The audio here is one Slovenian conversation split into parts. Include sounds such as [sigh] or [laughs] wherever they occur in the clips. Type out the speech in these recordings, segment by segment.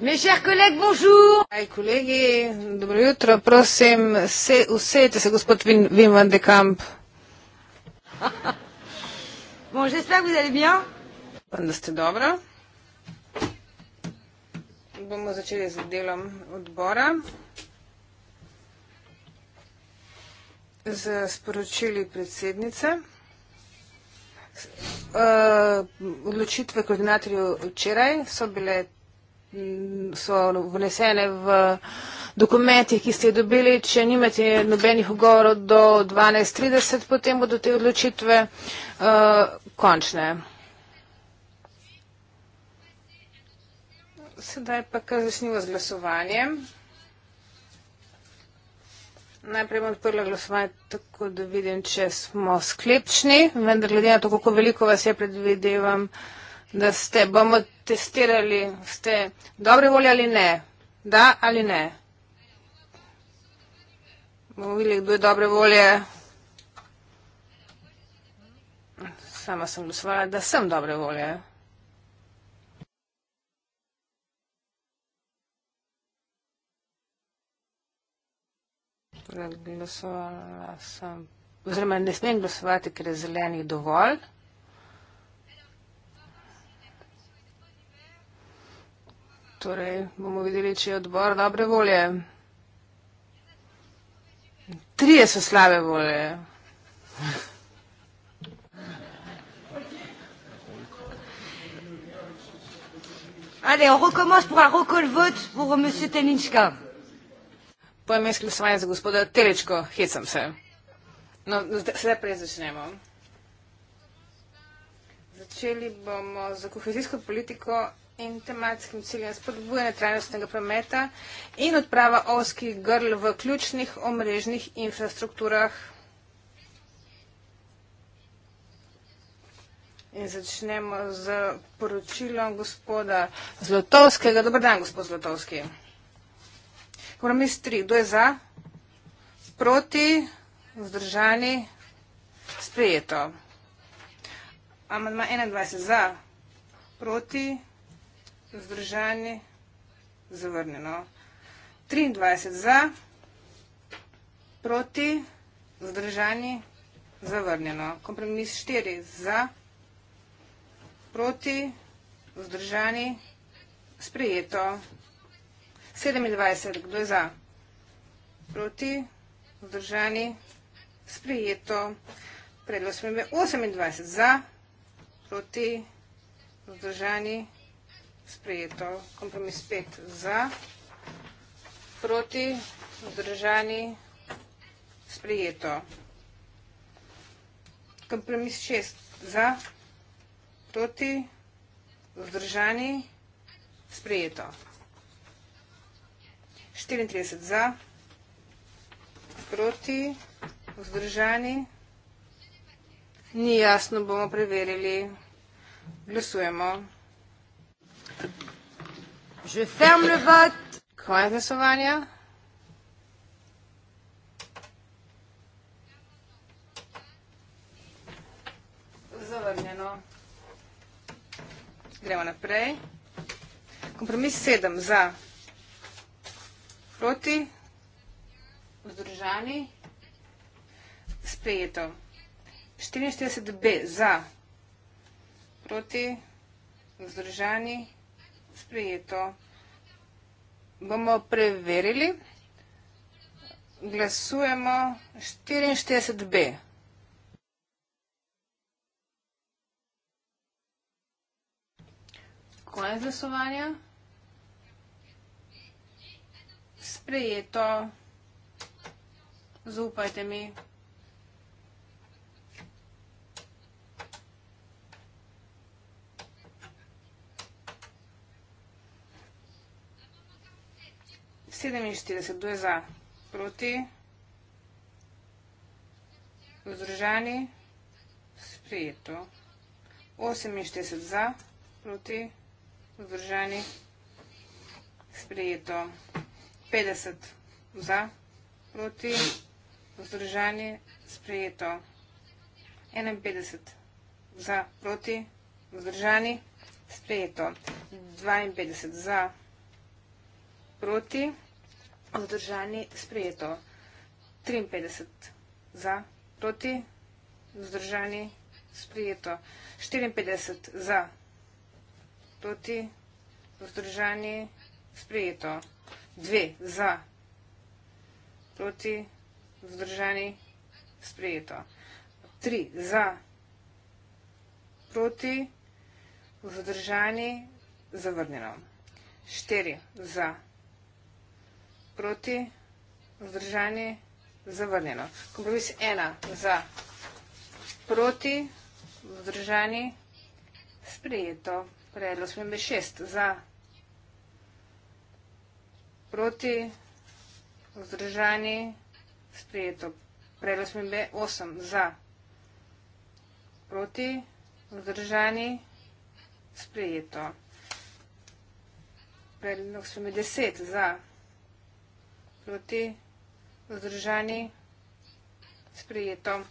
Mes chers collègues, bonjour. Hey, collègues, dobro jutro. Prosim, se usedite se, gospod Vin, Vin van de Kamp. [laughs] bon, j'espère que vous allez bien. Upam, da ste dobro. Bomo začeli z delom odbora. Z sporočili predsednice. Uh, odločitve koordinatorjev včeraj so bile Mm, so vnesene v dokumentih, ki ste jih dobili. Če nimate nobenih ugovorov do 12.30, potem bodo te odločitve uh, končne. Sedaj pa kar začnimo z glasovanjem. Najprej bom odprla glasovanje, tako da vidim, če smo sklepčni, vendar glede na to, kako veliko vas je predvidevam. Uh, da ste, bomo testirali, ste dobre volje ali ne? Da ali ne? Bomo videli, kdo je dobre volje. Sama sem dosvala, da sem dobre volje. Glasovala sem, oziroma ne smem glasovati, ker je zelenih dovolj. Torej, bomo videli, če je odbor dobre volje. Trije so slabe volje. Ali, on recommence pour un recall vote pour monsieur Telička. Pojem izglasovanje za gospoda Telička, hecam se. No, sedaj prej začnemo. Začeli bomo za kohezijsko politiko in tematskim ciljem spodbujanja trajnostnega prometa in odprava oskih grl v ključnih omrežnih infrastrukturah. In začnemo z poročilom gospoda Zlotovskega. Dobar dan, gospod Zlotovski. Kompromis 3. Kdo je za? Proti? Vzdržani? Sprejeto. Amandma 21. Za? Proti? Vzdržani? Združeni, zavrnjeno. 23 za, proti, združeni, zavrnjeno. Kompromis 4 za, proti, združeni, sprejeto. 27, kdo je za? Proti, združeni, sprejeto. Predlo smo imeli 28 za, proti, združeni, sprejeto sprejeto. Kompromis 5 za, proti, vzdržani, sprejeto. Kompromis 6 za, proti, vzdržani, sprejeto. 34 za, proti, vzdržani, ni jasno, bomo preverili. Glasujemo. Je ferme le vote. Konec glasovanja. Zavrnjeno. Gremo naprej. Kompromis sedem za proti, vzdržani, sprejeto. 44 B za proti, vzdržani, sprejeto sprejeto. Bomo preverili. Glasujemo 64b. Konec glasovanja. Sprejeto. Zaupajte mi. 47, 2 za, proti, vzdržani, sprejeto. 48 za, proti, vzdržani, sprejeto. 50 za, proti, vzdržani, sprejeto. 51 za, proti, vzdržani, sprejeto. 52 za, proti, vzdržani, sprejeto. Vzdržani sprejeto. 53 za, proti. Vzdržani sprejeto. 54 za, proti. Vzdržani sprejeto. 2 za, proti. Vzdržani sprejeto. 3 za, proti. Vzdržani zavrnjeno. 4 za, proti proti, vzdržani, zavrnjeno. Kompromis ena za proti, vzdržani, sprejeto. Predlo smembe šest za proti, vzdržani, sprejeto. Predlo smembe osem za proti, vzdržani, sprejeto. Predlo smembe deset za proti, vzdržani, sprejeto proti vzdržani sprejeto.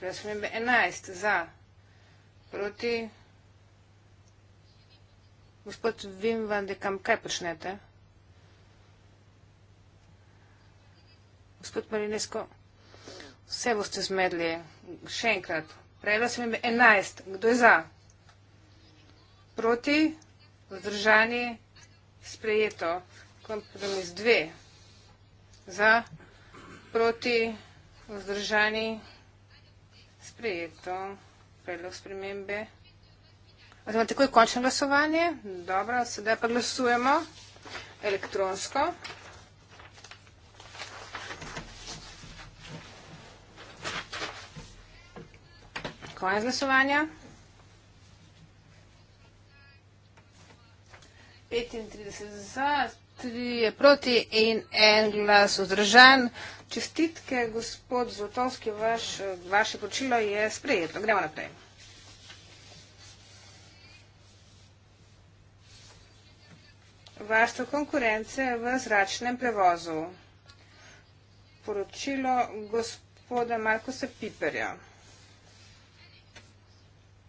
Razmembe 11 za proti gospod Vim van de Kamp, kaj počnete? Gospod Marinesko, vse boste zmedli. Še enkrat. Prejela sem ime 11. Kdo je za? Proti? Zdržani? Sprejeto. Kompromis 2. Za, proti, vzdržani, sprejeto, predlog spremembe. Oziroma, tako je končno glasovanje. Dobro, sedaj pa glasujemo elektronsko. Konec glasovanja. 35 za, tri je proti in en glas vzdržan. Čestitke, gospod Zlotovski, vaš, vaše počilo je sprejeto. Gremo naprej. Varstvo konkurence v zračnem prevozu. Poročilo gospoda Markosa Piperja.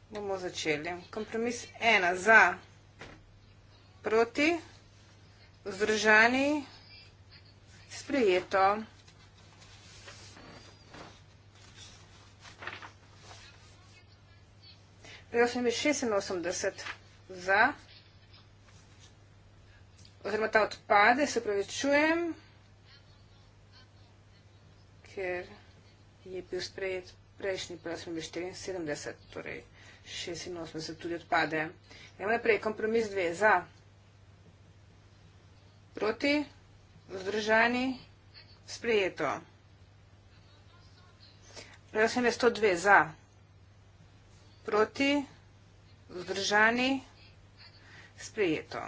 Bomo začeli. Kompromis ena za, proti. Vzdržani. Sprejeto. Prejel sem je 86 za. Oziroma ta odpade, se pravičujem, ker je bil sprejet prejšnji, prej sem bil 74, torej 86 tudi odpade. Gremo naprej, kompromis 2 za. Proti? Vzdržani? Sprejeto. Glasujem je 102 za. Proti? Vzdržani? Sprejeto.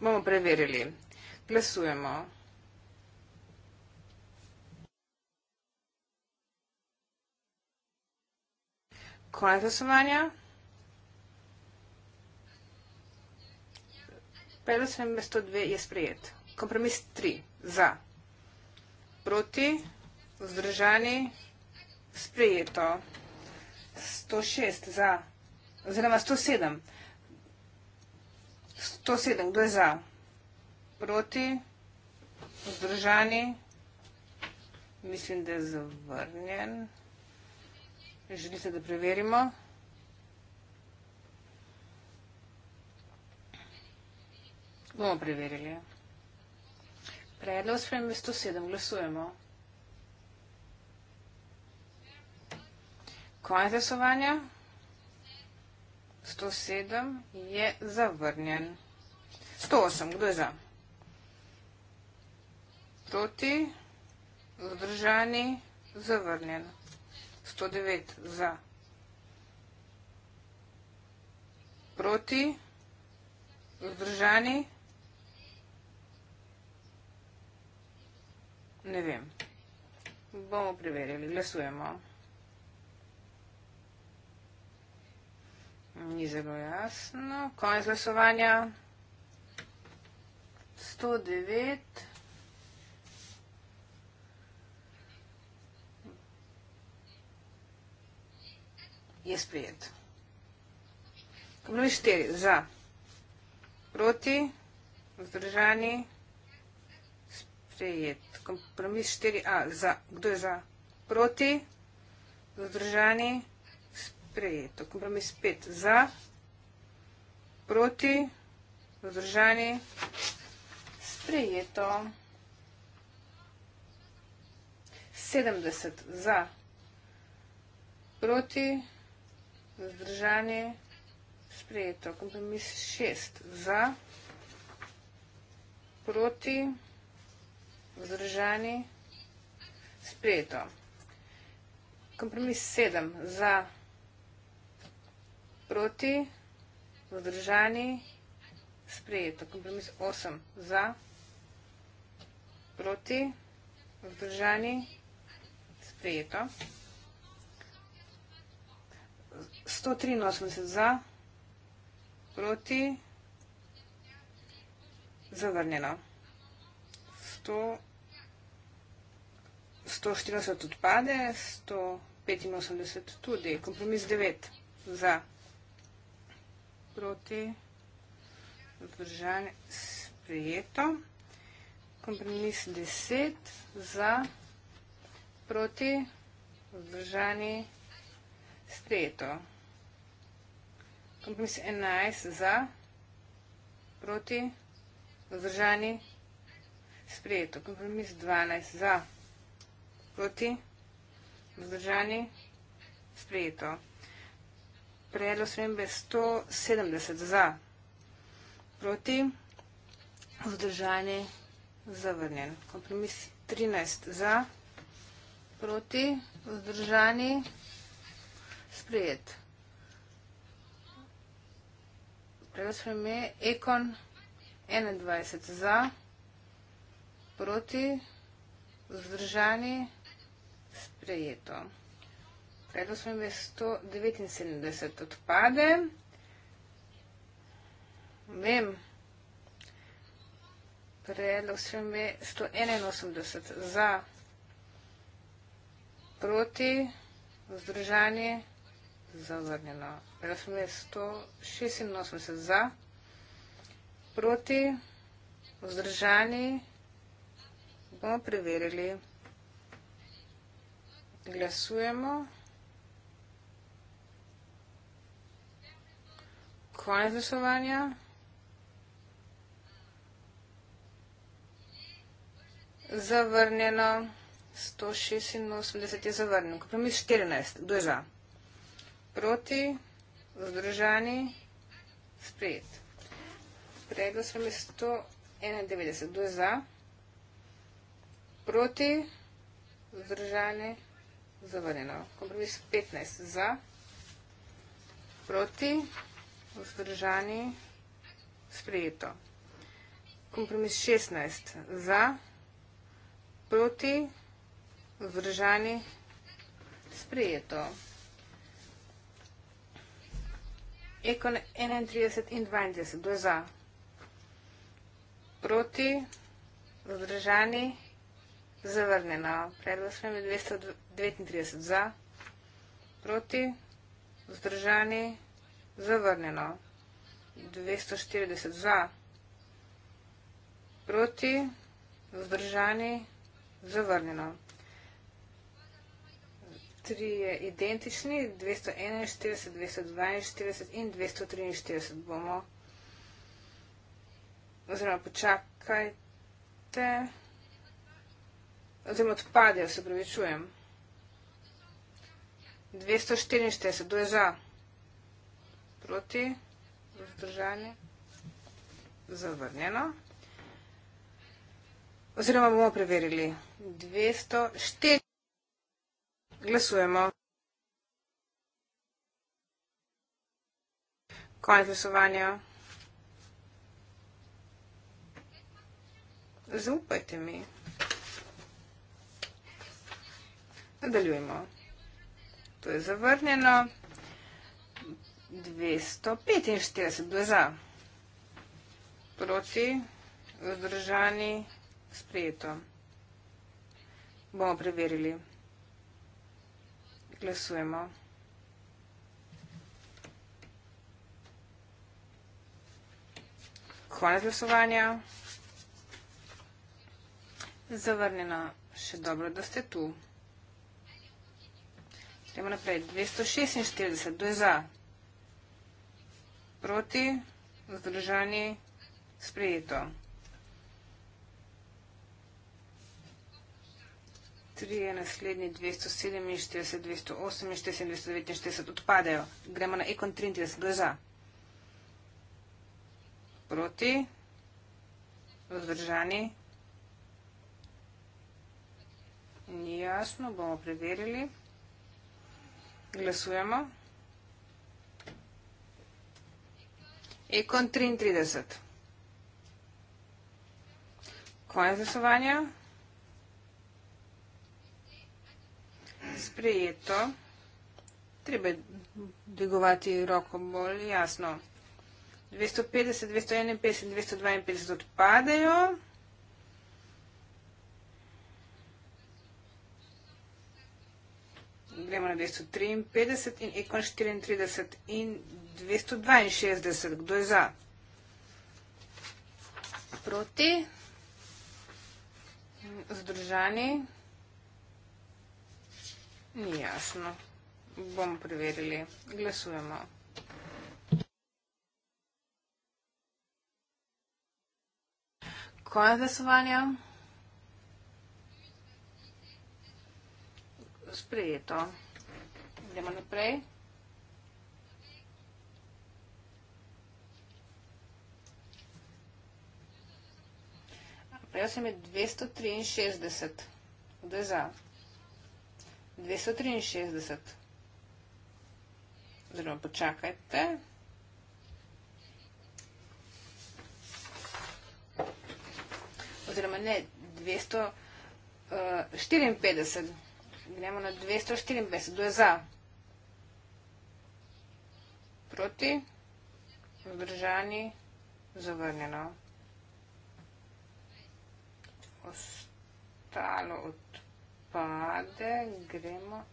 Bomo preverili. Glasujemo. Konec glasovanja. 50-102 je sprejet. Kompromis 3. Za. Proti. Vzdržani. Sprejeto. 106 za. Oziroma 107. 107. Kdo je za? Proti. Vzdržani. Mislim, da je zavrnjen. Želite, da preverimo. Vzdržani. Bomo preverili. Predlog spremembe 107. Glasujemo. Konec glasovanja. 107 je zavrnjen. 108. Kdo je za? Proti. Zdržani. Zavrnjen. 109 za. Proti. Zdržani. Zdržani. Ne vem. Bomo preverili. Glasujemo. Ni zelo jasno. Konec glasovanja. 109. Je sprejet. Kamloviš 4. Za. Proti. Vzdržani. Sprejet kompromis 4a. Za, kdo je za? Proti? Zdržani? Sprejeto. Kompromis 5 za? Proti? Zdržani? Sprejeto. 70 za? Proti? Zdržani? Sprejeto. Kompromis 6 za? Proti? Zdržani? vzdržani sprejeto. Kompromis 7 za proti vzdržani sprejeto. Kompromis 8 za proti vzdržani sprejeto. 183 za proti zavrnjeno. 183 140 odpade, 185 tudi, kompromis 9 za proti vzdržanje sprejeto, kompromis 10 za proti vzdržanje sprejeto, kompromis 11 za proti vzdržanje sprejeto, kompromis 12 za proti vzdržanje sprejeto, Proti? Vzdržani? Sprejeto. Predlog smembe 170 za. Proti? Vzdržani? Zavrnjen. Kompromis 13 za. Proti? Vzdržani? Sprejet. Predlog smembe ekon 21 za. Proti? Vzdržani? Zavrnjen sprejeto. Predlog smo imeli 179 odpade. Vem, predlog smo imeli 181 za proti vzdržanje zavrnjeno. Predlog smo imeli 186 za proti vzdržanje bomo preverili. Glasujemo. Konec glasovanja. Zavrnjeno. 186 je zavrnjeno. Kompromis 14. Kdo je za? Proti. Zdržani. Sprejet. Predlog sem je 191. Kdo je za? Proti. Zdržani. Sprejet zavrnjeno. Kompromis 15 za, proti, vzdržani, sprejeto. Kompromis 16 za, proti, vzdržani, sprejeto. Ekon 31 in 20, do za, proti, vzdržani, zavrnjeno. Predvoslim je 220. 39 za, proti, vzdržani, zavrnjeno. 240 za, proti, vzdržani, zavrnjeno. 3 je identični, 241, 242 in 243 bomo. Oziroma počakajte. Oziroma odpadejo, se pravi, čujem. 244, kdo je za? Proti, vzdržanje, zavrnjeno. Oziroma bomo preverili. 204, glasujemo. Konec glasovanja. Zaupajte mi. Nadaljujemo. To je zavrnjeno. 245 za. Proti, vzdržani, sprejeto. Bomo preverili. Glasujemo. Konec glasovanja. Zavrnjeno. Še dobro, da ste tu. Gremo naprej. 246, kdo je za? Proti, zdržani, sprejeto. 3 je naslednji, 247, 248, 249 odpadejo. Gremo na ekon 33, kdo je za? Proti, zdržani, ni jasno, bomo preverili. Glasujemo. Ekon 33. Konec glasovanja. Sprejeto. Treba dvigovati roko bolj jasno. 250, 251, 252 odpadejo. gremo na 253 in ikon 34 in 262. Kdo je za? Proti? Zdržani? Ni jasno. Bomo preverili. Glasujemo. Konec glasovanja. sprejeto. Gremo naprej. Prejel sem je 263. Kdo je za? 263. Zdaj pa počakajte. Oziroma ne, 254. Gremo na 254. Kdo je za? Proti? Vzdržani? Zavrnjeno. Ostalo odpade. Gremo,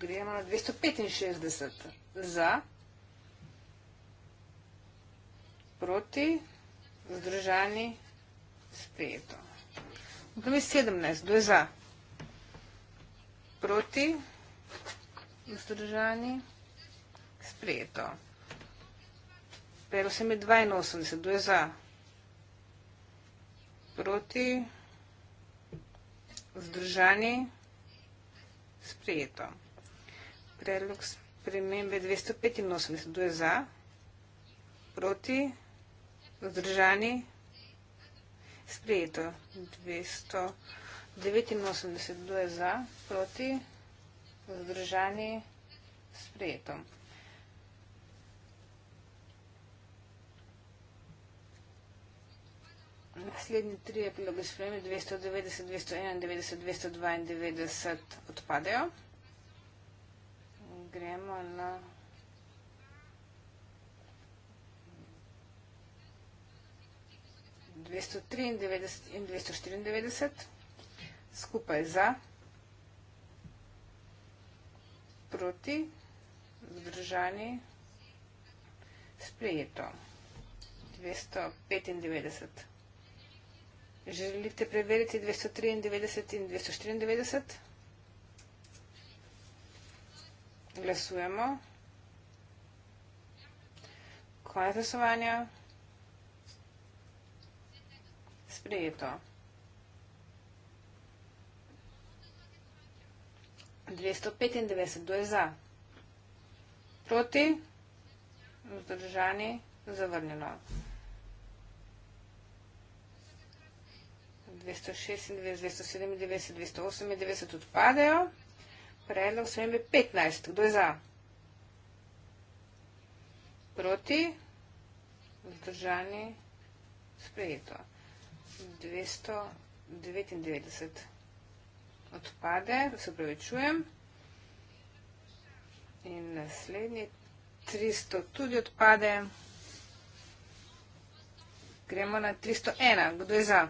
gremo na 265. Za? Proti? Vzdržani? Spet. Kdo je 17? Kdo je za? proti in vzdržani sprejeto. Pero se mi 82, dve za proti vzdržani sprejeto. Predlog spremembe 285, dve za proti vzdržani sprejeto. 200 89 je za, proti, zdržani, sprejeto. Naslednji tri je bilo gospremi 290, 291, 292 odpadejo. Gremo na dvesto triindevetdeset in dvesto štiriindevetdeset skupaj za, proti, zdržani, sprejeto. 295. Želite preveriti 293 in 294? Glasujemo. Konec glasovanja. Sprejeto. 295. 295 za, proti, vzdržani, zavrnjeno. 296, 297, 298 odpadajo. Predlog spremembe 15. Kdo je za? Proti. Vzdržani. Sprejeto. 299 odpade, se upravičujem. In naslednji 300 tudi odpade. Gremo na 301. Kdo je za?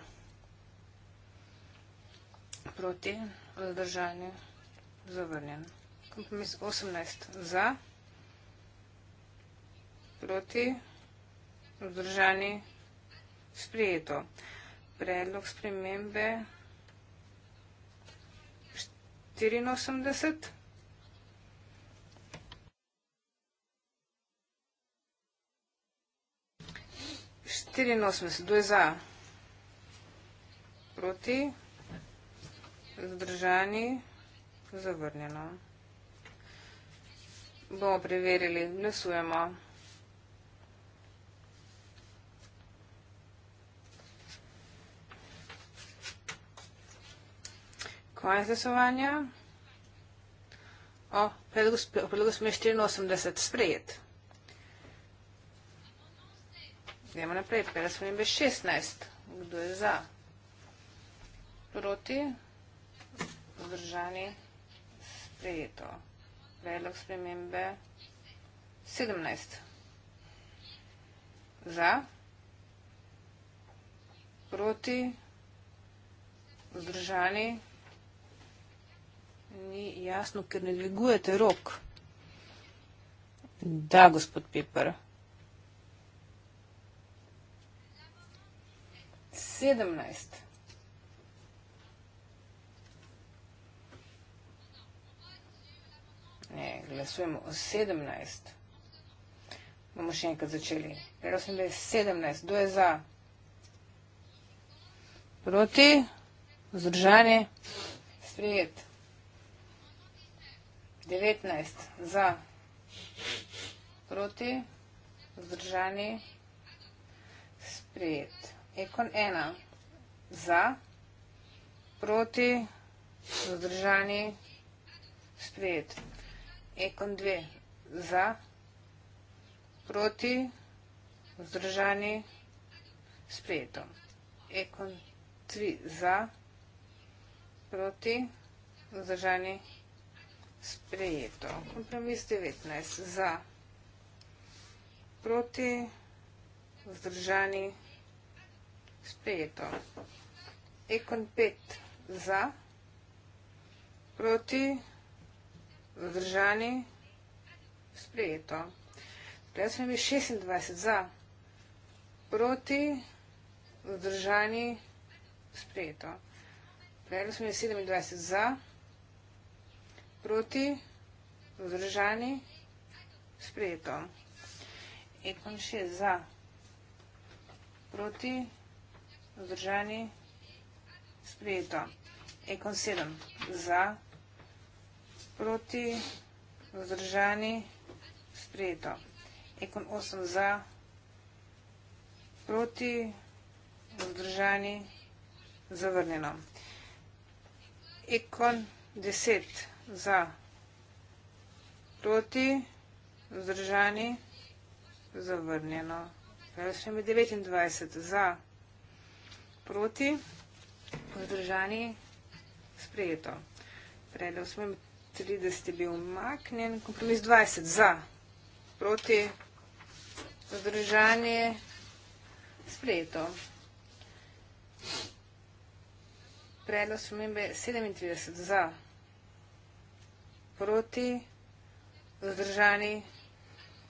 Proti, zadržanje, zavrnjen. Kompromis 18 za. Proti, zadržanje, sprijeto. Predlog spremembe. Predlog spremembe. 84. Štiriinosemdeset, dva za, proti, zdržani, zavrnjeno. Bomo preverili, glasujemo. konec glasovanja. O, predlogu smo je 84 sprejet. Gremo naprej, predlogu smo je 16. Kdo je za? Proti? Zdržani? Sprejeto. Predlog spremembe 17. Za? Proti? Zdržani? Zdržani? Ni jasno, ker ne dvigujete rok. Da, gospod Piper. 17. Ne, glasujemo o 17. Bomo še enkrat začeli. Rekla sem, da je 17. Kdo je za? Proti? Zdržanje? Sprejet. 19 za, proti, vzdržani, sprejet. Ekon 1 za, proti, vzdržani, sprejet. Ekon 2 za, proti, vzdržani, sprejeto. Ekon 3 za, proti, vzdržani, sprejeto sprejeto. Kompromis 19 za proti vzdržani sprejeto. Ekon 5 za proti vzdržani sprejeto. Jaz sem bi 26 za proti vzdržani sprejeto. Prejeli smo 27 za proti Proti, vzdržani, sprejeto. Ekon še za, proti, vzdržani, sprejeto. Ekon sedem, za, proti, vzdržani, sprejeto. Ekon osem, za, proti, vzdržani, zavrnjeno. Ekon deset, za, proti, vzdržani, sprejeto za, proti, vzdržani, zavrnjeno. Zdaj še mi 29 za, proti, vzdržani, sprejeto. Predlog smo 30 je bil umaknjen, kompromis 20 za, proti, vzdržani, sprejeto. Predlog smo 37 za, proti, vzdržani, sprejeto proti, zdržani,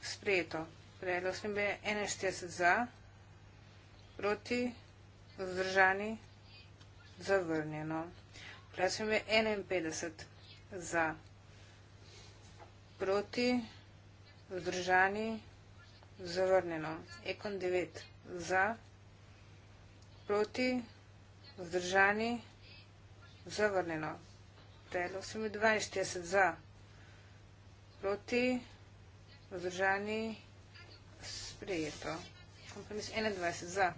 sprejeto. Predlog smembe 41 za, proti, zdržani, zavrnjeno. Predlog smembe 51 za, proti, zdržani, zavrnjeno. Ekon 9 za, proti, zdržani, zavrnjeno. Hotel 42 za. Proti. Vzdržani. Sprejeto. Kompromis 21 za.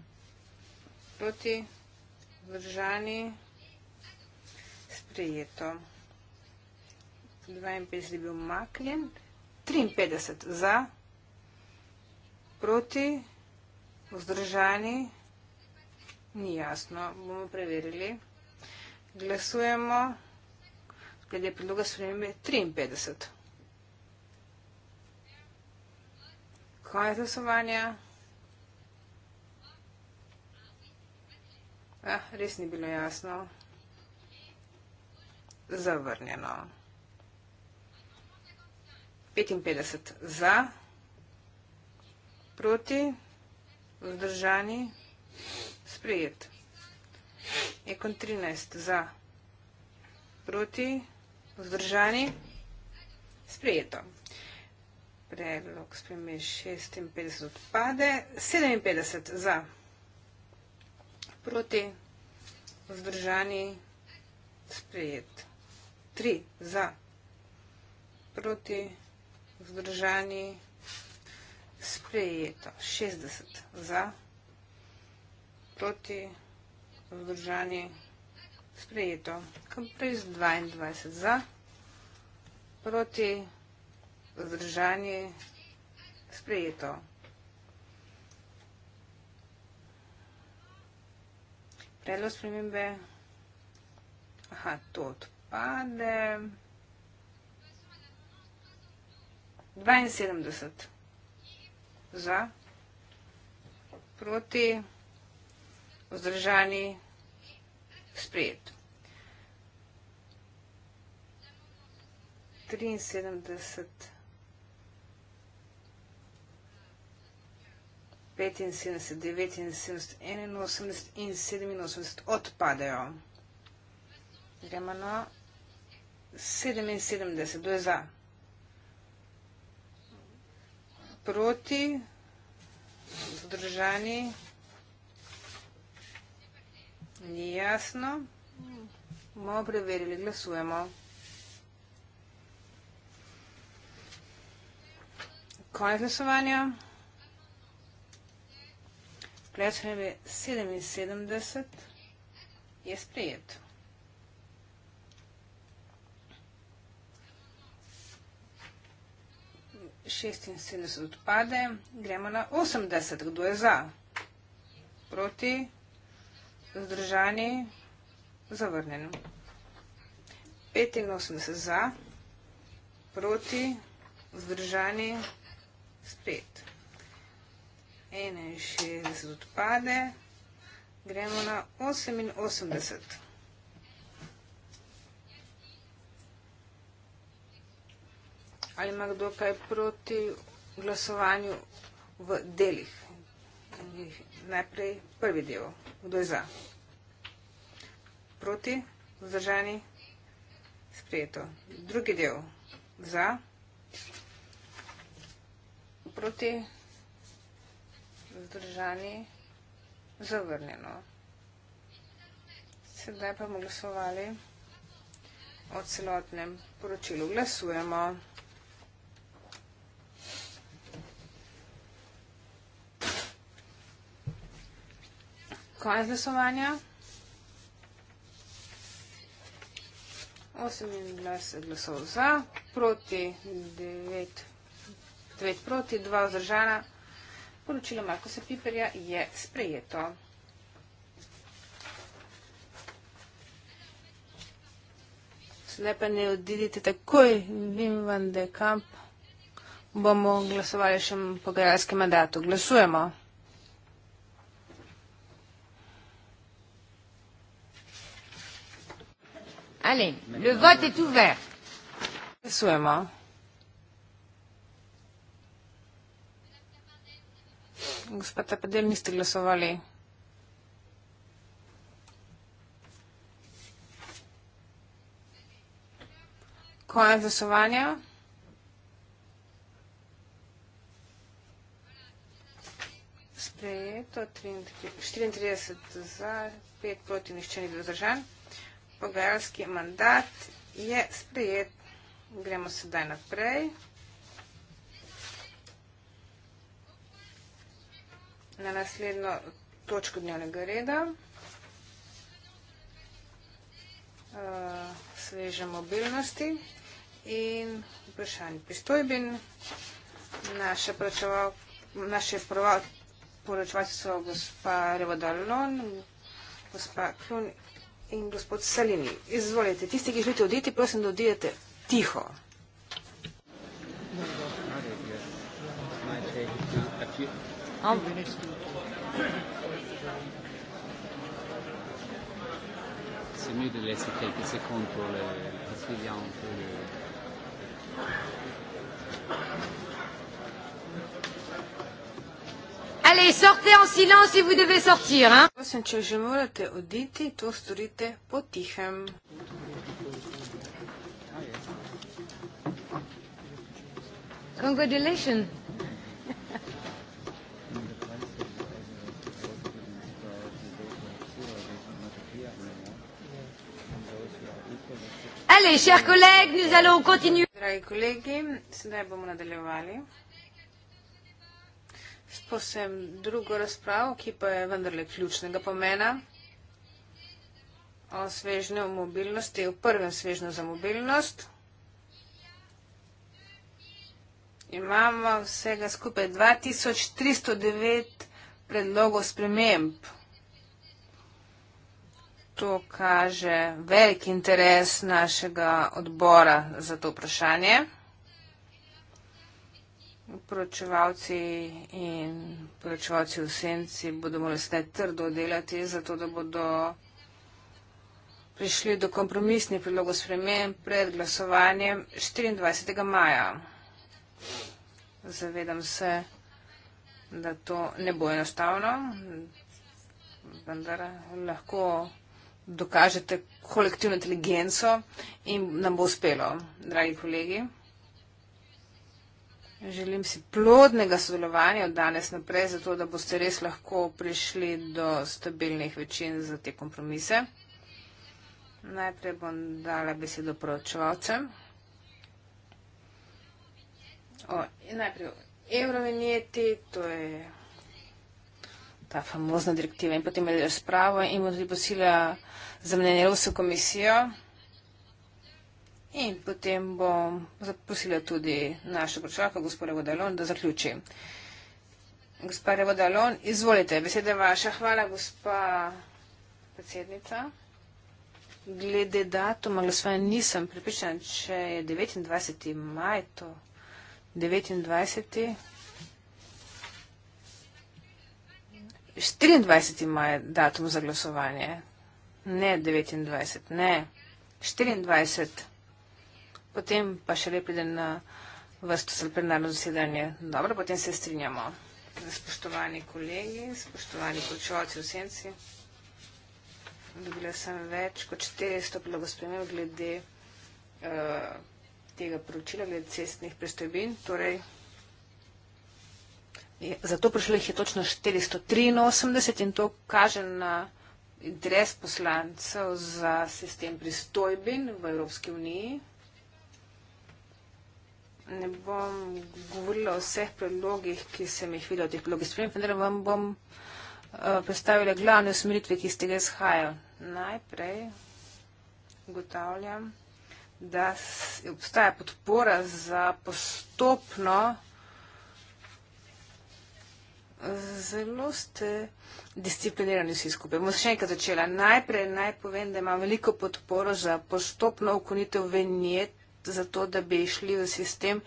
Proti. Vzdržani. Sprejeto. 52 je bil maknjen. 53 za. Proti. Vzdržani. Ni jasno. Bomo preverili. Glasujemo. Glasujemo glede predloga spremembe 53. Konec glasovanja. Ah, res ni bilo jasno. Zavrnjeno. 55 za, proti, vzdržani, sprejet. Ekon 13 za, proti, vzdržani. Vzdržani? Sprejeto. Predlog spremembe 56 odpade. 57 za. Proti. Vzdržani? Sprejet. 3 za. Proti. Vzdržani? Sprejeto. 60 za. Proti. Vzdržani? Sprejeto sprejeto. Kompris 22 za, proti vzdržanje sprejeto. Predlog spremembe, aha, to odpade, 72 za, proti, vzdržani sprejeto sprejet. 73, 75, 79, 81 in 87 odpadejo. Gremo na 77, do je za. Proti, zdržani, Jasno. Bomo preverili, glasujemo. Konec glasovanja. Glasovanje je 77. Je sprejet. Šestinsedemdeset odpade, gremo na osemdeset, kdo je za? Proti? Zdržani, zavrnjen. 85 za, proti, zdržani, spet. 61 odpade, gremo na 88. Ali ima kdo kaj proti glasovanju v delih? najprej prvi del. Kdo je za? Proti? Vzdržani? Sprejeto. Drugi del. Za? Proti? Vzdržani? Zavrnjeno. Sedaj pa bomo glasovali o celotnem poročilu. Glasujemo. Glasujemo. Konec glasovanja. 28 glasov za, proti 9, 9 proti, 2 vzdržana. Poročilo Markusa Piperja je sprejeto. Sedaj pa ne odidite takoj, vim vam, da je kamp. Bomo glasovali še po generalskem mandatu. Glasujemo. Allez, le vote est ouvert. Gospod Tapadel, niste glasovali. Konec glasovanja. Sprejeto 34 za, 5 proti, nišče ni bil zdržan pogajalski mandat je sprejet. Gremo sedaj naprej. Na naslednjo točko dnevnega reda. Eh, sveže mobilnosti in vprašanje pristojbin. Naše pračevalke Naše poročevalce so gospa Revodalon, gospa Klunik, In gospod Salini, izvolite, tisti, ki želite oditi, prosim, da odidete tiho. Um. Allez, sortez en silence si vous devez sortir. Hein. Prosim, če že morate oditi, to storite potihem. Congratulations. Allez, chers collègues, nous allons continuer. Dragi kolegi, sedaj bomo nadaljevali. Sposem drugo razpravo, ki pa je vendarle ključnega pomena o svežnju mobilnosti, o prvem svežnju za mobilnost. Imamo vsega skupaj 2309 predlogov sprememb. To kaže velik interes našega odbora za to vprašanje poročevalci in poročevalci v senci bodo morali sedaj trdo delati, zato da bodo prišli do kompromisnih predlogov spremen pred glasovanjem 24. maja. Zavedam se, da to ne bo enostavno, vendar lahko dokažete kolektivno inteligenco in nam bo uspelo, dragi kolegi. Želim si plodnega sodelovanja od danes naprej, zato da boste res lahko prišli do stabilnih večin za te kompromise. Najprej bom dala besedo proračevalcem. Najprej o evrovinjeti, to je ta famozna direktiva in potem je razpravo in bom tudi posilja za mnenje Evropsko komisijo. In potem bom zaprosila tudi našo vprašalko, gospoda Vodalon, da zaključi. Gospode Vodalon, izvolite, beseda je vaša. Hvala, gospa predsednica. Glede datuma glasovanja nisem pripričana, če je 29. maj to. 29. 24. maj datum za glasovanje. Ne 29, ne. 24 potem pa še le pride na vrsto plenarno zasedanje. Dobro, potem se strinjamo. Spoštovani kolegi, spoštovani počevalci v senci, dobila sem več kot 400 blagospremev glede uh, tega poročila, glede cestnih pristojbin. Torej, je, zato prišlo jih je točno 483 in to kaže na interes poslancev za sistem pristojbin v Evropski uniji ne bom govorila o vseh predlogih, ki sem jih videla v teh predlogih sprem, vendar vam bom eh, predstavila glavne usmeritve, ki ste ga izhajali. Najprej ugotavljam, da obstaja podpora za postopno zelo ste disciplinirani vsi skupaj. Bom se še enkrat začela. Najprej naj povem, da imam veliko podporo za postopno ukonitev venjet za to, da bi šli v sistem,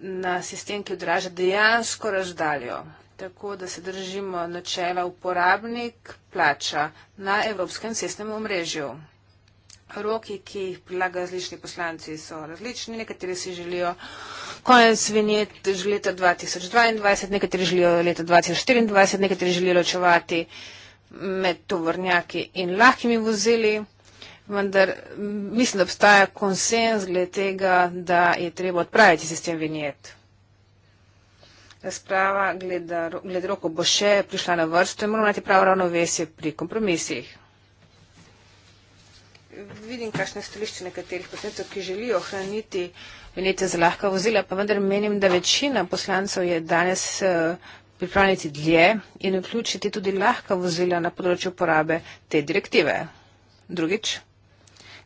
na sistem, ki odraža dejansko razdaljo. Tako da se držimo načela uporabnik plača na evropskem sistemu omrežju. Roki, ki jih prilaga različni poslanci, so različni. Nekateri si želijo konec vinjet že leta 2022, nekateri želijo leta 2024, nekateri želijo ločevati med tovornjaki in lahkimi vozili. Vendar mislim, da obstaja konsens glede tega, da je treba odpraviti sistem vinjet. Razprava glede, glede rokov bo še prišla na vrsto in moramo najti pravo ravnovesje pri kompromisih. Vidim, kakšne stališče nekaterih poslancev, ki želijo ohraniti vinjete za lahka vozila, pa vendar menim, da večina poslancev je danes eh, pripravljeni dlje in vključiti tudi lahka vozila na področju uporabe te direktive. Drugič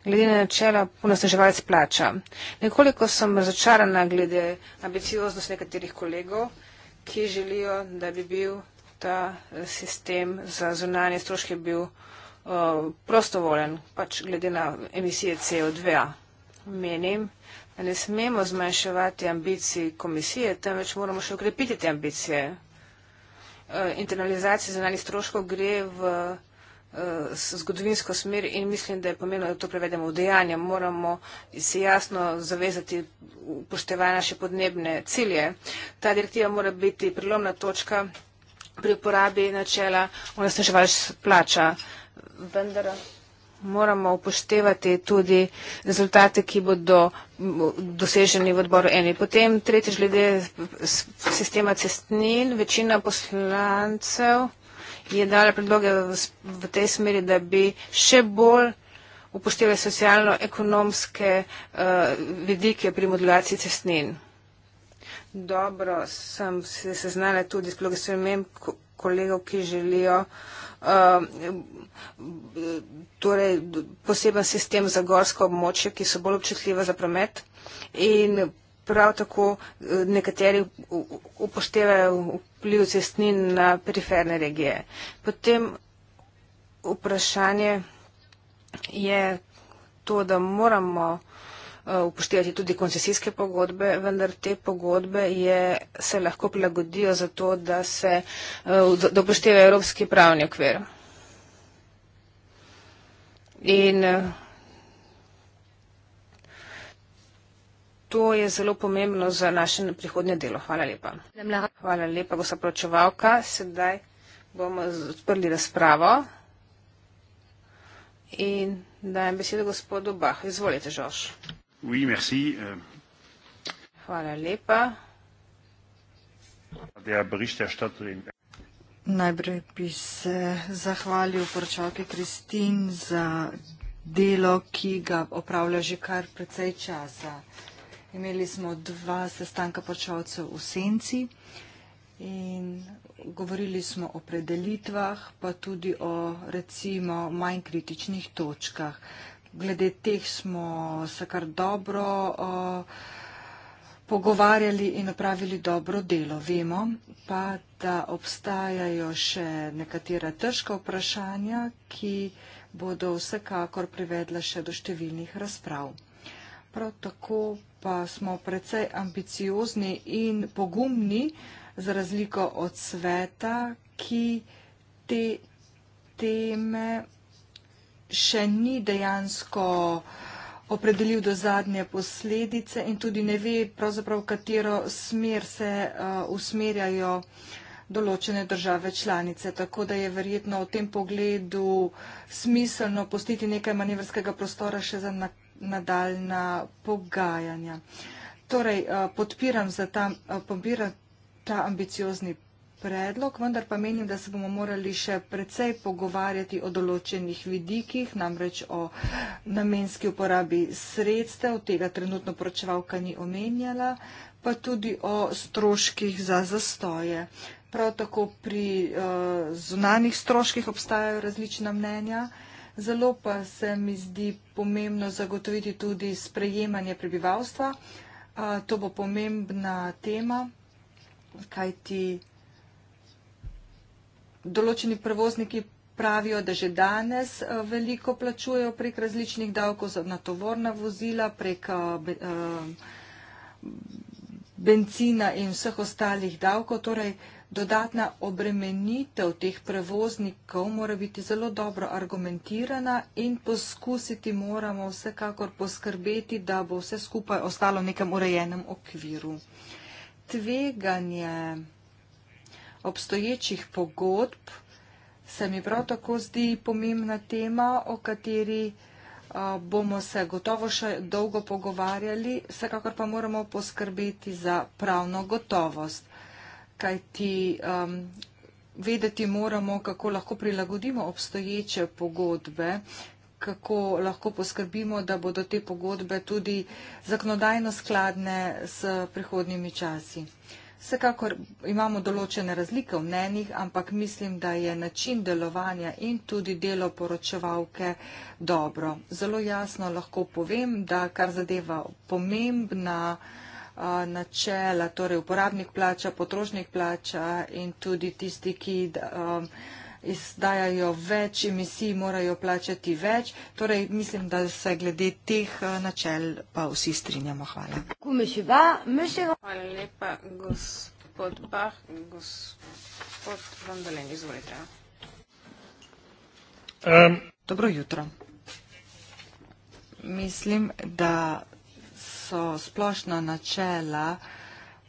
glede na načela ponosneževalc plača. Nekoliko sem razočarana glede ambicioznost nekaterih kolegov, ki želijo, da bi bil ta eh, sistem za zunanje stroške bil uh, prostovoljen, pač glede na emisije CO2. Menim, da ne smemo zmanjševati ambicij komisije, temveč moramo še ukrepiti te ambicije. Uh, internalizacija zunanjih stroškov gre v. Uh, Eh, zgodovinsko smer in mislim, da je pomembno, da to prevedemo v dejanje. Moramo se jasno zavezati upoštevanje naše podnebne cilje. Ta direktiva mora biti prilomna točka pri uporabi načela onesnaževalš plača. Vendar moramo upoštevati tudi rezultate, ki bodo doseženi v odboru eni. Potem tretjič glede sistema cestnin. Večina poslancev je dala predloge v tej smeri, da bi še bolj upoštevali socialno-ekonomske uh, vidike pri modulaciji cestnin. Dobro, sem se seznala tudi s plogosvemem kolegov, ki želijo uh, torej, poseben sistem za gorsko območje, ki so bolj občutljiva za promet in prav tako eh, nekateri upoštevajo vpliv cestnin na periferne regije. Potem vprašanje je to, da moramo eh, upoštevati tudi koncesijske pogodbe, vendar te pogodbe je, se lahko prilagodijo za to, da se eh, upošteva evropski pravni okvir. In eh, To je zelo pomembno za naše prihodnje delo. Hvala lepa. Hvala lepa, gospod pročevalka. Sedaj bomo odprli razpravo in dajem besedo gospodu Bah. Izvolite, Žoš. Oui, merci. Eh. Hvala lepa. Ja, Najprej bi se zahvalil poročalki Kristin za delo, ki ga opravlja že kar precej časa. Imeli smo dva sestanka počevalcev v senci in govorili smo o predelitvah, pa tudi o recimo manj kritičnih točkah. Glede teh smo se kar dobro o, pogovarjali in opravili dobro delo. Vemo pa, da obstajajo še nekatera težka vprašanja, ki bodo vsekakor privedla še do številnih razprav. Prav tako pa smo precej ambiciozni in pogumni, za razliko od sveta, ki te teme še ni dejansko opredelil do zadnje posledice in tudi ne ve, pravzaprav, v katero smer se uh, usmerjajo določene države članice. Tako da je verjetno v tem pogledu smiselno postiti nekaj manevrskega prostora še za nakon nadaljna pogajanja. Torej, eh, podpiram za ta, eh, pobira ta ambiciozni predlog, vendar pa menim, da se bomo morali še precej pogovarjati o določenih vidikih, namreč o namenski uporabi sredstev, tega trenutno pročevalka ni omenjala, pa tudi o stroških za zastoje. Prav tako pri uh, eh, zunanih stroških obstajajo različna mnenja. Uh, Zelo pa se mi zdi pomembno zagotoviti tudi sprejemanje prebivalstva. To bo pomembna tema, kaj ti določeni prevozniki pravijo, da že danes veliko plačujejo prek različnih davkov na tovorna vozila, prek benzina in vseh ostalih davkov. Torej, Dodatna obremenitev teh prevoznikov mora biti zelo dobro argumentirana in poskusiti moramo vsekakor poskrbeti, da bo vse skupaj ostalo v nekem urejenem okviru. Tveganje obstoječih pogodb se mi prav tako zdi pomembna tema, o kateri bomo se gotovo še dolgo pogovarjali, vsekakor pa moramo poskrbeti za pravno gotovost kaj ti um, vedeti moramo, kako lahko prilagodimo obstoječe pogodbe, kako lahko poskrbimo, da bodo te pogodbe tudi zakonodajno skladne s prihodnimi časi. Vsekakor imamo določene razlike v mnenjih, ampak mislim, da je način delovanja in tudi delo poročevalke dobro. Zelo jasno lahko povem, da kar zadeva pomembna načela, torej uporabnik plača, potrošnik plača in tudi tisti, ki um, izdajajo več emisij, morajo plačati več. Torej, mislim, da se glede teh načel pa vsi strinjamo. Hvala. Hvala lepa, gospod Bah, gospod Vandalen, izvolite. Um. Dobro jutro. Mislim, da so splošna načela,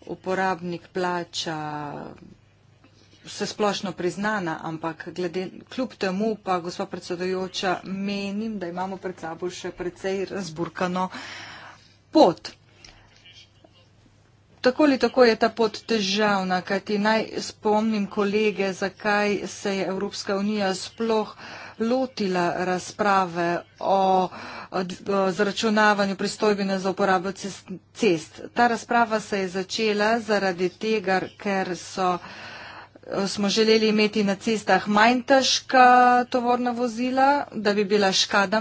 uporabnik plača vse splošno priznana, ampak glede, kljub temu pa, gospod predsedojoča, menim, da imamo pred sabo še precej razburkano pot. Tako ali tako je ta pot težavna, kajti naj spomnim kolege, zakaj se je Evropska unija sploh uh, lotila razprave o zračunavanju pristojbine za uporabo cest. Ta razprava se je začela zaradi tega, ker so, smo želeli imeti na cestah manj težka tovorna vozila, da bi bila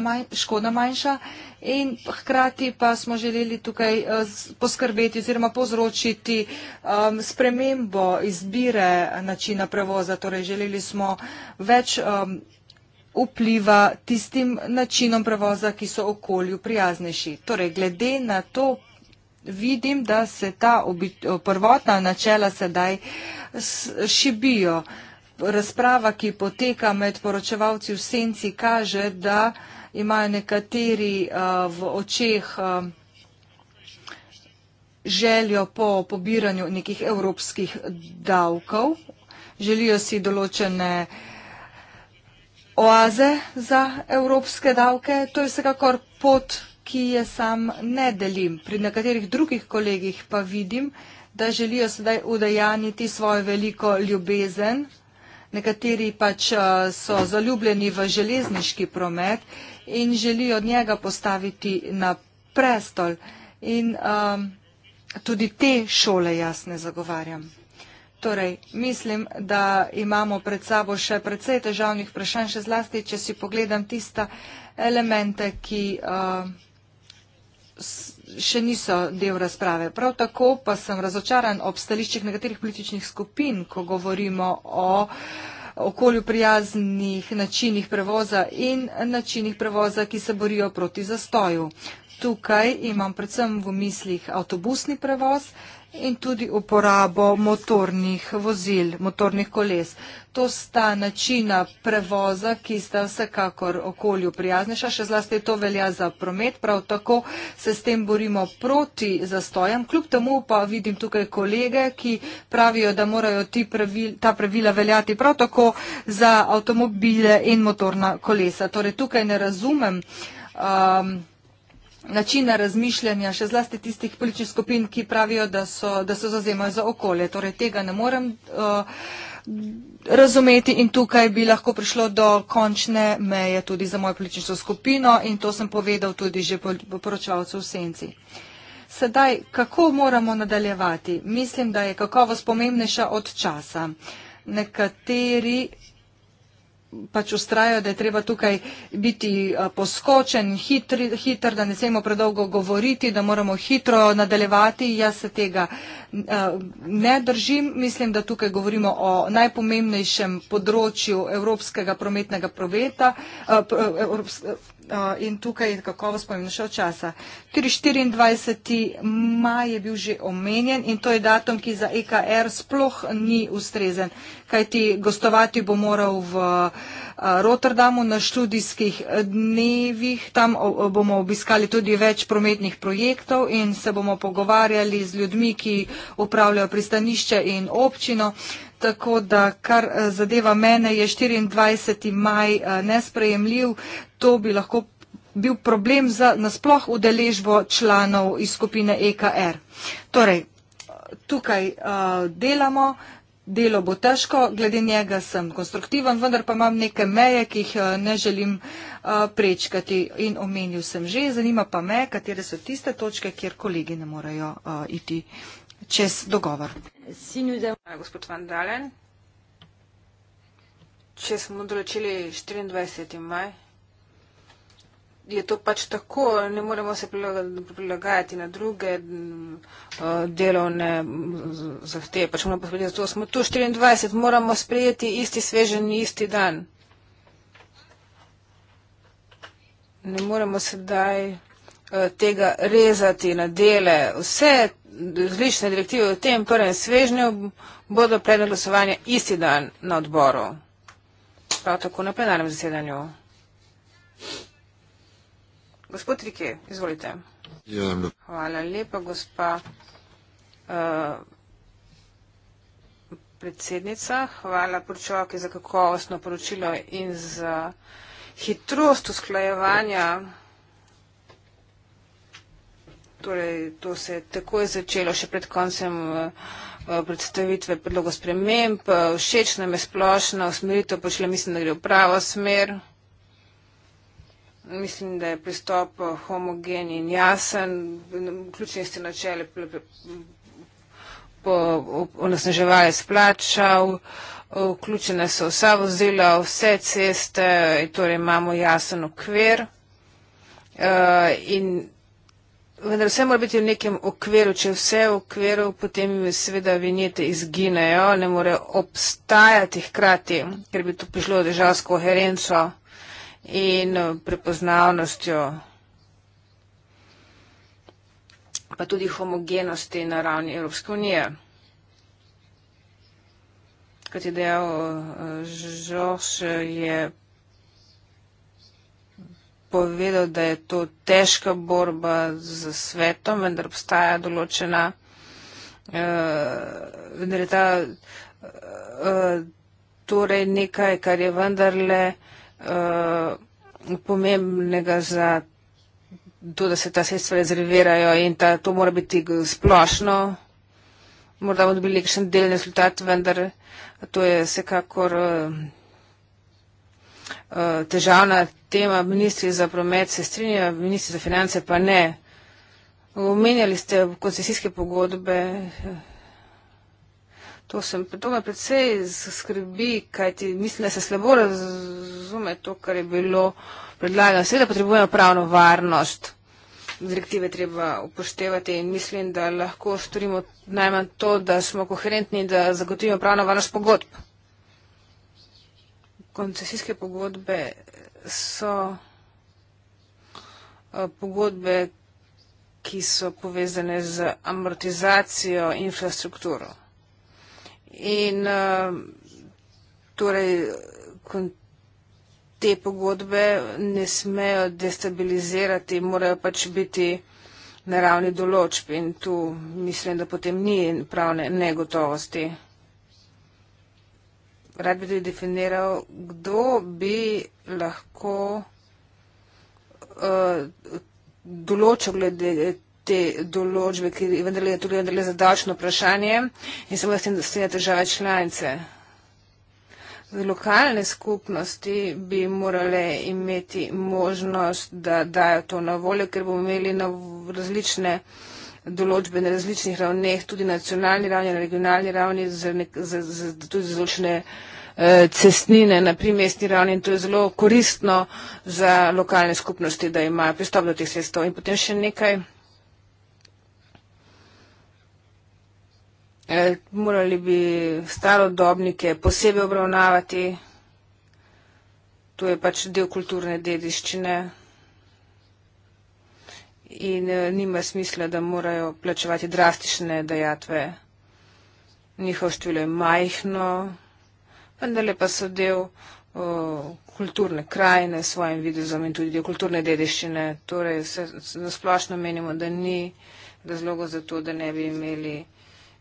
manj, škoda manjša. In hkrati pa smo želeli tukaj eh, poskrbeti oziroma povzročiti um, spremembo izbire načina prevoza. Torej želeli smo več um, vpliva tistim načinom prevoza, ki so okolju prijaznejši. Torej, glede na to vidim, da se ta prvotna načela sedaj šibijo. Razprava, ki poteka med poročevalci v senci, kaže, da imajo nekateri eh, v očeh eh, željo po pobiranju nekih evropskih davkov. Želijo si določene uh, oaze za evropske davke. To je vsekakor pot, ki je sam ne delim. Pri nekaterih drugih kolegih pa vidim, da želijo sedaj udejaniti svojo veliko ljubezen. Nekateri pač eh, so zaljubljeni v železniški promet in želijo od njega postaviti na prestol. In um, tudi te šole jaz ne zagovarjam. Torej, mislim, da imamo pred sabo še precej težavnih vprašanj, še zlasti, če si pogledam tista elemente, ki eh, še niso del razprave. Prav tako pa sem razočaran ob stališčih nekaterih političnih skupin, ko govorimo o okolju prijaznih načinih prevoza in načinih prevoza, ki se borijo proti zastoju. Tukaj imam predvsem v mislih avtobusni prevoz, in tudi uporabo motornih vozil, motornih koles. To sta načina prevoza, ki sta vsekakor okolju prijaznejša, še zlasti to velja za promet, prav tako se s tem borimo proti zastojem. Kljub temu pa vidim tukaj kolege, ki pravijo, da morajo pravil, ta pravila veljati prav tako za avtomobile in motorna kolesa. Torej tukaj ne razumem. Um, načina razmišljanja, še zlasti tistih političnih skupin, ki pravijo, da so, da so zazemajo za okolje. Torej, tega ne morem uh, razumeti in tukaj bi lahko prišlo do končne meje tudi za mojo politično skupino in to sem povedal tudi že poročevalcu v Senci. Sedaj, kako moramo nadaljevati? Mislim, da je kakovost pomembnejša od časa. Nekateri pač ustrajajo, da je treba tukaj biti eh, poskočen, hitr, hitr, da ne smemo predolgo govoriti, da moramo hitro nadaljevati. Jaz se tega eh, ne držim. Mislim, da tukaj govorimo o najpomembnejšem področju evropskega prometnega prometa. Eh, Evropske, Eh, in tukaj je kakovost pomenšal časa. 24. maj je bil že omenjen in to je datum, ki za EKR sploh ni ustrezen, kajti gostovati bo moral v eh, Rotterdamu na študijskih dnevih. Tam bomo obiskali tudi več prometnih projektov in se bomo pogovarjali z ljudmi, ki upravljajo pristanišče in občino. Tako da, kar eh, zadeva mene, je 24. maj eh, nesprejemljiv. To bi lahko bil problem za nasploh udeležbo članov iz skupine EKR. Torej, tukaj uh, delamo, delo bo težko, glede njega sem konstruktiven, vendar pa imam neke meje, ki jih uh, ne želim uh, prečkati in omenil sem že. Zanima pa me, katere so tiste točke, kjer kolegi ne morejo uh, iti čez dogovor. Gospod Van Dalen, če smo določili 24. maj, je to pač tako, ne moremo se prilagajati na druge eh, delovne zahteje, pač moramo posprediti, zato smo tu 24, moramo sprejeti isti svežen, isti dan. Ne moremo sedaj eh, tega rezati na dele. Vse različne direktive v tem prvem torej svežnju bodo predmet glasovanja isti dan na odboru, prav tako na plenarnem zasedanju. Gospod Rike, izvolite. Ja, no. Hvala lepa, gospa uh, predsednica. Hvala poročevalki za kakovostno poročilo in za hitrost usklajevanja. Hvala. Torej, to se je takoj začelo še pred koncem eh, eh, predstavitve predloga sprememb. Eh, Všeč nam je splošna usmeritev, pa šele mislim, da gre v pravo smer. Mislim, da je pristop homogen in jasen. Ključni ste načeli onesnaževalec plačal, vključene so vsa vozila, vse ceste, torej imamo jasen okvir. Uh, in vendar vse mora biti v nekem okviru. Če vse v okviru, potem seveda vinjete izginejo, ne more obstajati hkrati, ker bi to prišlo v državsko herenco in eh, prepoznavnostjo, pa tudi homogenosti na ravni Evropske unije. Kot je dejal eh, Žoš, je povedal, da je to težka borba z svetom, vendar obstaja določena, uh, vendar je ta uh, torej nekaj, kar je vendarle uh, pomembnega za to, da se ta sredstva rezervirajo in ta, to mora biti splošno. Morda bomo dobili nekšen delni rezultat, vendar to je vsekakor. Uh, Eh, težavna tema, ministri za promet se strinjajo, ministri za finance pa ne. Omenjali ste koncesijske pogodbe. To, sem, to me predvsej skrbi, kajti mislim, da se slabo razume to, kar je bilo predlagano. Seveda potrebujemo pravno varnost. Direktive treba upoštevati in mislim, da lahko storimo najmanj to, da smo koherentni in da zagotovimo pravno varnost pogodb koncesijske pogodbe so eh, pogodbe, ki so povezane z amortizacijo infrastrukturo. In eh, torej te pogodbe ne smejo destabilizirati, morajo pač biti na ravni določb in tu mislim, da potem ni pravne negotovosti rad bi tudi definiral, kdo bi lahko uh, določil glede te določbe, ki vendarle je tudi vendarle za davčno vprašanje in se vlastne dostojne države članice. Lokalne skupnosti bi morale imeti možnost, da dajo to na voljo, ker bomo imeli na različne določbe na različnih ravneh, tudi na nacionalni ravni, na regionalni ravni, za nek, za, za, za, tudi za zločne eh, cestnine na primestni ravni in to je zelo koristno za lokalne skupnosti, da imajo pristop do teh sredstev. In potem še nekaj. Eh, morali bi starodobnike posebej obravnavati. To je pač del kulturne dediščine in eh, nima smisla, da morajo plačevati drastične dajatve. Njihov število je majhno, vendar pa so del o, eh, kulturne krajine s svojim videzom in tudi del kulturne dediščine. Torej, nasplošno menimo, da ni razloga za to, da ne bi imeli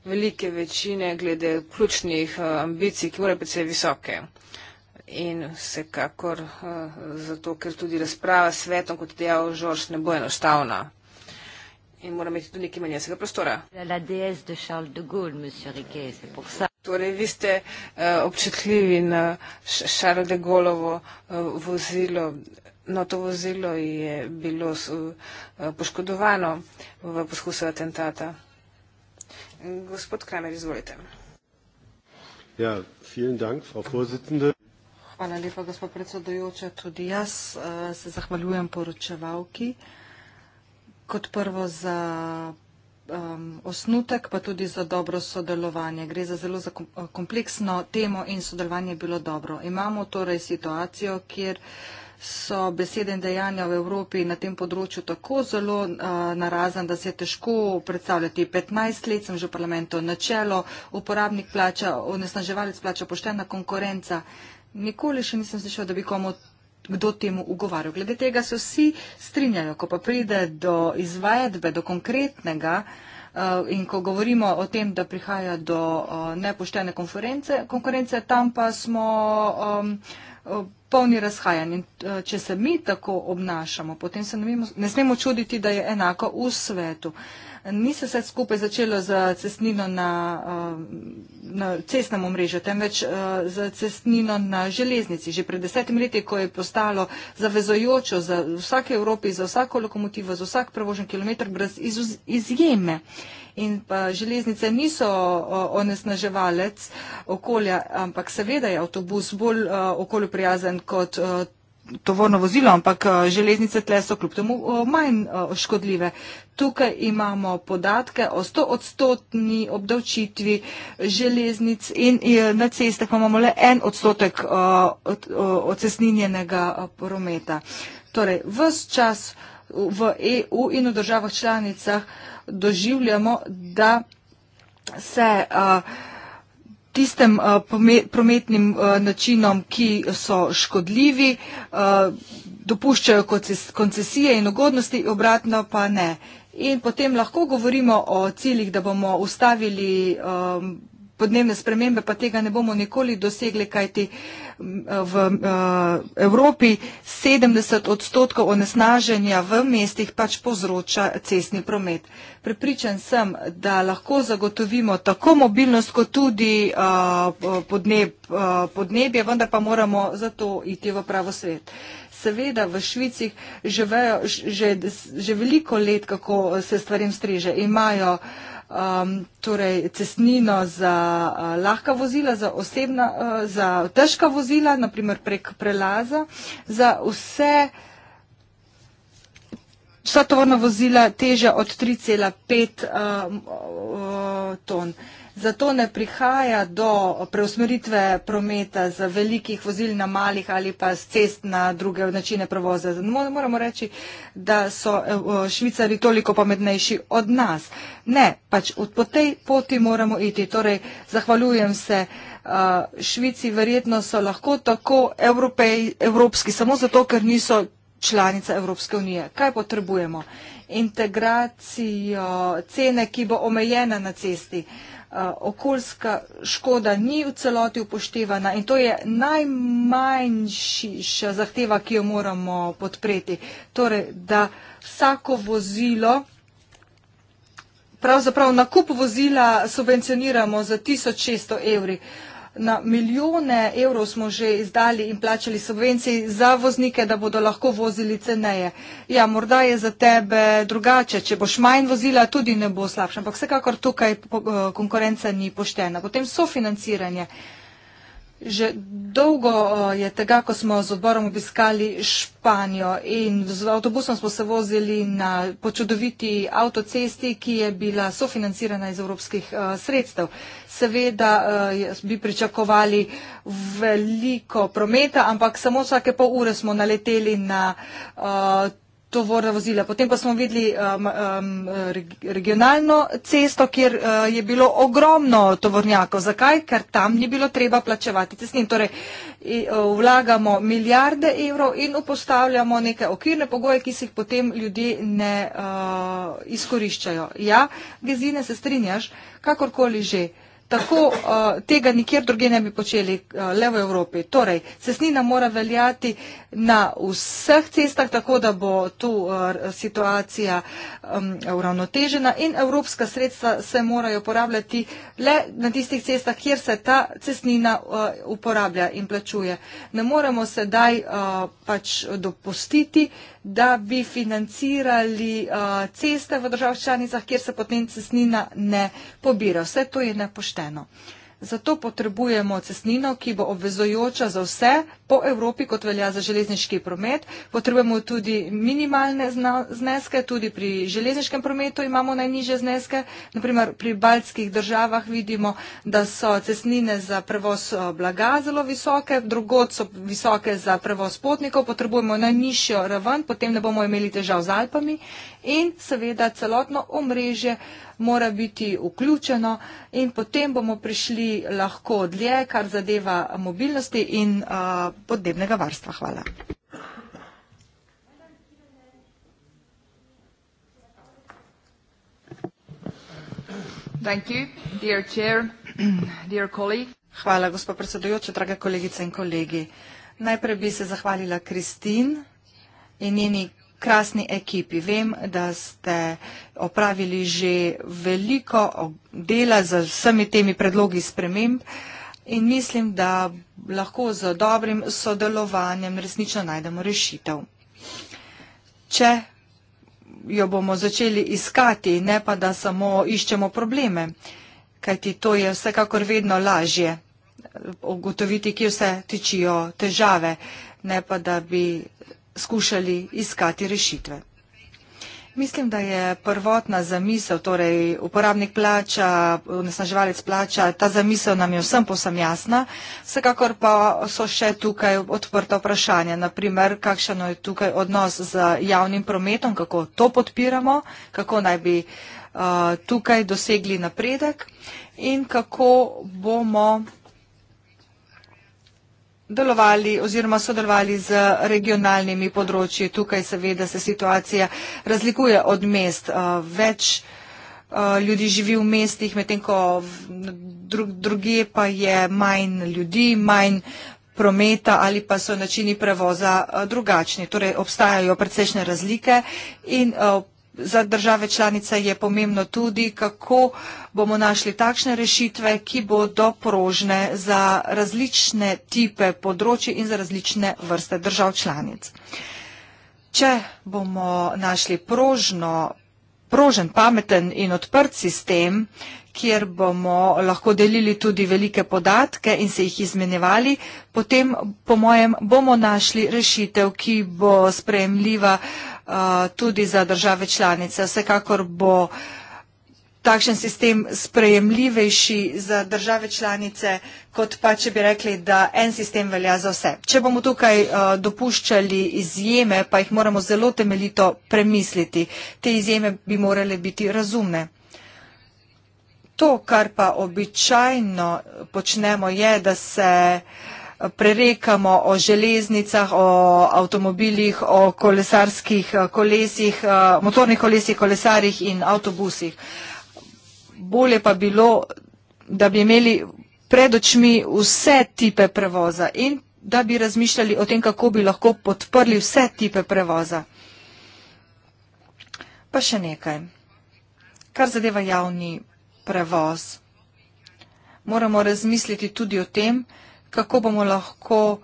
velike večine glede ključnih eh, ambicij, ki morajo biti vse visoke. Uh, in vsekakor eh, zato, ker tudi razprava s svetom, kot je dejal Žorž, ne bo enostavna. In mora imeti tudi nekaj manjesega prostora. Torej, vi ste eh, občutljivi na Charles de Gaulovo eh, vozilo. No, to vozilo je bilo poškodovano v poskusu atentata. Gospod Kramer, izvolite. Ja, vielen Dank, Frau Vorsitzende. Hvala lepa, gospod predsedujoča. Tudi jaz eh, se zahvaljujem poročevalki. Kot prvo za osnutek, pa tudi za dobro sodelovanje. Gre za zelo eh, kompleksno temo in sodelovanje je bilo dobro. Imamo torej situacijo, kjer so besede in dejanja v Evropi na tem področju tako zelo eh, narazen, da se je težko predstavljati. 15 let sem že v parlamentu na čelo, uporabnik plača, onesnaževalec plača poštena konkurenca. Nikoli še nisem slišal, da bi komu kdo temu ugovarjal. Glede tega se vsi strinjajo, ko pa pride do izvedbe, do konkretnega eh, in ko govorimo o tem, da prihaja do eh, nepoštene konference, konkurence, tam pa smo um, polni razhajanj. In če se mi tako obnašamo, potem se ne smemo čuditi, da je enako v svetu. Uh, ni se vse skupaj začelo z cestnino na, eh, na cestnem omrežju, temveč eh, z cestnino na železnici. Že pred desetim leti, ko je postalo zavezojočo za vsake Evropi, za vsako lokomotivo, za vsak prevožen kilometr brez iz, izjeme. In pa železnice niso onesnaževalec okolja, ampak seveda je avtobus bolj eh, okolju prijazen kot tovorno vozilo, ampak eh, železnice tle so kljub temu eh, manj eh, škodljive. Tukaj imamo podatke o 100 odstotni obdavčitvi železnic in na cestah imamo le en odstotek ocesninjenega prometa. Torej, ves čas v EU in v državah članicah doživljamo, da se uh, tistem eh, prometnim eh, načinom, ki so škodljivi, eh, dopuščajo koncesije in ugodnosti, obratno pa ne. In potem lahko govorimo o ciljih, da bomo ustavili podnebne spremembe pa tega ne bomo nikoli dosegli, kajti v eh, Evropi 70 odstotkov onesnaženja v mestih pač povzroča cestni promet. Pripričan sem, da lahko zagotovimo tako mobilnost, kot tudi eh, podneb, eh, podnebje, vendar pa moramo zato iti v pravo svet. Seveda v Švicih že, že, že veliko let, kako se stvarem striže, imajo uh, um, torej cestnino za uh, lahka vozila, za, osebna, uh, za težka vozila, naprimer prek prelaza, za vse uh, vsa tovorna vozila teža od 3,5 eh, eh, ton. Zato ne prihaja do preusmeritve prometa z velikih vozil na malih ali pa z cest na druge načine prevoza. Moramo reči, da so eh, Švicari toliko pametnejši od nas. Ne, pač po tej poti moramo iti. Torej, zahvaljujem se. Švici verjetno so lahko tako evropski, samo zato, ker niso članica Evropske unije. Kaj potrebujemo? Integracijo cene, ki bo omejena na cesti. Uh, okoljska škoda ni v celoti upoštevana in to je najmanjša zahteva, ki jo moramo podpreti. Torej, da vsako vozilo, pravzaprav nakup vozila subvencioniramo za 1600 evri. Uh, na milijone evrov smo že izdali in plačali subvencij za voznike, da bodo lahko vozili ceneje. Ja, morda je za tebe drugače, če boš manj vozila, tudi ne bo slabše, ampak vsekakor tukaj eh, konkurenca ni poštena. Potem sofinanciranje. Že dolgo eh, je tega, ko smo z odborom obiskali Španijo in z avtobusom smo se vozili na počudoviti avtocesti, ki je bila sofinancirana iz evropskih eh, sredstev. Seveda eh, bi pričakovali veliko prometa, ampak samo vsake pol ure smo naleteli na uh, tovorna vozila. Potem pa smo videli um, um, regionalno cesto, kjer uh, je bilo ogromno tovornjakov. Zakaj? Ker tam ni bilo treba plačevati cestnin. Torej, uh, vlagamo milijarde evrov in upostavljamo neke okvirne pogoje, ki se jih potem ljudje ne uh, izkoriščajo. Ja, gezine se strinjaš, kakorkoli že. Uh, Tako uh, tega nikjer druge ne bi počeli, uh, le v Evropi. Torej, cesnina mora veljati na vseh cestah, tako da bo tu uh, situacija um, uravnotežena in evropska sredstva se morajo uporabljati le na tistih cestah, kjer se ta cesnina uh, uporablja in plačuje. Ne moremo sedaj uh, pač dopustiti, da bi financirali uh, ceste v državščanicah, kjer se potem cesnina ne pobira. Vse to je nepošteno pošteno. Zato potrebujemo cestnino, ki bo obvezojoča za vse po Evropi, kot velja za železniški promet. Potrebujemo tudi minimalne zneske, tudi pri železniškem prometu imamo najniže zneske. Naprimer, pri baltskih državah vidimo, da so cestnine za prevoz eh, blaga zelo visoke, drugod so visoke za prevoz potnikov, potrebujemo najnižjo raven, potem ne bomo imeli težav z Alpami in seveda celotno omrežje mora biti vključeno in potem bomo prišli lahko dlje, kar zadeva mobilnosti in uh, podnebnega varstva. Hvala. [clears throat] Hvala, gospod predsedujoče, drage kolegice in kolegi. Najprej bi se zahvalila Kristin in njeni krasni ekipi. Vem, da ste opravili že veliko dela z vsemi temi predlogi sprememb in mislim, da lahko z dobrim sodelovanjem resnično najdemo rešitev. Če jo bomo začeli iskati, ne pa da samo iščemo probleme, kajti to je vsekakor vedno lažje ugotoviti, kje vse tičijo težave, ne pa da bi skušali iskati rešitve. Mislim, da je prvotna zamisel, torej uporabnik plača, nesnaževalec plača, ta zamisel nam je vsem posem jasna, vsekakor pa so še tukaj odprta vprašanja, naprimer, kakšen je tukaj odnos z javnim prometom, kako to podpiramo, kako naj bi uh, tukaj dosegli napredek in kako bomo delovali oziroma sodelovali z regionalnimi področji. Tukaj seveda se situacija razlikuje od mest. Eh, več eh, ljudi živi v mestih, medtem ko druge pa je manj ljudi, manj prometa ali pa so načini prevoza eh, drugačni. Torej obstajajo precejšnje razlike in za države članice je pomembno tudi, kako bomo našli takšne rešitve, ki bodo porožne za različne tipe področji in za različne vrste držav članic. Če bomo našli prožno, prožen, pameten in odprt sistem, kjer bomo lahko delili tudi velike podatke in se jih izmenjevali, potem, po mojem, bomo našli rešitev, ki bo sprejemljiva uh, Eh, tudi za države članice. Vsekakor bo takšen sistem sprejemljivejši za države članice, kot pa če bi rekli, da en sistem velja za vse. Če bomo tukaj uh, dopuščali izjeme, pa jih moramo zelo temeljito premisliti. Te izjeme bi morale biti razumne. To, kar pa običajno počnemo, je, da se uh, prerekamo o železnicah, o avtomobilih, o kolesarskih eh, kolesih, eh, motornih kolesih, kolesarjih in avtobusih. Bolje pa bilo, da bi imeli pred očmi vse tipe prevoza in da bi razmišljali o tem, kako bi lahko podprli vse tipe prevoza. Pa še nekaj. Kar zadeva javni prevoz. Moramo razmisliti tudi o tem, kako bomo lahko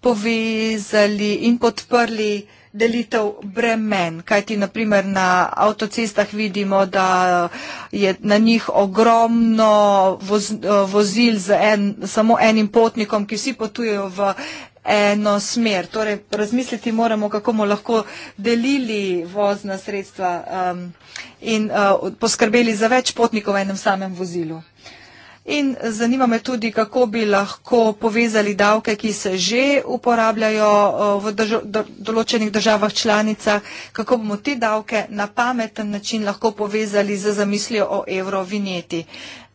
povezali in podprli delitev bremen, kajti naprimer na avtocestah vidimo, da je na njih ogromno voz, vozil z en, samo enim potnikom, ki vsi potujejo v eno smer. Torej, razmisliti moramo, kako bomo lahko delili vozna sredstva um, in uh, poskrbeli za več potnikov v enem samem vozilu. In zanima me tudi, kako bi lahko povezali davke, ki se že uporabljajo v drž določenih državah članicah, kako bomo te davke na pameten način lahko povezali z zamislijo o eurovineti.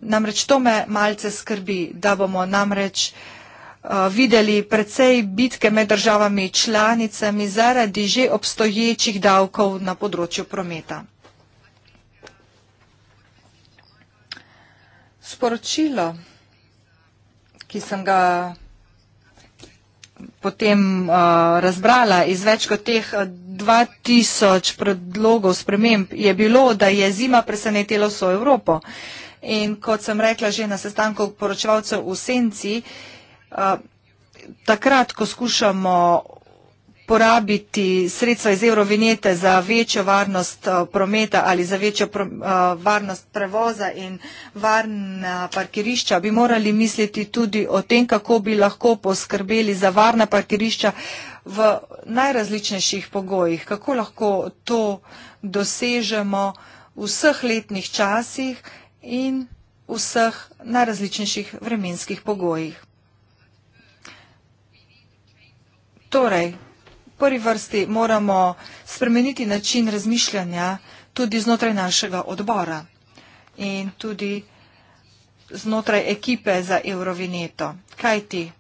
Namreč to me malce skrbi, da bomo namreč videli precej bitke med državami članicami zaradi že obstoječih davkov na področju prometa. sporočilo, ki sem ga potem uh, razbrala iz več kot teh 2000 uh, predlogov sprememb, je bilo, da je zima presenetela vso Evropo. In kot sem rekla že na sestanku poročevalcev v Senci, uh, takrat, ko skušamo porabiti sredstva iz eurovinjete za večjo varnost eh, prometa ali za večjo eh, varnost prevoza in varna parkirišča, bi morali misliti tudi o tem, kako bi lahko poskrbeli za varna parkirišča v najrazličnejših pogojih, kako lahko to dosežemo v vseh letnih časih in v vseh najrazličnejših vremenskih pogojih. Torej, prvi vrsti moramo spremeniti način razmišljanja tudi znotraj našega odbora in tudi znotraj ekipe za Eurovineto. Kaj ti?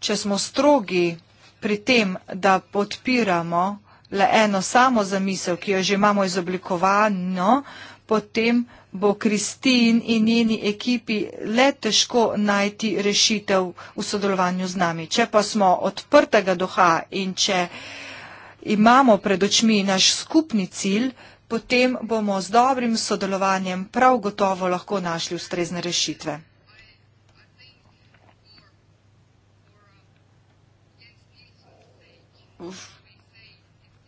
Če smo strogi pri tem, da podpiramo le eno samo zamisel, ki jo že imamo izoblikovano, potem bo Kristin in njeni ekipi le težko najti rešitev v sodelovanju z nami. Če pa smo odprtega duha in če imamo pred očmi naš skupni cilj, potem bomo z dobrim sodelovanjem prav gotovo lahko našli ustrezne rešitve.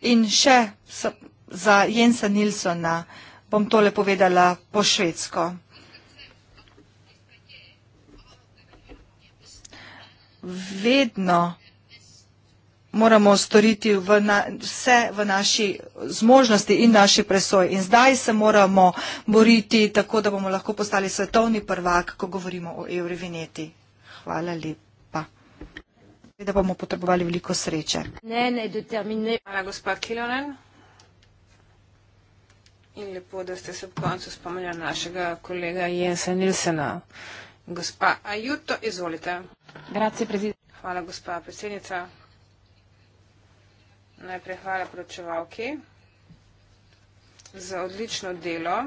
In še za Jensa Nilsona bom tole povedala po švedsko. Vedno moramo storiti v na, vse v naši zmožnosti in naši presoji. In zdaj se moramo boriti tako, da bomo lahko postali svetovni prvak, ko govorimo o Eurovineti. Hvala lepa. Da bomo potrebovali veliko sreče. Ne, ne, Hvala, gospod Kilonen in lepo, da ste se ob koncu spomnili našega kolega Jensa Nilsena. Gospa Ajuto, izvolite. Grazie, hvala, gospa predsednica. Najprej hvala poročevalki za odlično delo,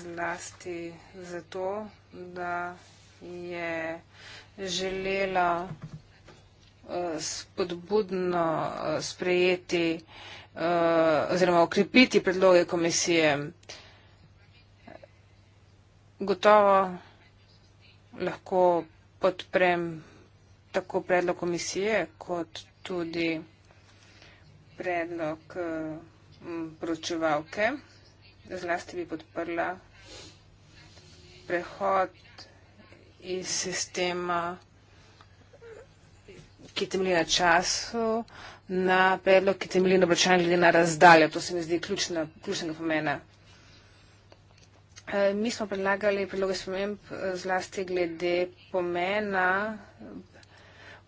zlasti zato, da je želela eh, spodbudno eh, sprejeti Eh, oziroma okrepiti predloge komisije. Gotovo lahko podprem tako predlog komisije kot tudi predlog eh, pročevalke. Zlasti bi podprla prehod iz sistema ki temelji na času, na predlog, ki temelji na obračanju glede na razdaljo. To se mi zdi ključna, ključnega pomena. Eh, mi smo predlagali predloge sprememb eh, zlasti glede pomena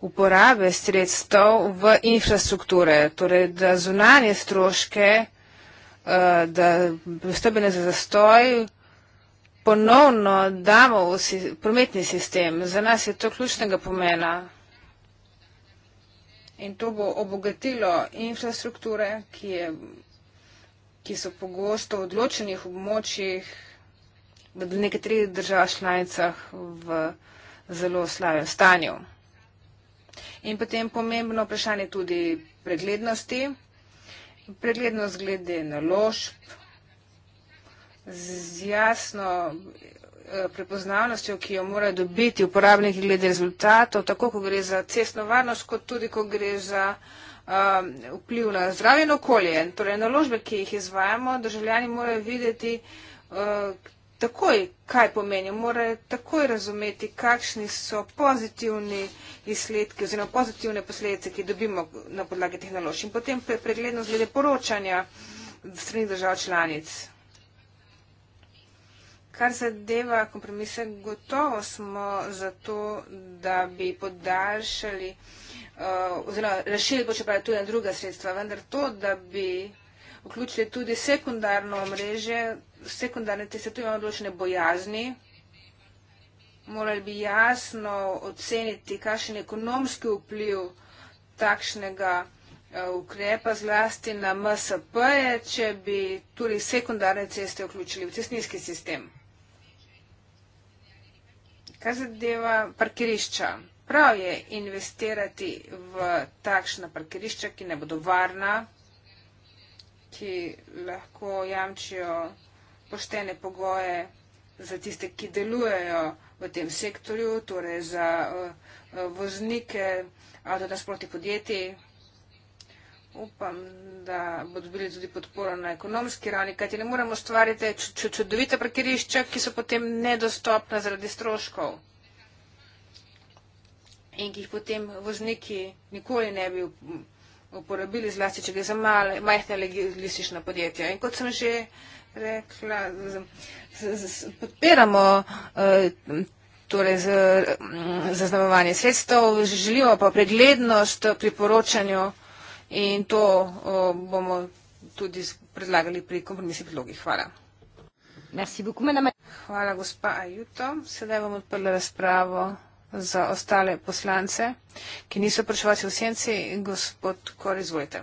uporabe sredstev v infrastrukture, torej da zunanje stroške, eh, da pristopljene za zastoj ponovno damo v si, prometni sistem. Za nas je to ključnega pomena in to bo obogatilo infrastrukture, ki, je, ki so pogosto v odločenih območjih, v nekaterih državah članicah v zelo slabem stanju. In potem pomembno vprašanje tudi preglednosti. Preglednost glede naložb z jasno Eh, prepoznavnostjo, ki jo morajo dobiti uporabniki glede rezultatov, tako ko gre za cestno varnost, kot tudi ko gre za eh, vpliv na zdravje in okolje. Torej, naložbe, ki jih izvajamo, državljani morajo videti eh, takoj, kaj pomeni, morajo takoj razumeti, kakšni so pozitivni izsledki oziroma pozitivne posledice, ki dobimo na podlagi tehnološ. In potem preglednost glede poročanja strani držav članic. Kar zadeva kompromise, gotovo smo za to, da bi podaljšali uh, oziroma rešili, bo če pravi, tudi druga sredstva, vendar to, da bi vključili tudi sekundarno mrežo, sekundarne teste, tu imamo določene bojazni. Morali bi jasno oceniti, kakšen je ekonomski vpliv takšnega uh, ukrepa, zlasti na MSP, če bi tudi sekundarne ceste vključili v cestninski sistem kar zadeva parkirišča. Prav je investirati v takšna parkirišča, ki ne bodo varna, ki lahko jamčijo poštene pogoje za tiste, ki delujejo v tem sektorju, torej za uh, uh, voznike, avtodasproti podjetij, upam, da bodo bili tudi podporo na ekonomski ravni, kajti ne moremo ustvariti čudovite parkirišča, ki so potem nedostopna zaradi stroškov in ki jih potem vozniki nikoli ne bi uporabili, zlasti, če gre za majhne logistična podjetja. In kot sem že rekla, podpiramo eh, torej zaznamovanje sredstev, želimo pa preglednost pri poročanju. In to bomo tudi predlagali pri kompromisnih predlogih. Hvala. Hvala, gospa Ajuto. Sedaj bom odprla razpravo za ostale poslance, ki niso prišovalci v senci. Gospod Kor, izvolite.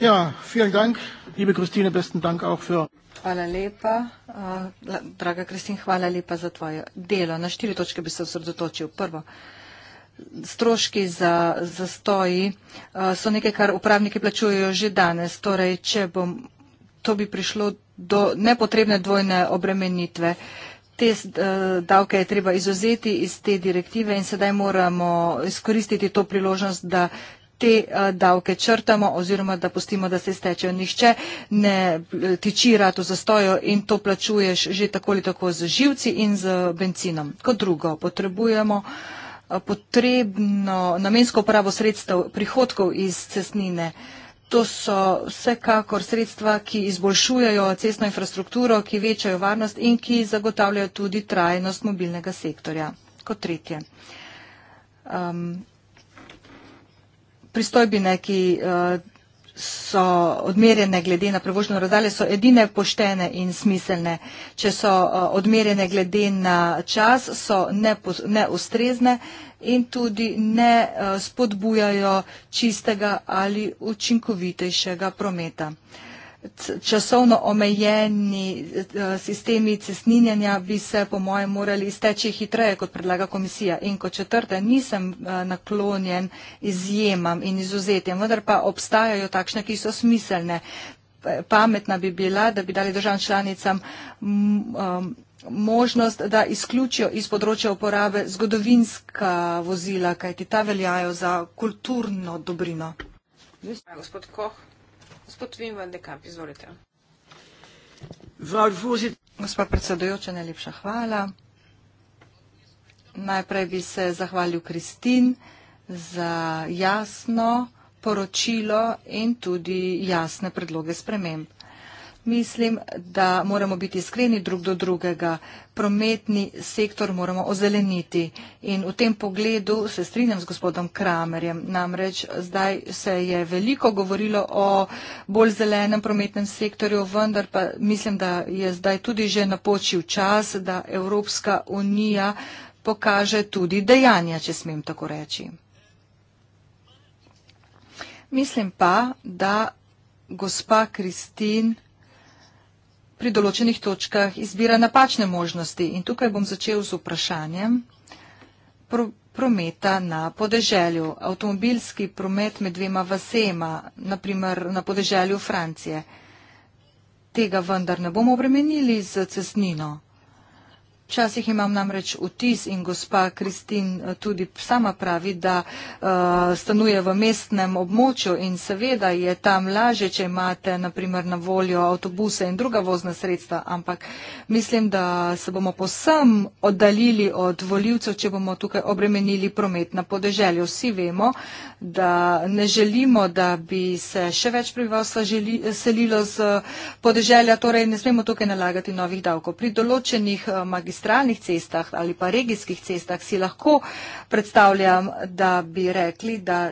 Ja, vielen Dank, liebe Christine, besten Dank auch für Hvala lepa. Draga Kristin, hvala lepa za tvoje delo. Na štiri točke bi se osredotočil. Prvo, stroški za zastoji so nekaj, kar upravniki plačujejo že danes. Torej, če bom, to bi prišlo do nepotrebne dvojne obremenitve. Te davke je treba izuzeti iz te direktive in sedaj moramo izkoristiti to priložnost, da te eh, davke črtamo oziroma da pustimo, da se stečejo. Nihče ne eh, tiči rato zastojo in to plačuješ že tako ali tako z živci in z benzinom. Kot drugo, potrebujemo eh, potrebno namensko uporabo sredstev prihodkov iz cestnine. To so vsekakor sredstva, ki izboljšujejo cestno infrastrukturo, ki večajo varnost in ki zagotavljajo tudi trajnost mobilnega sektorja. Kot tretje. Um, pristojbine, ki eh, so odmerjene glede na prevožno razdalje, so edine poštene in smiselne. Če so eh, odmerjene glede na čas, so neustrezne in tudi ne eh, spodbujajo čistega ali učinkovitejšega prometa časovno omejeni eh, sistemi cestninjanja bi se po mojem morali izteči hitreje, kot predlaga komisija. In kot četrte, nisem eh, naklonjen izjemam in izuzetjem, vendar pa obstajajo takšne, ki so smiselne. Pametna bi bila, da bi dali državam članicam mm, eh, možnost, da izključijo iz področja uporabe zgodovinska vozila, kajti ta veljajo za kulturno dobrino. Gospod Koh. Gospod Wim van de Kamp, izvolite. Gospod predsedujoče, najlepša hvala. Najprej bi se zahvalil Kristin za jasno poročilo in tudi jasne predloge sprememb. Mislim, da moramo biti iskreni drug do drugega. Prometni sektor moramo ozeleniti. In v tem pogledu se strinjam z gospodom Kramerjem. Namreč zdaj se je veliko govorilo o bolj zelenem prometnem sektorju, vendar pa mislim, da je zdaj tudi že napočil čas, da Evropska unija pokaže tudi dejanja, če smem tako reči. Mislim pa, da gospa Kristin pri določenih točkah izbira napačne možnosti. In tukaj bom začel z vprašanjem pro, prometa na podeželju. Avtomobilski promet med dvema vasema, naprimer na podeželju Francije. Tega vendar ne bomo obremenili z cestnino. Včasih imam namreč vtis in gospa Kristin eh, tudi sama pravi, da uh, stanuje v mestnem območju in seveda je tam laže, če imate naprimer na voljo avtobuse in druga vozna sredstva, ampak mislim, da se bomo posem oddaljili od voljivcev, če bomo tukaj obremenili promet na podeželju. Vsi vemo, da ne želimo, da bi se še več prebivalstva selilo z podeželja, torej ne smemo tukaj nalagati novih davkov magistralnih cestah ali pa regijskih cestah, si lahko predstavljam, da bi rekli, da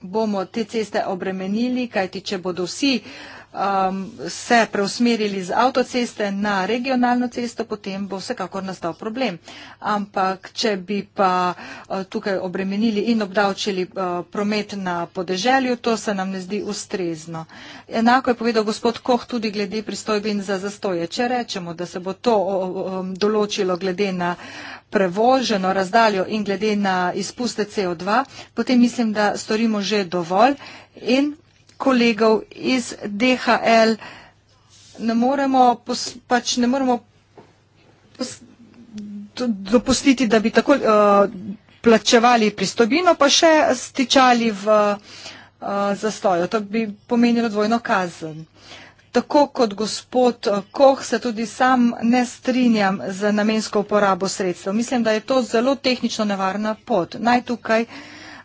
bomo te ceste obremenili, kajti če bodo vsi uh, um, se preusmerili z avtoceste na regionalno cesto, potem bo vsekakor nastal problem. Ampak, če bi pa uh, tukaj obremenili in obdavčili uh, promet na podeželju, to se nam ne zdi ustrezno. Enako je povedal gospod Koh tudi glede pristojbin za zastoje. Če rečemo, da se bo to um, določilo glede na prevoženo razdaljo in glede na izpuste CO2, potem mislim, da storimo že dovolj in kolegov iz DHL ne moremo, pos, pač ne moremo pos, dopustiti, da bi tako uh, eh, plačevali pristobino, pa še stičali v uh, zastoju. To bi pomenilo dvojno kazen. Tako kot gospod eh, Koh se tudi sam ne strinjam z namensko uporabo sredstev. Mislim, da je to zelo tehnično nevarna pot. Naj tukaj uh,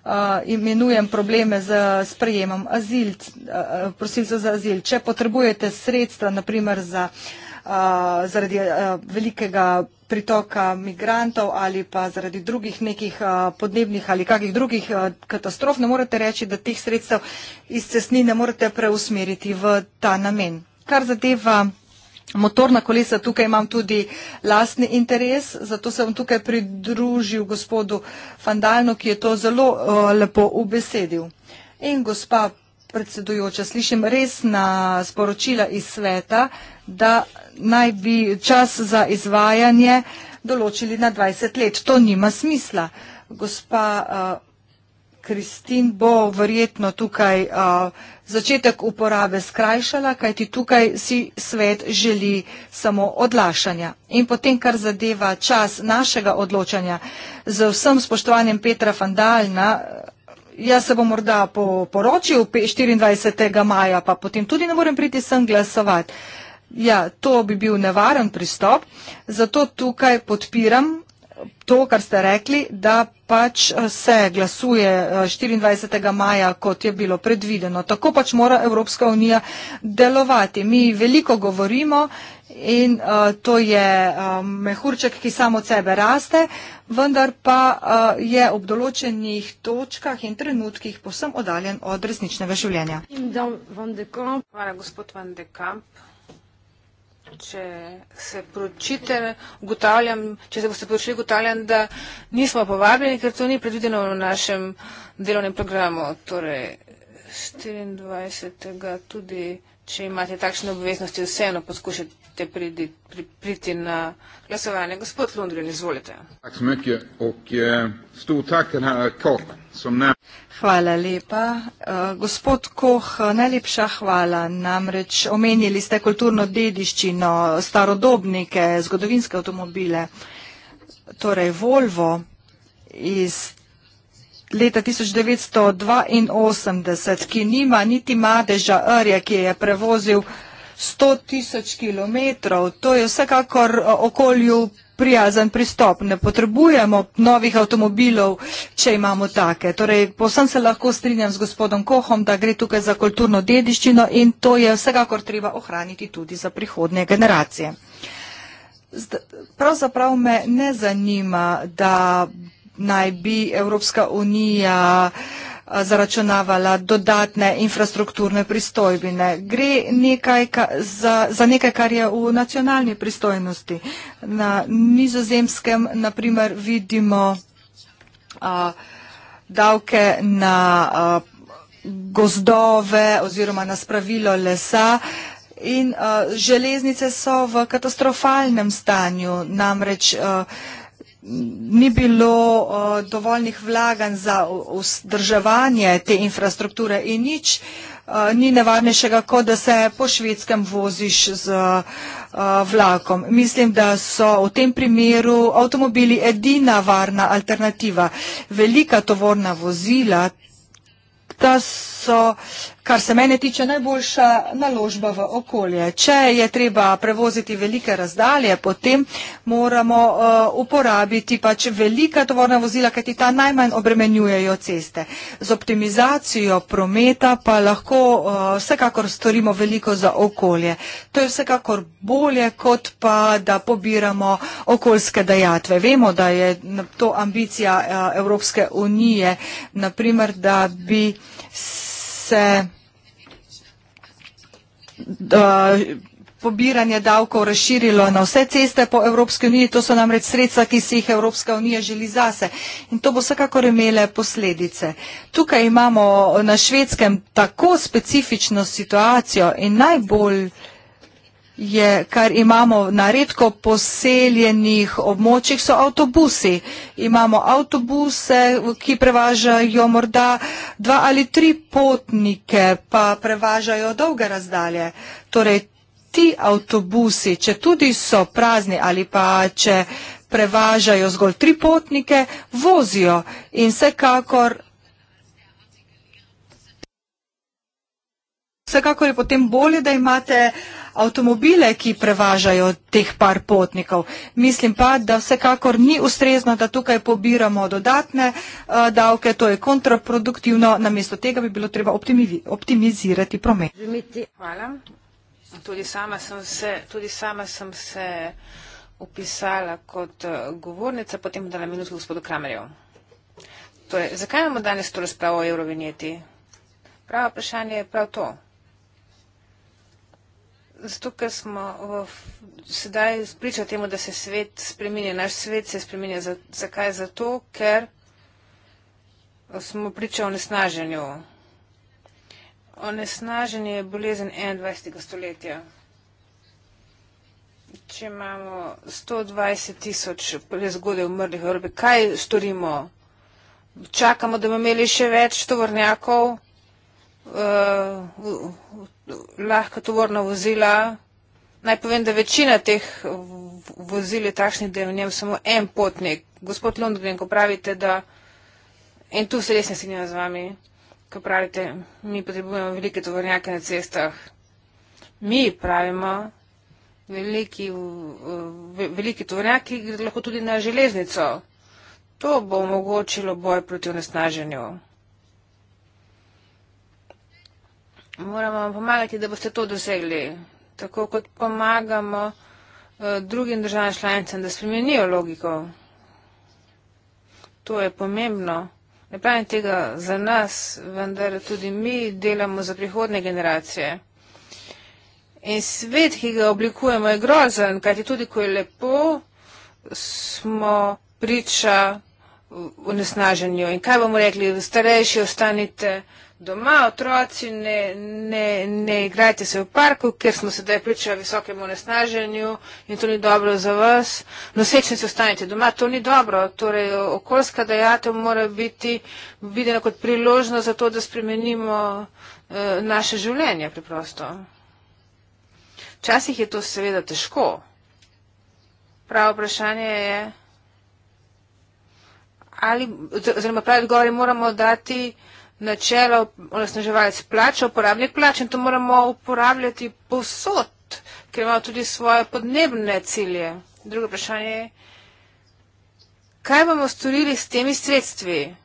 Eh, imenujem probleme z sprejemom azil, eh, prosilcev za azil. Če potrebujete sredstva, naprimer za, eh, zaradi velikega pritoka migrantov ali pa zaradi drugih nekih podnebnih ali kakih drugih katastrof, ne morete reči, da teh sredstev iz cestni ne morete preusmeriti v ta namen. Kar zadeva motorna kolesa, tukaj imam tudi lastni interes, zato se bom tukaj pridružil gospodu Fandalno, ki je to zelo uh, lepo ubesedil. In gospa predsedujoča, slišim res na sporočila iz sveta, da naj bi čas za izvajanje določili na 20 let. To nima smisla. Gospa eh, Kristin uh, bo verjetno tukaj uh, začetek uporabe skrajšala, kajti tukaj si svet želi samo odlašanja. In potem, kar zadeva čas našega odločanja, z vsem spoštovanjem Petra Fandalna, eh, jaz se bom morda po poročil 24. maja, pa potem tudi ne morem priti sem glasovati. Ja, to bi bil nevaren pristop, zato tukaj podpiram to, kar ste rekli, da pač eh, se glasuje 24. Eh, maja, kot je bilo predvideno. Tako pač mora Evropska unija delovati. Mi veliko govorimo in uh, to je uh, mehurček, ki samo od sebe raste, vendar pa uh, je ob določenih točkah in trenutkih posem odaljen od resničnega življenja. Hvala, gospod Van de Kamp če se pročite, ugotavljam, če se boste pročili, ugotavljam, da nismo povabljeni, ker to ni predvideno v našem delovnem programu. Torej, 24. tudi, če imate takšne obveznosti, vseeno poskušate ćete priti na glasovanje. Gospod Lundgren, izvolite. Eh, hvala lepa. Eh, gospod Koh, najlepša hvala namreč. Omenili ste kulturno dediščino, starodobnike, zgodovinske avtomobile, torej Volvo iz leta 1982, ki nima niti Madeža Rja, ki je prevozil vse, 100 tisoč kilometrov. To je vsekakor eh, okolju prijazen pristop. Ne potrebujemo novih avtomobilov, če imamo take. Torej, posem se lahko strinjam z gospodom Kohom, da gre tukaj za kulturno dediščino in to je vsekakor treba ohraniti tudi za prihodnje generacije. Pravzaprav me ne zanima, da naj bi Evropska unija uh, zaračunavala dodatne infrastrukturne pristojbine. Gre nekaj za, za nekaj, kar je v nacionalni pristojnosti. Na nizozemskem, naprimer, vidimo a, davke na a, gozdove oziroma na spravilo lesa. In a, železnice so v katastrofalnem stanju, namreč a, ni bilo uh, dovoljnih vlaganj za vzdrževanje te infrastrukture in nič uh, ni nevarnejšega, kot da se po švedskem voziš z uh, vlakom. Mislim, da so v tem primeru avtomobili edina varna alternativa. Velika tovorna vozila, ta so uh, Kar se mene tiče, najboljša naložba v okolje. Če je treba prevoziti velike razdalje, potem moramo uh, uporabiti pač velika tovorna vozila, kajti ta najmanj obremenjujejo ceste. Z optimizacijo prometa pa lahko uh, vsekakor storimo veliko za okolje. To je vsekakor bolje, kot pa da pobiramo okoljske dajatve. Vemo, da je to ambicija uh, Evropske unije, naprimer, da bi se se da, pobiranje davkov razširilo na vse ceste po Evropski uniji, to so namreč sredstva, ki si jih Evropska unija želi zase. In to bo vsekakor imele posledice. Tukaj imamo na švedskem tako specifično situacijo in najbolj uh, je, kar imamo na redko poseljenih območjih, so avtobusi. Imamo avtobuse, ki prevažajo morda dva ali tri potnike, pa prevažajo dolge razdalje. Torej, ti avtobusi, če tudi so prazni ali pa če prevažajo zgolj tri potnike, vozijo in vsekakor Vsekakor je potem bolje, da imate avtomobile, ki prevažajo teh par potnikov. Mislim pa, da vsekakor ni ustrezno, da tukaj pobiramo dodatne uh, davke, to je kontraproduktivno, namesto tega bi bilo treba optimizirati promet. Hvala. Tudi sama sem se, tudi sama sem se upisala kot eh, govornica, potem dala minus gospodu Kramerju. Torej, zakaj imamo danes to razpravo o eurovinjeti? Pravo vprašanje je prav to zato, ker smo v, sedaj priča temu, da se svet spremenja, naš svet se spremenja. Za, zakaj? Zato, ker smo priča o nesnaženju. Onesnaženje je bolezen 21. stoletja. Če imamo 120 tisoč prezgodaj umrlih v Evropi, kaj storimo? Čakamo, da bomo imeli še več tovornjakov uh, v, v lahka tovorna vozila. Naj povem, da večina teh vozil je takšnih, da je v njem samo en potnik. Gospod Lundgren, ko pravite, da. In tu se res ne strinjam z vami, ko pravite, mi potrebujemo velike tovornjake na cestah. Mi pravimo, veliki, veliki tovornjaki lahko tudi na železnico. To bo omogočilo boj proti onesnaženju. moramo pomagati, da boste to dosegli. Tako kot pomagamo eh, drugim državam članicam, da spremenijo logiko. To je pomembno. Ne pravim tega za nas, vendar tudi mi delamo za prihodne generacije. In svet, ki ga oblikujemo, je grozen, kajti tudi ko je lepo, smo priča v nesnaženju. In kaj bomo rekli, starejši ostanite doma, otroci, ne, ne, ne igrajte se v parku, ker smo sedaj priča visokemu nesnaženju in to ni dobro za vas. Nosečni se ostanete doma, to ni dobro. Torej, okoljska dejatev mora biti videna kot priložnost za to, da spremenimo eh, naše življenje preprosto. Včasih je to seveda težko. Pravo vprašanje je, ali, oziroma pravi odgovor je, moramo dati načelo onesnaževalec plača, uporabnik plača in to moramo uporabljati posod, ker imamo tudi svoje podnebne cilje. Drugo vprašanje je, kaj bomo storili s temi sredstvi,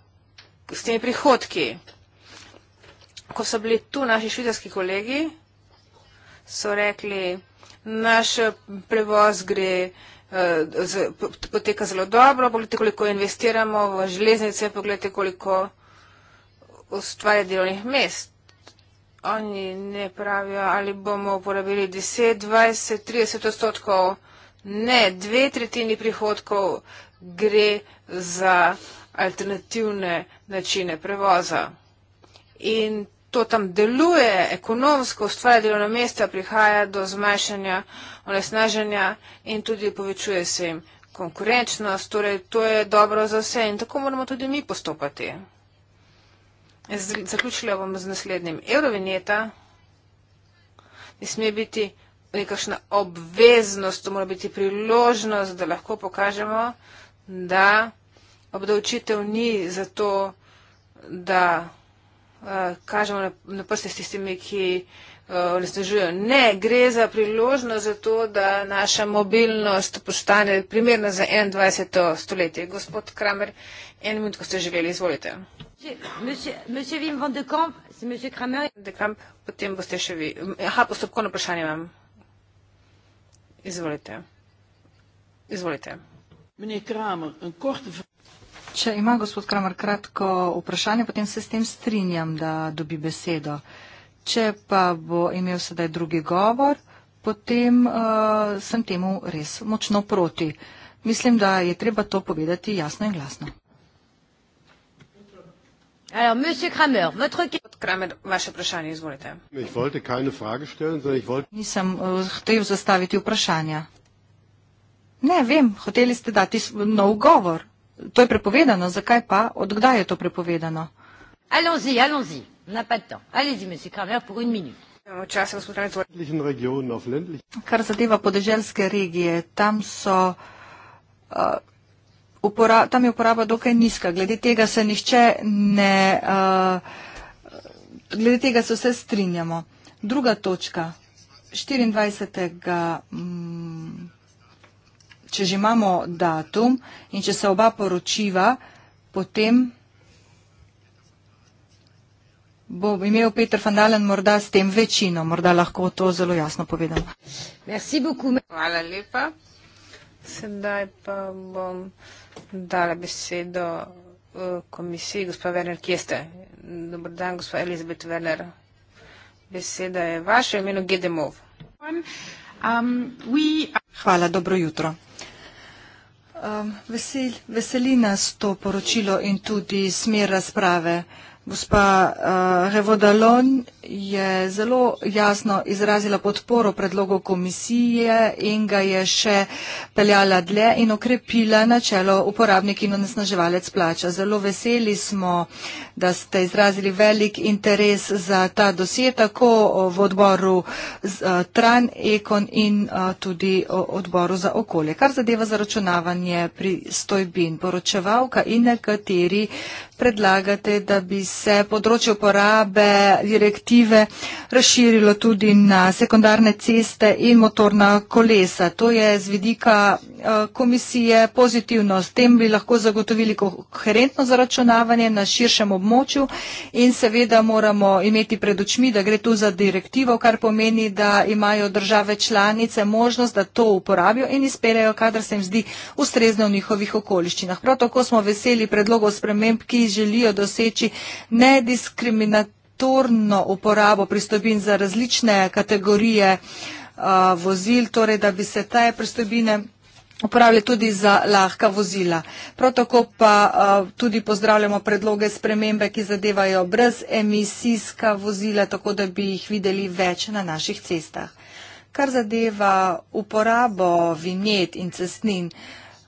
s temi prihodki? Ko so bili tu naši švicarski kolegi, so rekli, naš eh, prevoz gre. Eh, poteka zelo dobro, pogledajte, koliko investiramo v železnice, pogledajte, koliko ustvarja delovnih mest. Oni ne pravijo, ali bomo uporabili 10, 20, 30 odstotkov. Ne, dve tretjini prihodkov gre za alternativne načine prevoza. In to tam deluje ekonomsko, ustvarja delovna mesta, prihaja do zmanjšanja onesnaženja in tudi povečuje se jim konkurenčnost. Torej, to je dobro za vse in tako moramo tudi mi postopati. Zaključila bom z naslednjim. Eurovinjeta ne sme biti nekakšna obveznost, to mora biti priložnost, da lahko pokažemo, da obdavčitev ni za to, da eh, kažemo na prste s tistimi, ki eh, onesnažujejo. Ne, gre za priložnost za to, da naša mobilnost postane primerna za 21. stoletje. Gospod Kramer, eno minuto ste živeli, izvolite. De Kamp, potem boste še vi. Aha, postopkovno vprašanje imam. Izvolite. Izvolite. Če ima gospod Kramer kratko vprašanje, potem se s tem strinjam, da dobi besedo. Če pa bo imel sedaj drugi govor, potem uh, sem temu res močno proti. Mislim, da je treba to povedati jasno in glasno. Ich wollte keine Frage stellen, sondern ich wollte. Nisem, uh, ne, vem, ste dati no govor. To je prepovedano, zakaj pa? Od kdaj je to prepovedano? Allons-y, allons-y. N'a pas de temps. Allez-y, monsieur Kramer, pour une minute. Kar zadeva podeželske regije, tam so uh, upora, tam je uporaba dokaj nizka. Glede tega se nišče ne. Uh, glede tega se vse strinjamo. Druga točka. 24. Mm, če že imamo datum in če se oba poročiva, potem bo imel Peter Fandalen morda s tem večino. Morda lahko to zelo jasno povedam. Hvala lepa. Sedaj pa bom dala besedo eh, komisiji. Gospod Werner, kje ste? Dobro dan, gospod Elizabet Werner. Beseda je vaša, v imenu GDMOV. Um, Hvala, dobro jutro. Um, veseli nas to poročilo in tudi smer razprave. Hvala. Gospa uh, Revodalon je zelo jasno izrazila podporo predlogu komisije in ga je še peljala dlje in okrepila načelo uporabnik in onesnaževalec plača. Zelo veseli smo, da ste izrazili velik interes za ta dosje, tako v odboru uh, Tran, Ekon in uh, tudi uh, odboru za okolje. Kar zadeva zaračunavanje pri stojbin, poročevalka in nekateri predlagate, da bi se področje uporabe direktive razširilo tudi na sekundarne ceste in motorna kolesa. To je z vidika eh, komisije pozitivno. S tem bi lahko zagotovili koherentno zaračunavanje na širšem območju in seveda moramo imeti pred očmi, da gre tu za direktivo, kar pomeni, da imajo države članice možnost, da to uporabijo in izpeljajo, kadar se jim zdi ustrezno v njihovih okoliščinah. Prav tako smo veseli predlogov sprememb, ki želijo doseči nediskriminatorno uporabo pristojbin za različne kategorije uh, vozil, torej da bi se te pristojbine uporabljali tudi za lahka vozila. Prav tako pa uh, tudi pozdravljamo predloge spremembe, ki zadevajo brezemisijska vozila, tako da bi jih videli več na naših cestah. Kar zadeva uporabo vinjet in cestnin,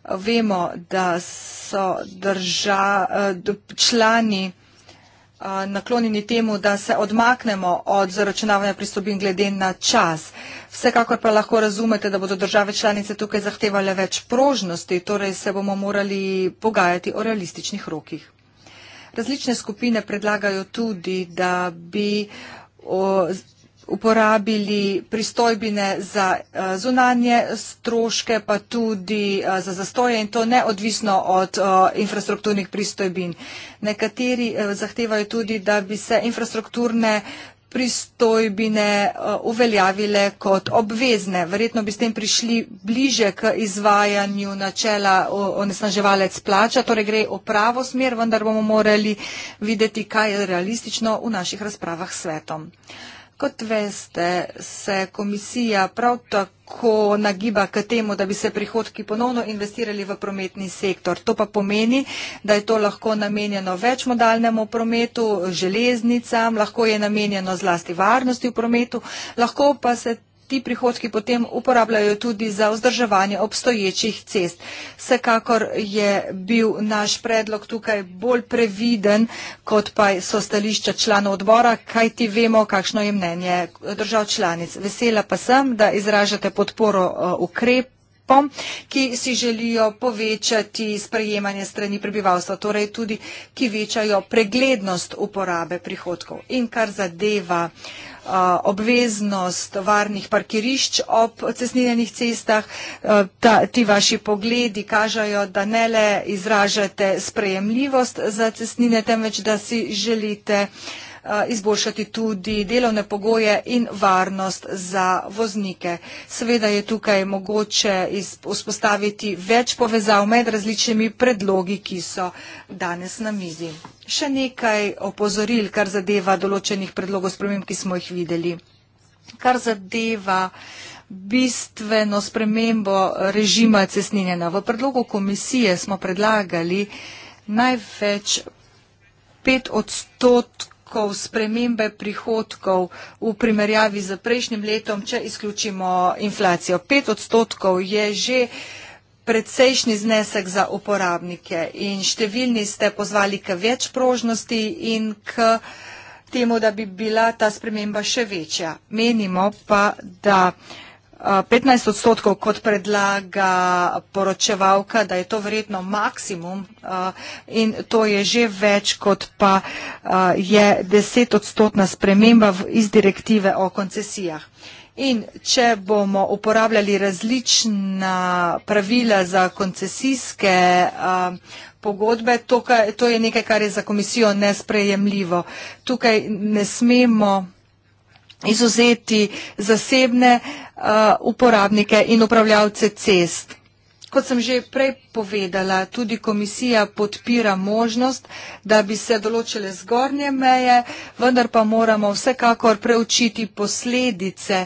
Vemo, da so drža, eh, člani eh, naklonjeni temu, da se odmaknemo od zaračunavanja pristopin glede na čas. Vsekakor pa lahko razumete, da bodo države članice tukaj zahtevale več prožnosti, torej se bomo morali pogajati o realističnih rokih. Različne skupine predlagajo tudi, da bi uporabili pristojbine za eh, zunanje stroške, pa tudi eh, za zastoje in to neodvisno od eh, infrastrukturnih pristojbin. Nekateri zahtevajo tudi, da bi se infrastrukturne pristojbine uveljavile kot obvezne. Verjetno bi s tem prišli bliže k izvajanju načela onesnaževalec plača, torej gre v pravo smer, vendar bomo morali videti, kaj je realistično v naših razpravah s svetom. Kot veste, se komisija prav tako nagiba k temu, da bi se prihodki ponovno investirali v prometni sektor. To pa pomeni, da je to lahko namenjeno večmodalnemu prometu, železnicam, lahko je namenjeno zlasti varnosti v prometu, lahko pa se ti prihodki potem uporabljajo tudi za vzdrževanje obstoječih cest. Vsekakor je bil naš predlog tukaj bolj previden, kot pa so stališča članov odbora, kaj ti vemo, kakšno je mnenje držav članic. Vesela pa sem, da izražate podporo e, ukrep ki si želijo povečati sprejemanje strani prebivalstva, torej tudi ki večajo preglednost uporabe prihodkov. In kar zadeva uh, obveznost varnih parkirišč ob cestninjenih cestah. Ta, ti vaši pogledi kažajo, da ne le izražate sprejemljivost za cestnine, temveč da si želite izboljšati tudi delovne pogoje in varnost za voznike. Seveda je tukaj mogoče vzpostaviti več povezav med različnimi predlogi, ki so danes na mizi še nekaj opozoril, kar zadeva določenih predlogov sprememb, ki smo jih videli. Kar zadeva bistveno spremembo režima cesninjena. V predlogu komisije smo predlagali največ pet odstotkov spremembe prihodkov v primerjavi z prejšnjim letom, če izključimo inflacijo. Pet odstotkov je že uh, precejšnji znesek za uporabnike in številni ste pozvali k več prožnosti in k temu, da bi bila ta sprememba še večja. Menimo pa, da 15 odstotkov kot predlaga poročevalka, da je to verjetno maksimum in to je že več kot pa je 10 odstotna sprememba iz direktive o koncesijah. In če bomo uporabljali različna pravila za koncesijske um, pogodbe, to je nekaj, kar je za komisijo nesprejemljivo. Tukaj ne smemo izuzeti zasebne uh, uporabnike in upravljavce cest. Kot sem že prej povedala, tudi komisija podpira možnost, da bi se določile zgornje meje, vendar pa moramo vsekakor preučiti posledice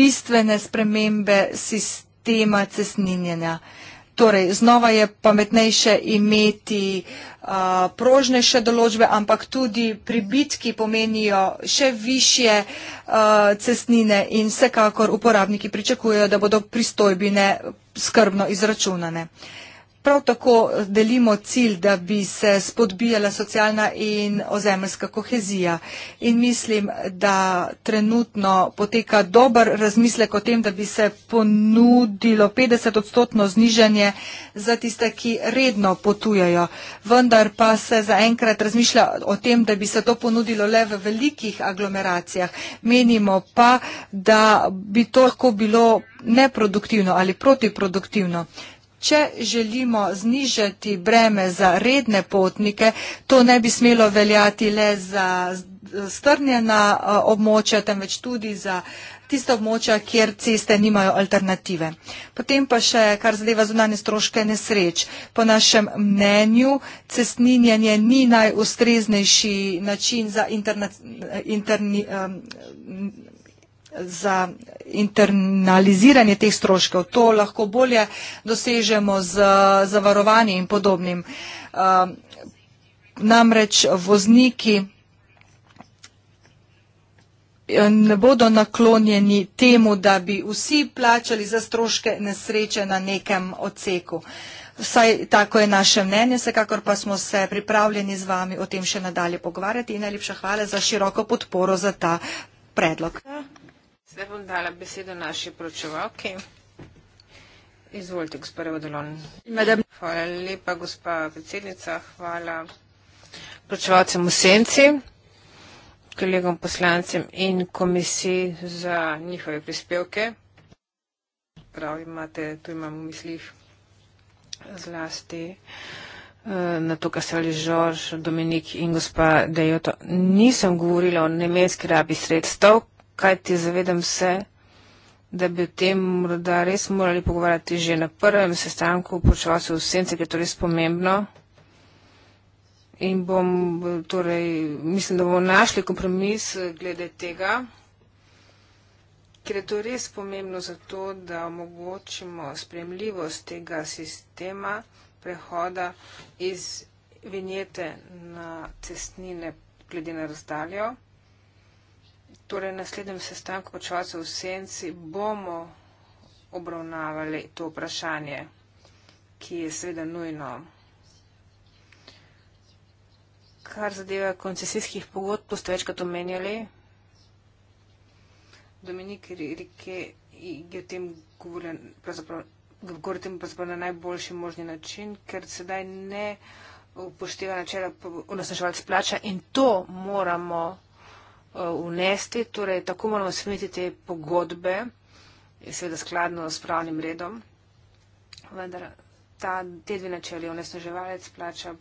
bistvene spremembe sistema cesninjenja. Torej, znova je pametnejše imeti uh, prožnejše določbe, ampak tudi pribitki pomenijo še više uh, cestnine in vsekakor uporabniki pričakujejo, da bodo pristojbine skrbno izračunane. Uh, Prav tako delimo cilj, da bi se spodbijala socialna in ozemljska kohezija. In mislim, da trenutno poteka dober razmislek o tem, da bi se ponudilo 50 odstotno zniženje za tiste, ki redno potujajo. Vendar pa se zaenkrat razmišlja o tem, da bi se to ponudilo le v velikih aglomeracijah. Menimo pa, da bi to lahko bilo neproduktivno ali protiproduktivno. Če želimo znižati breme za redne potnike, to ne bi smelo veljati le za strnjena eh, območja, temveč tudi za tiste območja, kjer ceste nimajo alternative. Potem pa še, kar zadeva zunanje stroške nesreč. Po našem mnenju, cestninjanje ni najustreznejši način za internet, eh, interni, um, za internaliziranje teh stroškov. To lahko bolje dosežemo z zavarovanjem in podobnim. Ehm, namreč vozniki eh, ne bodo naklonjeni temu, da bi vsi plačali za stroške nesreče na nekem odseku. Vsaj tako je naše mnenje, vsekakor pa smo se pripravljeni z vami o tem še nadalje pogovarjati in najlepša hvala za široko podporo za ta predlog. Zdaj bom dala besedo naši pročevalki. Izvolite, gospod Revodolon. Hvala lepa, gospa predsednica. Hvala pročevalcem v senci, kolegom poslancem in komisiji za njihove prispevke. Prav imate, tu imam v mislih zlasti eh, na to, kar se ali Žorž, Dominik in gospa Dejoto. Nisem govorila o nemenski rabi sredstev, kajti zavedam se, da bi o tem morda res morali pogovarjati že na prvem sestanku poročevalcev v Sence, ker je to res pomembno. In bom, torej, mislim, da bomo našli kompromis eh, glede tega, ker je to res pomembno za to, da omogočimo spremljivost tega sistema prehoda iz vinjete na cestnine glede na razdaljo torej naslednjem sestanku počvalcev v senci bomo obravnavali to vprašanje, ki je seveda nujno. Kar zadeva koncesijskih pogodb, to ste večkrat omenjali. Dominik Rike je o tem govoril, tem pravzaprav na najboljši možni način, ker sedaj ne upošteva načela, onesnaževalce plača in to moramo vnesti, eh, torej tako moramo smeti te pogodbe, seveda skladno s pravnim redom, vendar ta, te dve načeli, onesnaževalec plača,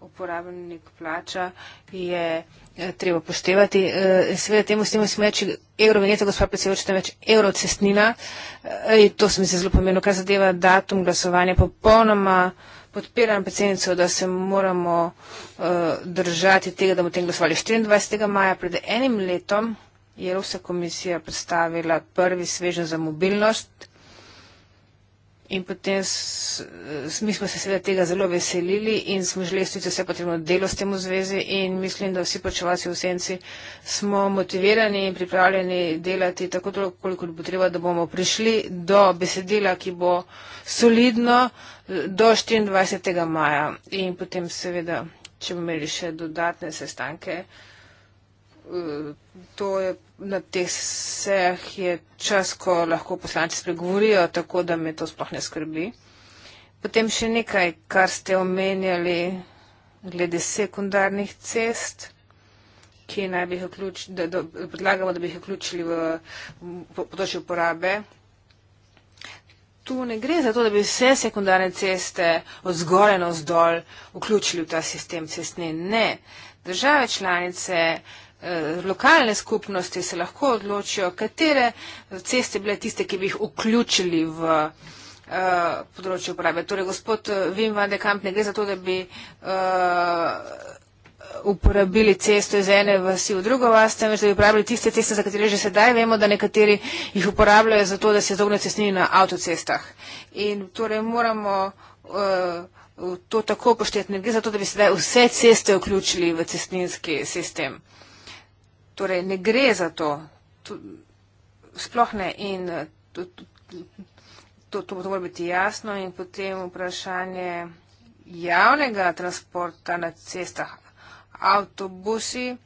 uporabnik plača, je eh, treba poštevati. Eh, seveda temu s temu smeči evro vinjeta, gospod predsedujoč, temveč evro cestnina, to se mi zdi zelo pomembno, kar zadeva datum glasovanja popolnoma podpiram predsednico, da se moramo uh, držati tega, da bomo tem glasovali 24. maja. Pred enim letom je Evropska komisija predstavila prvi svežen za mobilnost, In potem mi smo se seveda tega zelo veselili in smo želeli stiti vse potrebno delo s tem v zvezi in mislim, da vsi počevalci v senci smo motivirani in pripravljeni delati tako toliko, koliko bo treba, da bomo prišli do besedila, ki bo solidno do 24. maja. In potem seveda, če bomo imeli še dodatne sestanke, eh, to je na teh sejah je čas, ko lahko poslanci spregovorijo, tako da me to sploh ne skrbi. Potem še nekaj, kar ste omenjali glede sekundarnih cest ki naj bi jih vključili, predlagamo, da bi jih vključili v področje uporabe. Tu ne gre za to, da bi vse sekundarne ceste od zgore na vzdolj vključili v ta sistem cestne. Ne. Države članice Eh, lokalne skupnosti se lahko odločijo, katere ceste bile tiste, ki bi jih vključili v eh, področje uprave. Torej, gospod Vim eh, van de Kamp, ne gre za to, da bi uh, uporabili cesto iz ene vasi v drugo vas, temveč da bi uporabili tiste ceste, za katere že sedaj vemo, da nekateri jih uporabljajo za to, da se izognejo cestnini na avtocestah. In torej moramo uh, to tako poštetne gre za to, da bi sedaj vse ceste vključili v cestninski sistem. Torej, ne gre za to. Sploh ne. In eh, to, to, to, to mora biti jasno. In potem vprašanje javnega transporta na cestah, avtobusi.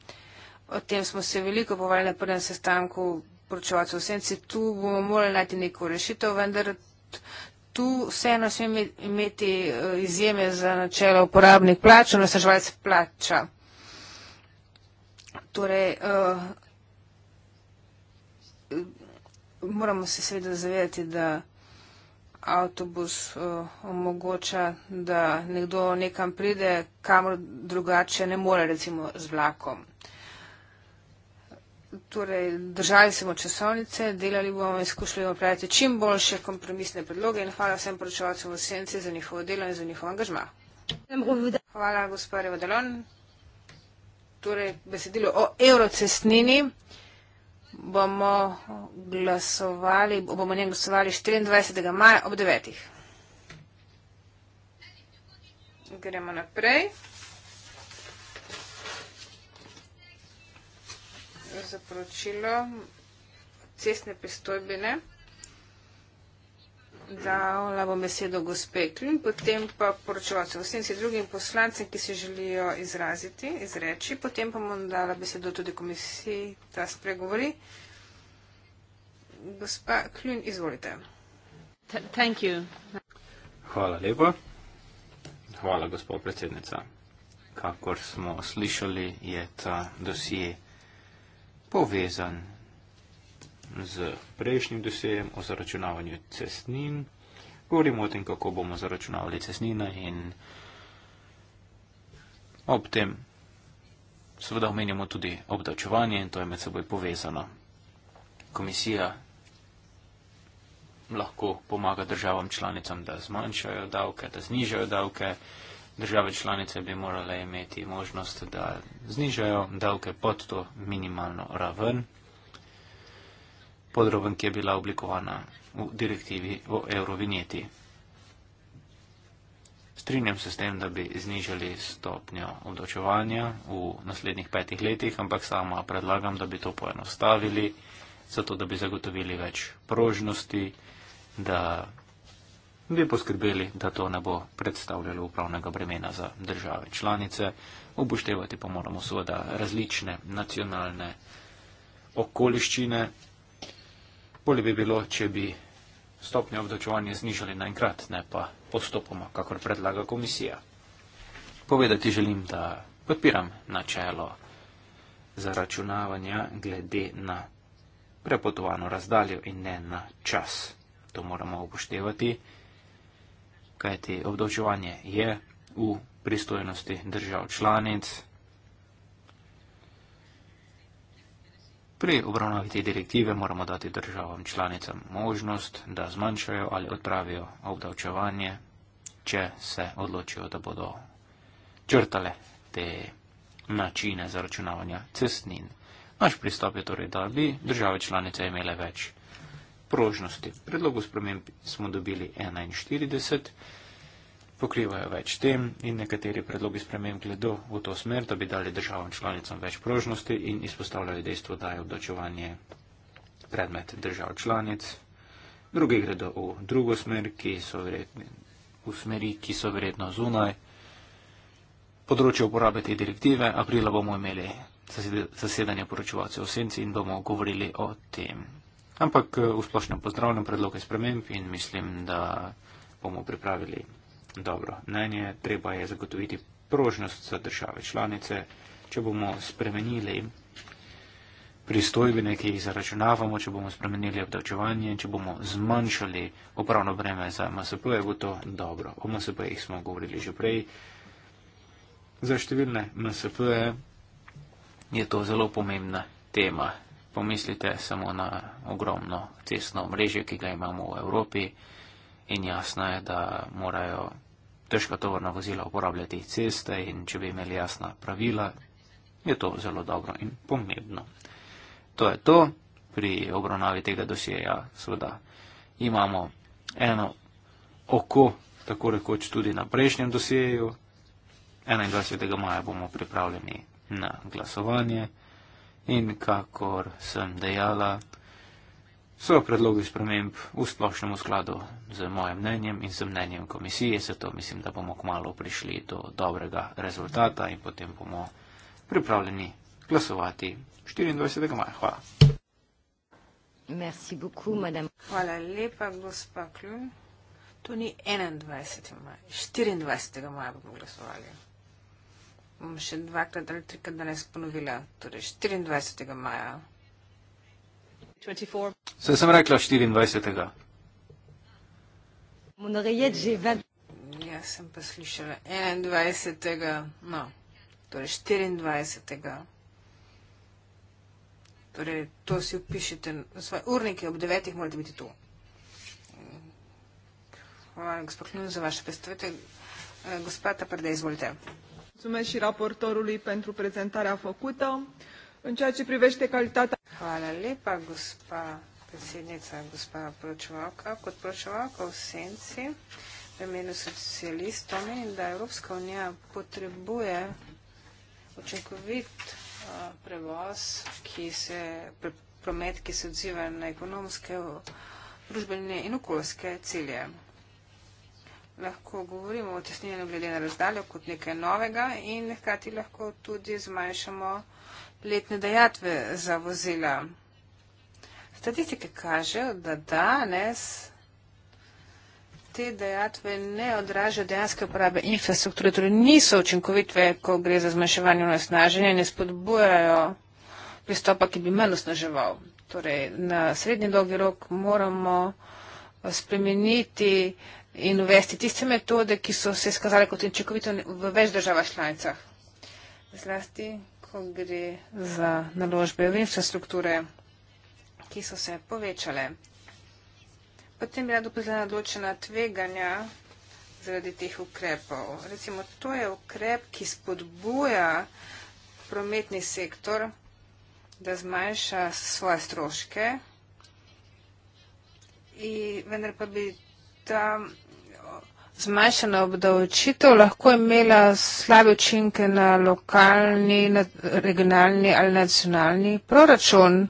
O tem smo se veliko povali na prvem sestanku poročevalcev v Senci. Tu bomo morali najti neko rešitev, vendar tu vseeno smemo imeti eh, izjeme za načelo uporabnik plača, nasrečevalec plača torej, uh, moramo se seveda zavedati, da avtobus uh, omogoča, da nekdo nekam pride, kamor drugače ne more, recimo z vlakom. Torej, držali smo časovnice, delali bomo in skušali bomo praviti čim boljše kompromisne predloge in hvala vsem poročevalcem v Senci za njihovo delo in za njihov angažma. Hvala, gospod Revodalon torej besedilo o eurocestnini, bomo glasovali, bomo njem glasovali 24. maja ob 9. Gremo naprej. Zaporočilo cestne pristojbine dala bom besedo gospe Klin, potem pa poročevalcem vsem si drugim poslancem, ki se želijo izraziti, izreči, potem pa bom dala besedo tudi komisiji, da spregovori. Gospa Klin, izvolite. Thank you. Hvala lepa. Hvala, gospod predsednica. Kakor smo slišali, je ta dosije povezan z prejšnjim dosejem o zaračunavanju cestnin. Govorimo o tem, kako bomo zaračunavali cestnina in ob tem seveda omenjamo tudi obdavčevanje in to je med seboj povezano. Komisija lahko pomaga državam članicam, da zmanjšajo davke, da znižajo davke. Države članice bi morale imeti možnost, da znižajo davke pod to minimalno raven podroben, ki je bila oblikovana v direktivi o eurovinjeti. Strinjam se s tem, da bi znižali stopnjo obdočevanja v naslednjih petih letih, ampak sama predlagam, da bi to poenostavili, zato da bi zagotovili več prožnosti, da bi poskrbeli, da to ne bo predstavljalo upravnega bremena za države članice. Upoštevati pa moramo seveda različne nacionalne okoliščine, Bolje bi bilo, če bi stopnjo obdočevanja znižali naenkrat, ne pa postopoma, kakor predlaga komisija. Povedati želim, da podpiram načelo zaračunavanja glede na prepotovano razdaljo in ne na čas. To moramo upoštevati, kajti obdočevanje je v pristojnosti držav članic. Pri obravnavi te direktive moramo dati državam članicam možnost, da zmanjšajo ali odpravijo obdavčevanje, če se odločijo, da bodo črtale te načine zaračunavanja cestnin. Naš pristop je torej, da bi države članice imele več prožnosti. Predlogu spremem smo dobili 41 pokrivajo več tem in nekateri predlogi sprememb gledo v to smer, da bi dali državam članicam več prožnosti in izpostavljajo dejstvo, da je obdočevanje predmet držav članic. Drugi gredo v drugo smer, ki so verjetni, v smeri, ki so verjetno zunaj področje uporabe te direktive. Aprila bomo imeli zasedanje poročevalcev v senci in bomo govorili o tem. Ampak eh, v splošnem pozdravljam predloge sprememb in mislim, da bomo pripravili Dobro, mnenje treba je zagotoviti prožnost za države članice. Če bomo spremenili pristojbine, ki jih zaračunavamo, če bomo spremenili obdavčevanje, če bomo zmanjšali upravno breme za MSP, je bo to dobro. O MSP-jih smo govorili že prej. Za številne MSP-je je to zelo pomembna tema. Pomislite samo na ogromno cestno mrežje, ki ga imamo v Evropi in jasno je, da morajo težka tovorna vozila uporabljati ceste in če bi imeli jasna pravila, je to zelo dobro in pomembno. To je to pri obravnavi tega dosjeja. Sveda imamo eno oko, tako rekoč tudi na prejšnjem dosjeju. 21. maja bomo pripravljeni na glasovanje in kakor sem dejala, so predlogi sprememb v splošnem skladu z mojim mnenjem in z mnenjem komisije, zato mislim, da bomo kmalo prišli do dobrega rezultata in potem bomo pripravljeni glasovati 24. maja. Hvala. Merci beaucoup, madame. Hvala lepa, gospa Kljun. To ni 21. maja, 24. maja bomo glasovali. Bom še dvakrat ali trikrat danes ponovila, torej 24. maja. 24. Saj sem rekla 24. Monarejet že 20. Jaz sem pa slišala 21. No, torej 24. Torej, to si upišete na svoje urnike, ob 9. morate biti tu. Hvala, gospod Klinu, za vaše predstavitev. Eh, gospod Taprde, izvolite. Mulțumesc și raportorului pentru prezentarea făcută. În ceea ce privește calitatea. Hvala lepa, gospa predsednica, gospa poročevalka. Kot poročevalka v senci v imenu socialistov menim, da Evropska unija potrebuje učinkovit prevoz, ki se, promet, ki se odziva na ekonomske, družbene in okoljske cilje. Lahko govorimo o tesnjenju glede na razdaljo kot nekaj novega in hkrati lahko tudi zmanjšamo letne dejatve za vozila. Statistike kažejo, da danes te dejatve ne odražajo dejanske uporabe infrastrukture, torej niso učinkovitve, ko gre za zmanjševanje onesnaženja in ne spodbujajo pristopa, ki bi manj osnaževal. Torej, na srednji dolgi rok moramo spremeniti in uvesti tiste metode, ki so se skazali kot učinkovite v več državah članicah. Zlasti zakon gre za naložbe v infrastrukture, ki so se povečale. Potem bi rada upozorila na določena tveganja zaradi teh ukrepov. Recimo, to je ukrep, ki spodbuja prometni sektor, da zmanjša svoje stroške. In vendar pa bi tam zmanjšana obdavčitev lahko imela slabe učinke na lokalni, na regionalni ali nacionalni proračun.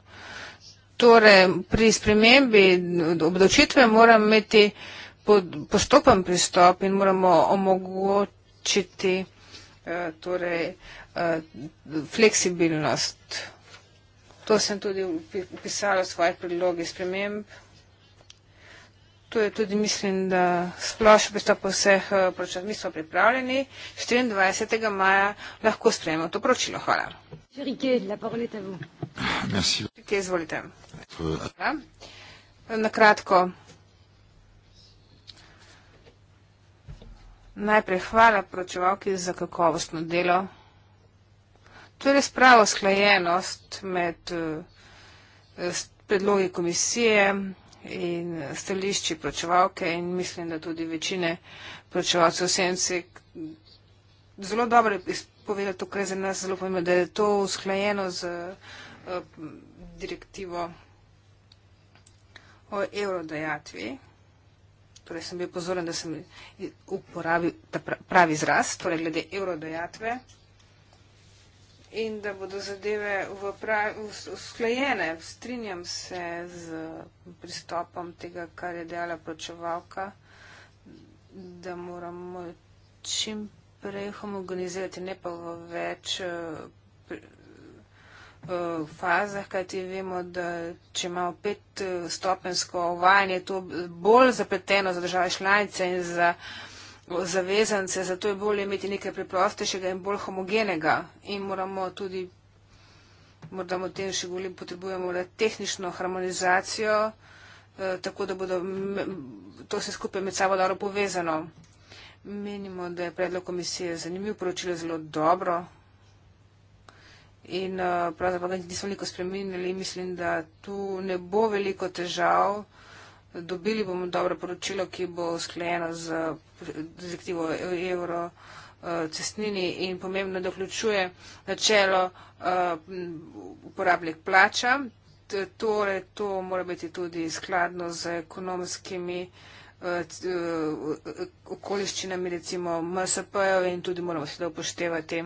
Torej, pri spremembi obdavčitve moramo imeti postopen pristop in moramo omogočiti eh, torej, eh, fleksibilnost. To sem tudi upisala v svojih predlogih sprememb tu je tudi, mislim, da splošno pristop vseh eh, poročil. Mi smo pripravljeni, 24. maja lahko sprejemo to poročilo. Hvala. Rike, izvolite. Hvala. Na kratko. Najprej hvala poročevalki za kakovostno delo. To je res pravo sklajenost med eh, predlogi komisije, in stališči pročevalke in mislim, da tudi večine pročevalcev sence. Zelo dobro je povedati to, kar je za nas zelo pomembno, da je to usklajeno z eh, direktivo o eurodajatvi. Torej sem bil pozoren, da sem uporabil ta pravi izraz, torej glede eurodajatve in da bodo zadeve usklajene. Strinjam se z pristopom tega, kar je dejala plačevalka, da moramo čim prej homogenizirati, ne pa v več eh, eh, fazah, kajti vemo, da če imamo petstopensko ovanje, to bolj zapleteno za države članice in za zavezance, zato je bolje imeti nekaj preprostejšega in bolj homogenega in moramo tudi, morda v tem še govorim, potrebujemo le tehnično harmonizacijo, eh, tako da bodo to vse skupaj med sabo dobro povezano. Menimo, da je predlog komisije zanimiv, poročilo je zelo dobro in eh, pravzaprav ga nismo veliko spremenili. Mislim, da tu ne bo veliko težav dobili bomo dobro poročilo, ki bo sklenjeno z direktivo evro eh, cestnini in pomembno, da vključuje načelo eh, uporabnik plača. Torej, to mora biti tudi skladno z ekonomskimi eh, okoliščinami, recimo MSP-jo in tudi moramo seveda upoštevati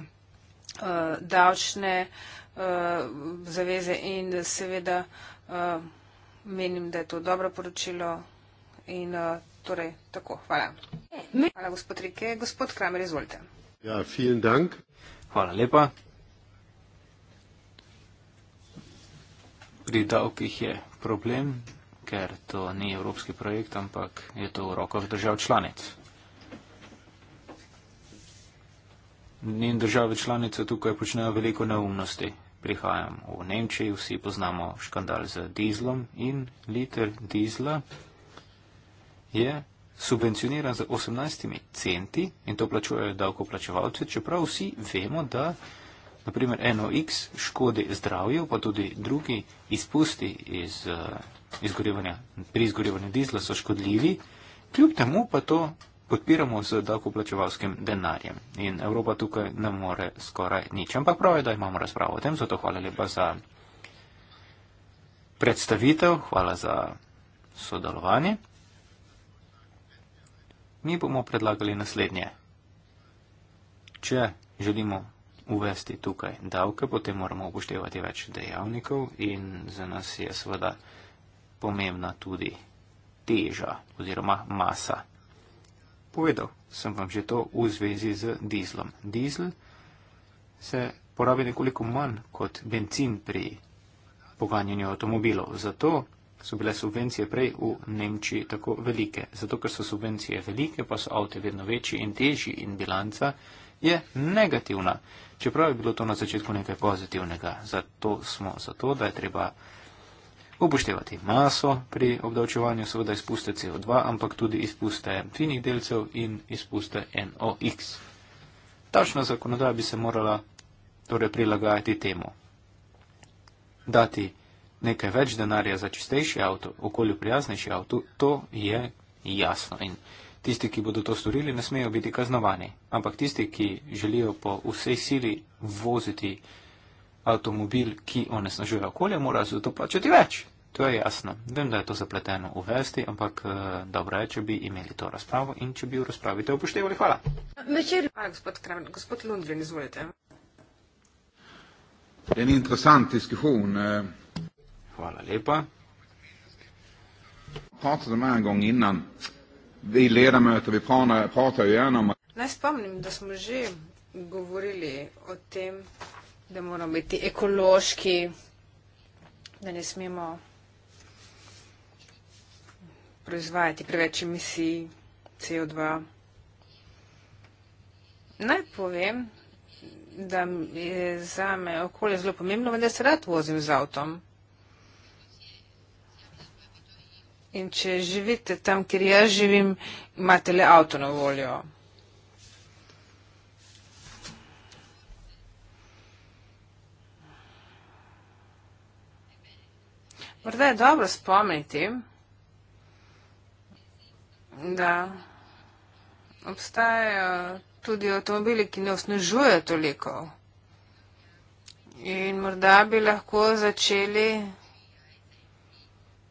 davčne zaveze in seveda menim, da je to dobro poročilo in eh, torej tako, hvala. Hvala, gospod Rike. Gospod Kramer, izvolite. Ja, vielen dank. Hvala lepa. Pri davkih je problem, ker to ni evropski projekt, ampak je to v rokah držav članic. In države članice tukaj počnejo veliko neumnosti prihajam v Nemčijo, vsi poznamo škandal z dizlom in liter dizla je subvencioniran z 18 centi in to plačujejo davkoplačevalci, čeprav vsi vemo, da naprimer NOx škodi zdravju, pa tudi drugi izpusti iz, eh, iz pri izgorevanju dizla so škodljivi, kljub temu pa to podpiramo z davkoplačevalskim denarjem. In Evropa tukaj ne more skoraj nič. Ampak prav je, da imamo razpravo o tem, zato hvala lepa za predstavitev, hvala za sodelovanje. Mi bomo predlagali naslednje. Če želimo uvesti tukaj davke, potem moramo upoštevati več dejavnikov in za nas je seveda pomembna tudi teža oziroma masa povedal, sem vam že to v zvezi z dizlom. Dizel se porabi nekoliko manj kot benzin pri poganjanju avtomobilov. Zato so bile subvencije prej v Nemčiji tako velike. Zato, ker so subvencije velike, pa so avte vedno večji in težji in bilanca je negativna. Čeprav je bilo to na začetku nekaj pozitivnega. Zato smo, zato da je treba upoštevati maso pri obdavčevanju, seveda izpuste CO2, ampak tudi izpuste finih delcev in izpuste NOx. Tačna zakonodaja bi se morala torej prilagajati temu. Dati nekaj več denarja za čistejši avto, okolju prijaznejši avto, to je jasno in tisti, ki bodo to storili, ne smejo biti kaznovani. Ampak tisti, ki želijo po vsej sili voziti avtomobil, ki onesnažuje okolje, mora za to plačati več. To je jasno. Vem, da je to zapleteno uvesti, ampak e, dobro je, če bi imeli to razpravo in če bi jo razpravite upoštevali. Hvala. Večer. Hvala, gospod Kramer. Gospod Lundgren, izvolite. En interesant diskusijon. Eh. Hvala lepa. Pratite o meni gong innan. Vi ledamöter, vi pratajo eno. Naj spomnim, da smo že govorili o tem da moramo biti ekološki, da ne smemo proizvajati preveč emisij CO2. Naj povem, da je za me okolje zelo pomembno, vendar se rad vozim z avtom. In če živite tam, kjer jaz živim, imate le avto na voljo. Morda je dobro spomniti, da obstajajo tudi avtomobili, ki ne osnežujejo toliko. In morda bi lahko začeli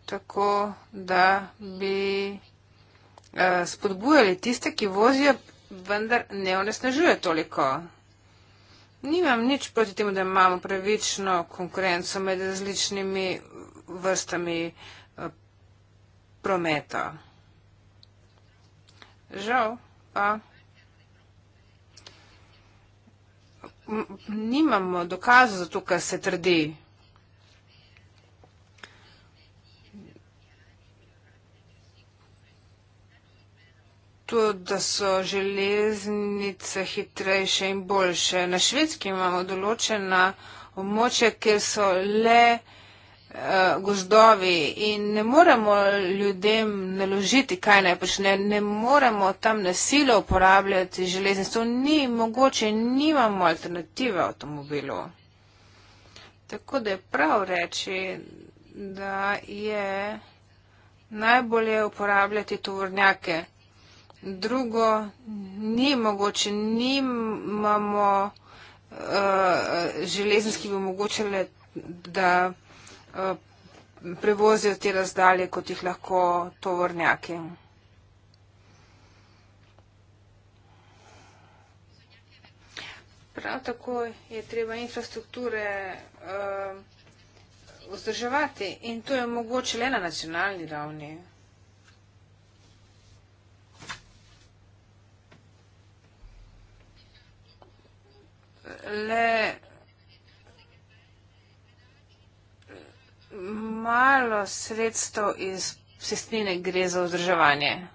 tako, da bi uh, spodbujali tiste, ki vozijo, vendar ne onesnažujejo toliko. Nimam nič proti temu, da imamo pravično konkurenco med različnimi vrstami eh, prometa. Žal pa nimamo dokazov za to, kar se trdi. To, da so železnice hitrejše in boljše. Na švedski imamo določena območja, kjer so le uh, gozdovi in ne moremo ljudem naložiti, kaj naj počne, ne moremo tam nasilo uporabljati železnic, to ni mogoče, nimamo alternative avtomobilu. Tako da je prav reči, da je najbolje uporabljati tovornjake. Drugo, ni mogoče, nimamo uh, železnic, ki bi omogočile, da Eh, prevozijo te razdalje, kot jih lahko tovornjaki. Prav tako je treba infrastrukture eh, vzdrževati uh, in to je mogoče le na nacionalni ravni. Le malo sredstev iz sestnine gre za vzdrževanje.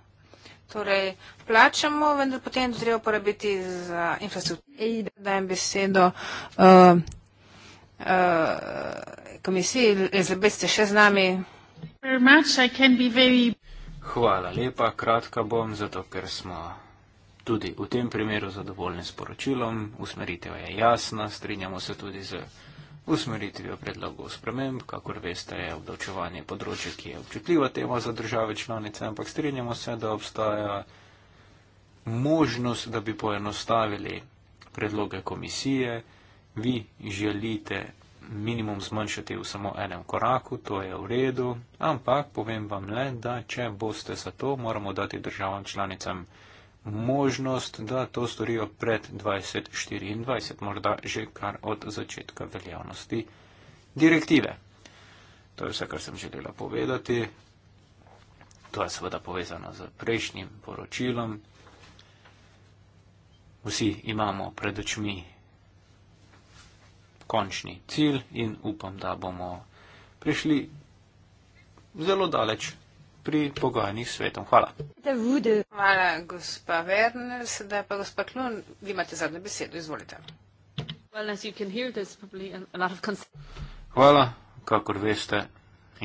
Torej, plačamo, vendar potem to treba uporabiti za infrastrukturo. Ej, da dajem besedo uh, uh, komisiji, Elizabeth ste še z nami. Hvala lepa, kratka bom, zato ker smo tudi v tem primeru zadovoljni s poročilom, usmeritev je jasna, strinjamo se tudi z usmeritvijo predlogov sprememb, kakor veste, je obdavčevanje področje, ki je občutljiva tema za države članice, ampak strinjamo se, da obstaja možnost, da bi poenostavili predloge komisije. Vi želite minimum zmanjšati v samo enem koraku, to je v redu, ampak povem vam le, da če boste za to, moramo dati državam članicam možnost, da to storijo pred 2024, morda že kar od začetka veljavnosti direktive. To je vse, kar sem želela povedati. To je seveda povezano z prejšnjim poročilom. Vsi imamo pred očmi končni cilj in upam, da bomo prišli zelo daleč pri pogajanjih s svetom. Hvala. Hvala, gospa Werner. Sedaj pa gospa Klun, vi imate zadnjo besedo. Izvolite. Well, hear, Hvala. Kakor veste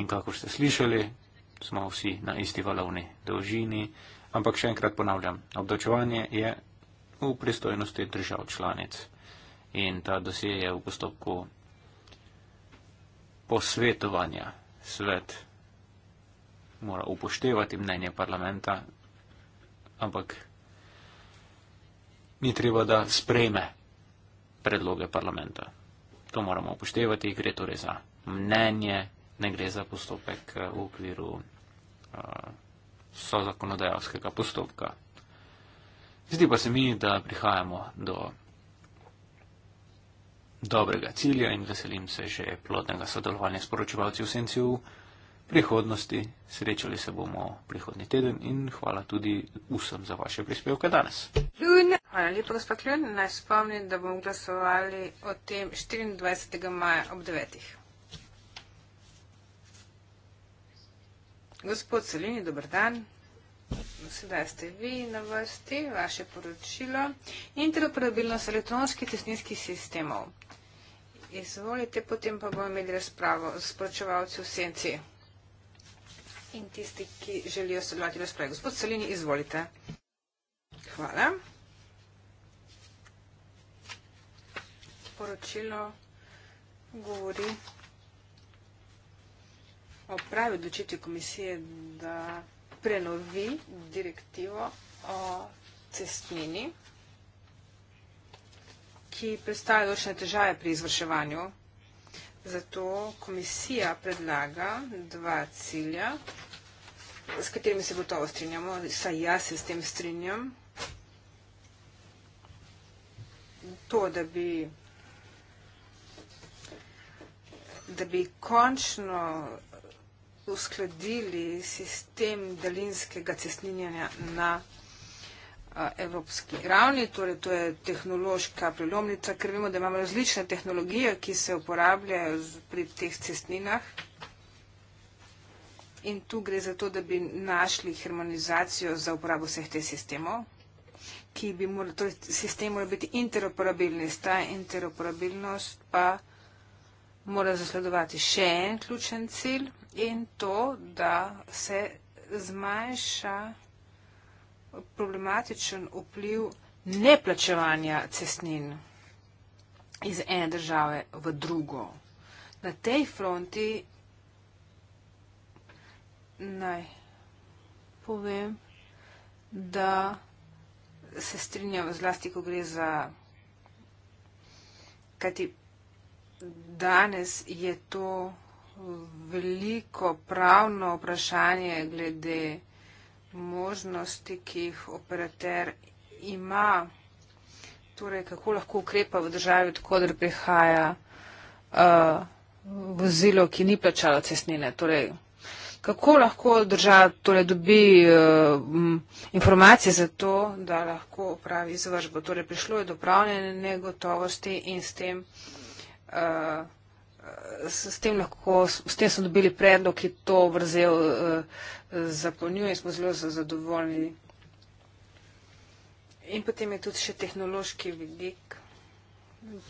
in kakor ste slišali, smo vsi na isti valovni dolžini. Ampak še enkrat ponavljam, obdočevanje je v pristojnosti držav članic. In ta dosje je v postopku posvetovanja svet mora upoštevati mnenje parlamenta, ampak ni treba, da sprejme predloge parlamenta. To moramo upoštevati, gre torej za mnenje, ne gre za postopek eh, v okviru uh, eh, sozakonodajalskega postopka. Zdi pa se mi, da prihajamo do dobrega cilja in veselim se že plodnega sodelovanja s poročevalci v Senciju prihodnosti. Srečali se bomo prihodni teden in hvala tudi vsem za vaše prispevke danes. Hvala lepo, gospod Kljun. Naj spomnim, da bomo glasovali o tem 24. maja ob 9. Gospod Celini, dober dan. No, sedaj ste vi na vrsti, vaše poročilo. Interoperabilnost elektronskih tesninskih sistemov. Izvolite, potem pa bomo imeli razpravo s poročevalci v senci in tisti, ki želijo sodelovati v razpravi. Gospod Salini, izvolite. Hvala. Poročilo govori o pravi odločitvi komisije, da prenovi direktivo o cestnini, ki predstavlja določene težave pri izvrševanju. Zato komisija predlaga dva cilja, s katerimi se gotovo strinjamo, saj jaz se s tem strinjam. To, da bi, da bi končno uskladili sistem daljinskega cestninjanja na evropski ravni, torej to je tehnološka prelomnica, ker vemo, da imamo različne tehnologije, ki se uporabljajo pri teh cestninah. In tu gre za to, da bi našli harmonizacijo za uporabo vseh teh sistemov, ki bi morali, torej sistem mora biti interoperabilni. Ta interoperabilnost pa mora zasledovati še en ključen cilj in to, da se zmanjša problematičen vpliv neplačevanja cestnin iz ene države v drugo. Na tej fronti naj povem, da se strinjam zlasti, ko gre za, kajti danes je to veliko pravno vprašanje glede možnosti, ki jih operater ima, torej kako lahko ukrepa v državi, odkudr prihaja uh, vozilo, ki ni plačalo cestnine. Torej, kako lahko država tole dobi uh, informacije za to, da lahko upravi izvržbo. Torej, prišlo je do pravne negotovosti in s tem, uh, s, s tem, lahko, s, s tem smo dobili predlog, ki to vrzel uh, zapolnjuje in smo zelo zadovoljni. In potem je tudi še tehnološki vidik.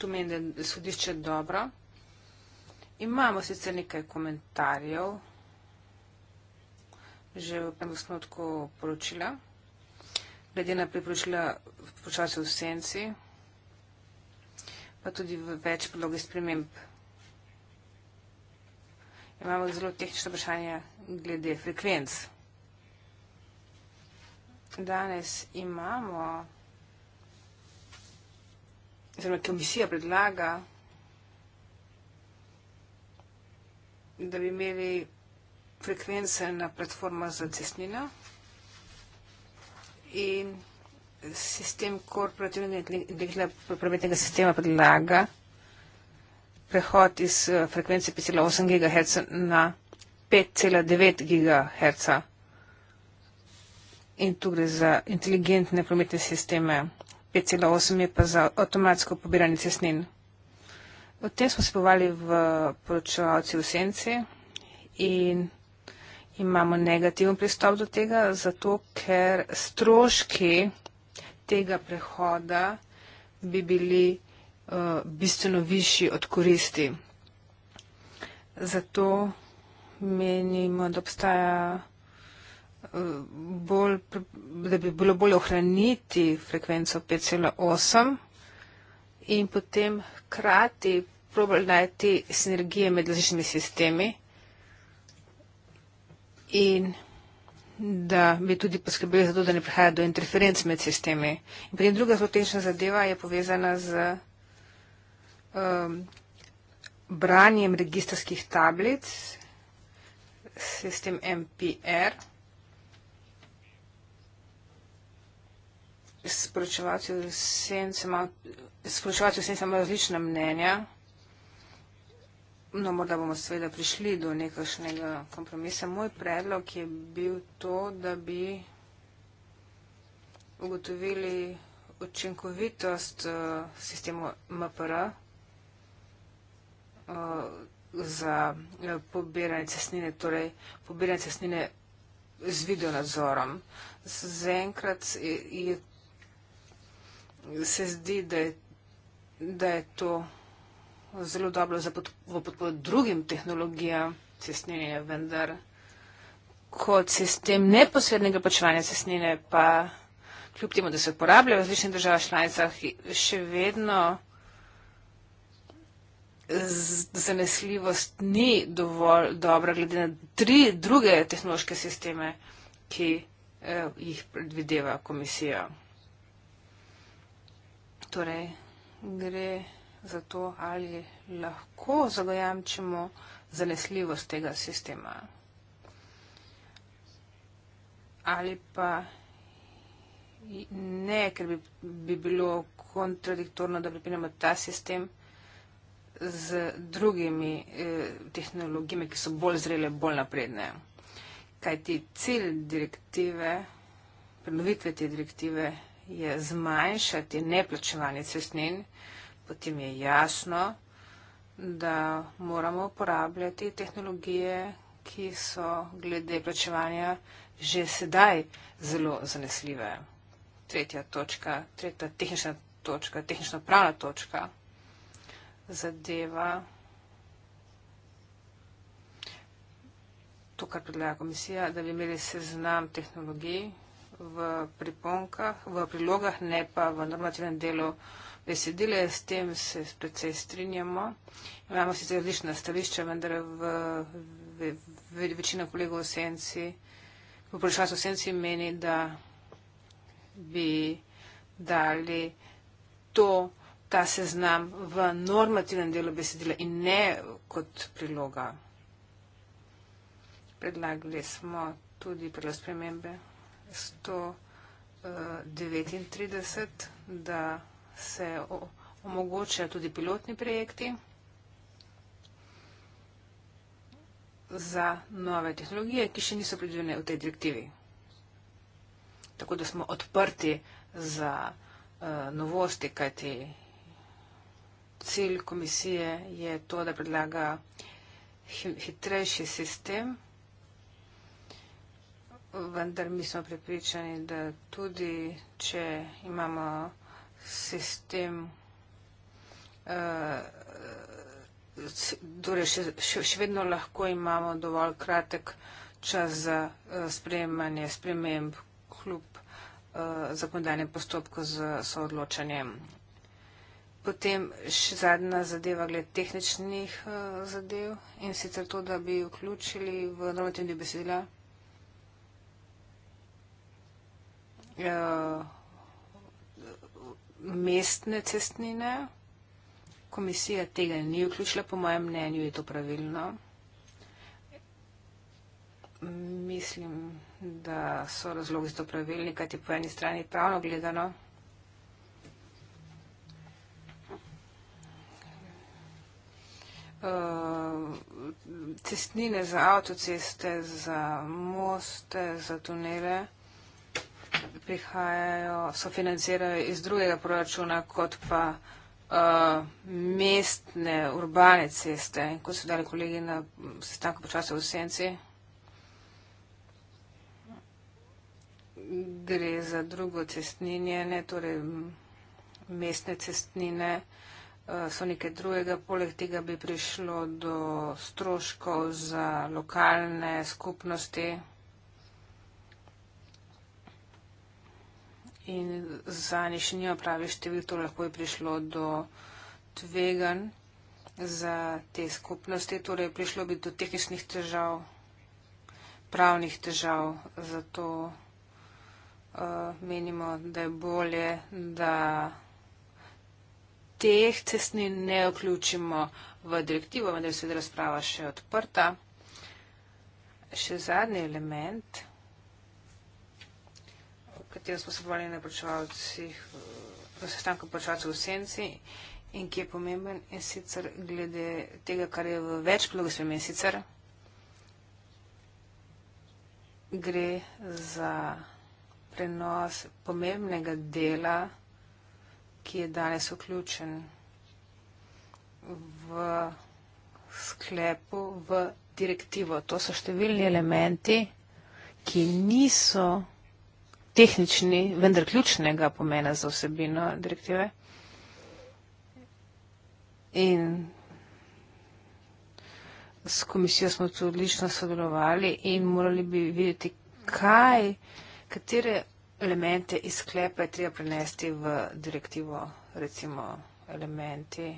Tu menim, da je sodišče dobro. Imamo sicer nekaj komentarjev že v tem osnutku poročila. Glede na priporočila počasi v senci, pa tudi v več podloge sprememb. Imamo zelo tehnične vprašanja glede frekvenc. Danes imamo, zelo komisija predlaga, da bi imeli frekvence na platforma za cestnina in sistem korporativnega delitnega prometnega sistema predlaga prehod iz eh, frekvence 5,8 GHz na 5,9 GHz in tu gre za inteligentne prometne sisteme, 5,8 je pa za avtomatsko pobiranje cestnin. O tem smo se povali v poročevalci v Senci in imamo negativen pristop do tega, zato ker stroški tega prehoda bi bili uh, bistveno višji od koristi. Zato menimo, da obstaja eh, bolj, da bi bilo bolje ohraniti frekvenco 5,8 in potem krati probali najti sinergije med različnimi sistemi in da bi tudi poskrbeli za to, da ne prihaja do interferenc med sistemi. In potem druga zelo tečna zadeva je povezana z um, branjem registrskih tablic, sistem MPR, sporočevalci vsem, sem imel različna mnenja, no, morda bomo seveda prišli do nekakšnega kompromisa. Moj predlog je bil to, da bi ugotovili učinkovitost uh, sistemu MPR uh, eh, za uh, pobiranje cestnine, torej pobiranje cestnine z videonadzorom. Zaenkrat je, je, se zdi, da je, da je to zelo dobro v podporo drugim tehnologijam cestnine, vendar kot sistem neposrednega plačevanja cestnine pa kljub temu, da se uporablja v različnih državah članicah, še vedno zanesljivost ni dovolj dobra glede na tri druge tehnološke sisteme, ki eh, jih predvideva komisija. Torej, gre za to, ali lahko zagojamčimo zanesljivost tega sistema. Ali pa ne, ker bi, bi bilo kontradiktorno, da pripenjamo ta sistem z drugimi eh, tehnologijami, ki so bolj zrele, bolj napredne. Kajti cilj direktive, prenovitve te direktive je zmanjšati neplačevanje cestnin, eh, potem je jasno, da moramo uporabljati tehnologije, ki so glede plačevanja že sedaj zelo zanesljive. Tretja točka, tretja tehnična točka, tehnično pravna točka zadeva to, kar predlaga komisija, da bi imeli seznam tehnologij v priponkah, v prilogah, ne pa v normativnem delu besedile, s tem se precej strinjamo. Imamo sicer različna stališča, vendar v, v, v, v, večina kolegov v senci, v vprašanju v senci meni, da bi dali to, ta seznam v normativnem delu besedila in ne kot priloga. Predlagali smo tudi prve spremembe 139, eh, da se omogočajo tudi pilotni projekti za nove tehnologije, ki še niso predvidene v tej direktivi. Tako da smo odprti za uh, novosti, kajti cilj komisije je to, da predlaga hitrejši sistem, vendar mi smo pripričani, da tudi če imamo sistem, uh, torej še, še, še vedno lahko imamo dovolj kratek čas za uh, sprejemanje sprememb kljub uh, eh, zakonodajnem postopku z soodločanjem. Potem še zadnja zadeva glede tehničnih uh, zadev in sicer to, da bi vključili v normativni besedila. Uh, mestne cestnine. Komisija tega ni vključila, po mojem mnenju je to pravilno. Mislim, da so razlogi za to pravilni, kaj ti po eni strani pravno gledano. Uh, cestnine za avtoceste, za moste, za tunele prihajajo, sofinancirajo iz drugega proračuna, kot pa uh, mestne urbane ceste, kot so dali kolegi na sestanku počasi v Senci. Gre za drugo cestninjenje, torej mestne cestnine eh, so nekaj drugega. Poleg tega bi prišlo do stroškov za lokalne skupnosti. in za nišnjo pravi števil, to lahko je prišlo do tvegan za te skupnosti, torej prišlo bi do tehničnih težav, pravnih težav, zato uh, menimo, da je bolje, da teh cestni ne vključimo v direktivo, vendar je seveda razprava še odprta. Še zadnji element katero smo se bavili na poročevalcih, v eh, sestanku poročevalcev v senci in ki je pomemben in sicer glede tega, kar je v več plogu sve mesecer, gre za prenos pomembnega dela, ki je danes vključen v sklepu, v direktivo. To so številni elementi, ki niso tehnični, vendar ključnega pomena za vsebino direktive. In s komisijo smo tu odlično sodelovali in morali bi videti, kaj, katere elemente iz sklepa je treba prenesti v direktivo, recimo elementi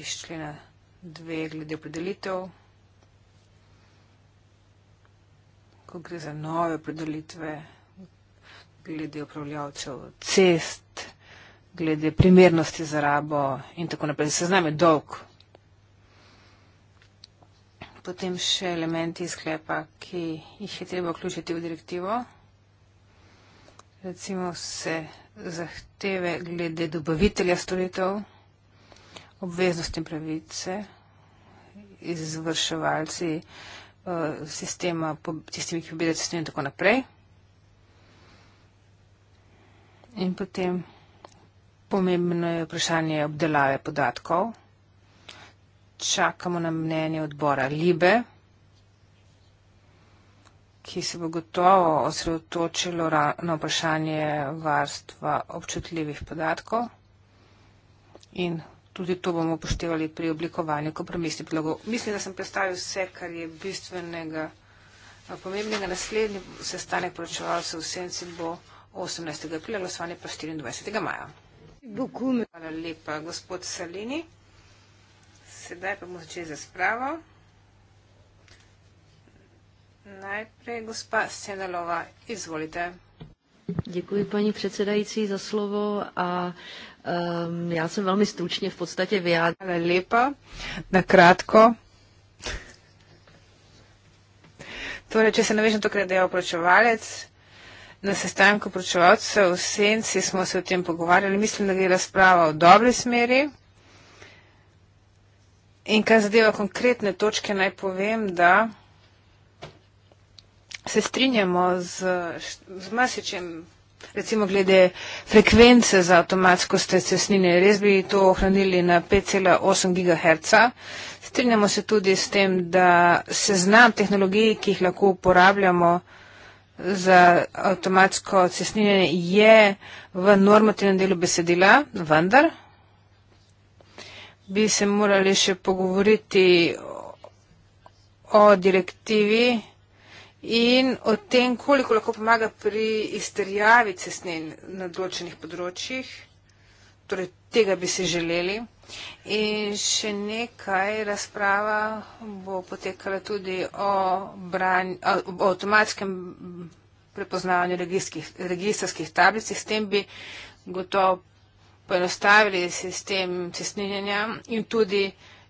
iz člena dve glede opredelitev. ko gre za nove predelitve, glede upravljavcev cest, glede primernosti za rabo in tako naprej. Se znam je dolg. Potem še elementi sklepa, ki jih je treba vključiti v direktivo. Recimo se zahteve glede dobavitelja storitev, obveznosti in pravice, izvrševalci Eh, sistema, tistimi, ki pobirajo sistem in tako naprej. In potem pomembno je vprašanje obdelave podatkov. Čakamo na mnenje odbora Libe, ki se bo gotovo osredotočilo na vprašanje varstva občutljivih podatkov in tudi to bomo upoštevali pri oblikovanju kompromisne prilogo. Mislim, da sem predstavil vse, kar je bistvenega, eh, pomembnega. Naslednji sestanek poročevalcev v Senci bo 18. aprila, glasovanje pa 24. maja. Bukum. Hvala lepa, gospod Salini. Sedaj pa bomo začeli z razpravo. Najprej gospa Senalova, izvolite. Děkuji paní předsedající za slovo a uh, Um, já jsem velmi stručně v podstatě vyjádřila. Lipa, nakrátko. Torej, če se navežem to, kar je dejal pročevalec, na sestanku pročevalcev v Senci smo se o tem pogovarjali, mislim, da je razprava v dobri smeri. In kar zadeva konkretne točke, naj povem, da se strinjamo z, z masičem recimo glede frekvence za avtomatsko stresnine, res bi to ohranili na 5,8 GHz. Strinjamo se tudi s tem, da se znam tehnologij, ki jih lahko uporabljamo za avtomatsko cestnine, je v normativnem delu besedila, vendar bi se morali še pogovoriti o direktivi in o tem, koliko lahko pomaga pri izterjavi cestnin na določenih področjih. Torej, tega bi si želeli. In še nekaj razprava bo potekala tudi o, branj, o, o avtomatskem prepoznavanju registrskih tablic. S tem bi gotovo poenostavili sistem cestninjenja in tudi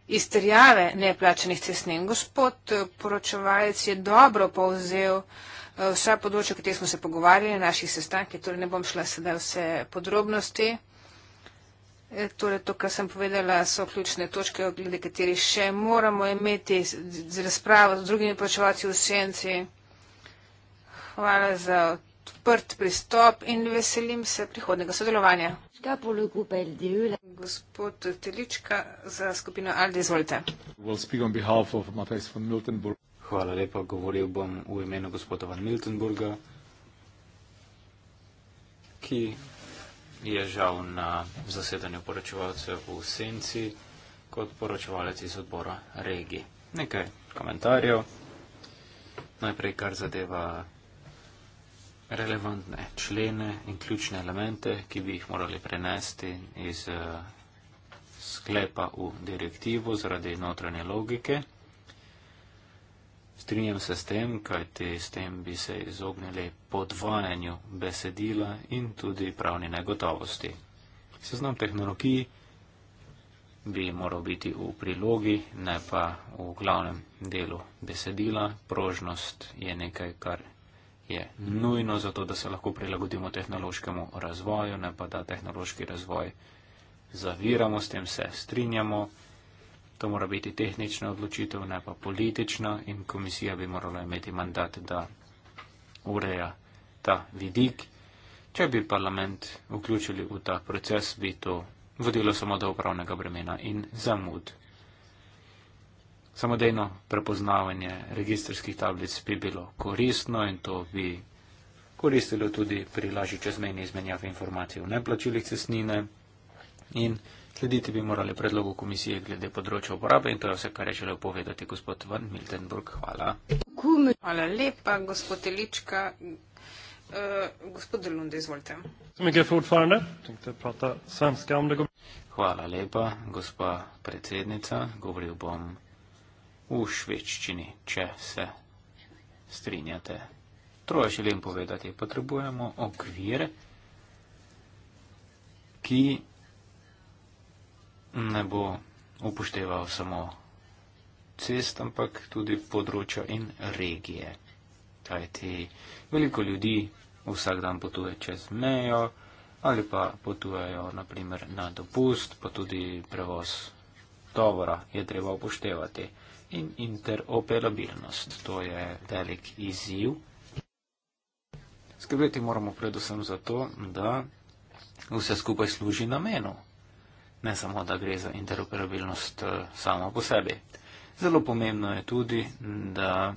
izterjave neplačenih cestnin. Gospod eh, poročevalec je dobro povzel eh, vsa področja, o katerih smo se pogovarjali na naših sestankih, torej ne bom šla sedaj vse podrobnosti. E, torej, to, kar sem povedala, so ključne točke, glede katerih še moramo imeti z razpravo z drugimi poročevalci v senci. Hvala za odprt pristop in veselim se prihodnega sodelovanja. Gospod Telička za skupino Aldi, izvolite. Hvala lepa, govoril bom v imenu gospoda Van Miltenburga, ki je žal na zasedanju poročevalcev v Senci kot poročevalec iz odbora Regi. Nekaj komentarjev. Najprej, kar zadeva relevantne člene in ključne elemente, ki bi jih morali prenesti iz eh, sklepa v direktivo zaradi notranje logike. Strinjam se s tem, kajti s tem bi se izognili podvajanju besedila in tudi pravni negotovosti. Seznam tehnologij bi moral biti v prilogi, ne pa v glavnem delu besedila. Prožnost je nekaj, kar je nujno zato, da se lahko prilagodimo tehnološkemu razvoju, ne pa da tehnološki razvoj zaviramo, s tem se strinjamo. To mora biti tehnična odločitev, ne pa politična in komisija bi morala imeti mandat, da ureja ta vidik. Če bi parlament vključili v ta proces, bi to vodilo samo do upravnega bremena in zamud, samodejno prepoznavanje registrskih tablic bi bilo koristno in to bi koristilo tudi pri lažji čezmejni izmenjavi informacij o neplačilih cestnine in slediti bi morali predlogu komisije glede področja uporabe in to je vse, kar je želel povedati gospod Van Miltenburg. Hvala. Hvala lepa, gospod Elička. Uh, eh, gospod Delunde, izvolite. Hvala lepa, gospa predsednica. Govoril bom v švečščini, če se strinjate. Troje želim povedati. Potrebujemo okvir, ki ne bo upošteval samo cest, ampak tudi področja in regije. Kajti veliko ljudi vsak dan potuje čez mejo ali pa potujejo naprimer na dopust, pa tudi prevoz tovora je treba upoštevati in interoperabilnost. To je velik izziv. Skrbeti moramo predvsem za to, da vse skupaj služi namenu, ne samo, da gre za interoperabilnost eh, samo po sebi. Zelo pomembno je tudi, da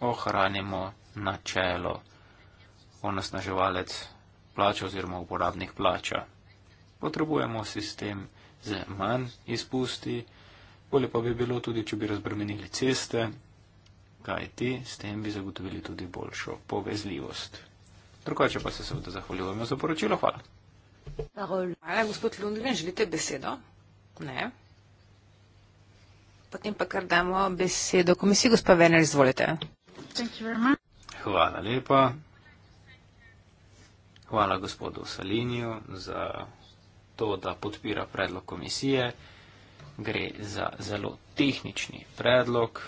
ohranimo načelo onesnaževalec plača oziroma uporabnih plača. Potrebujemo sistem z manj izpusti, Bolje pa bi bilo tudi, če bi razbremenili ceste, kajti s tem bi zagotovili tudi boljšo povezljivost. Drugače pa se seveda zahvaljujem za poročilo. Hvala. Hvala, gospod Lundgren, želite besedo? Ne. Potem pa kar damo besedo komisiji, gospa Vener, izvolite. Hvala lepa. Hvala gospodu Saliniju za to, da podpira predlog komisije gre za zelo tehnični predlog,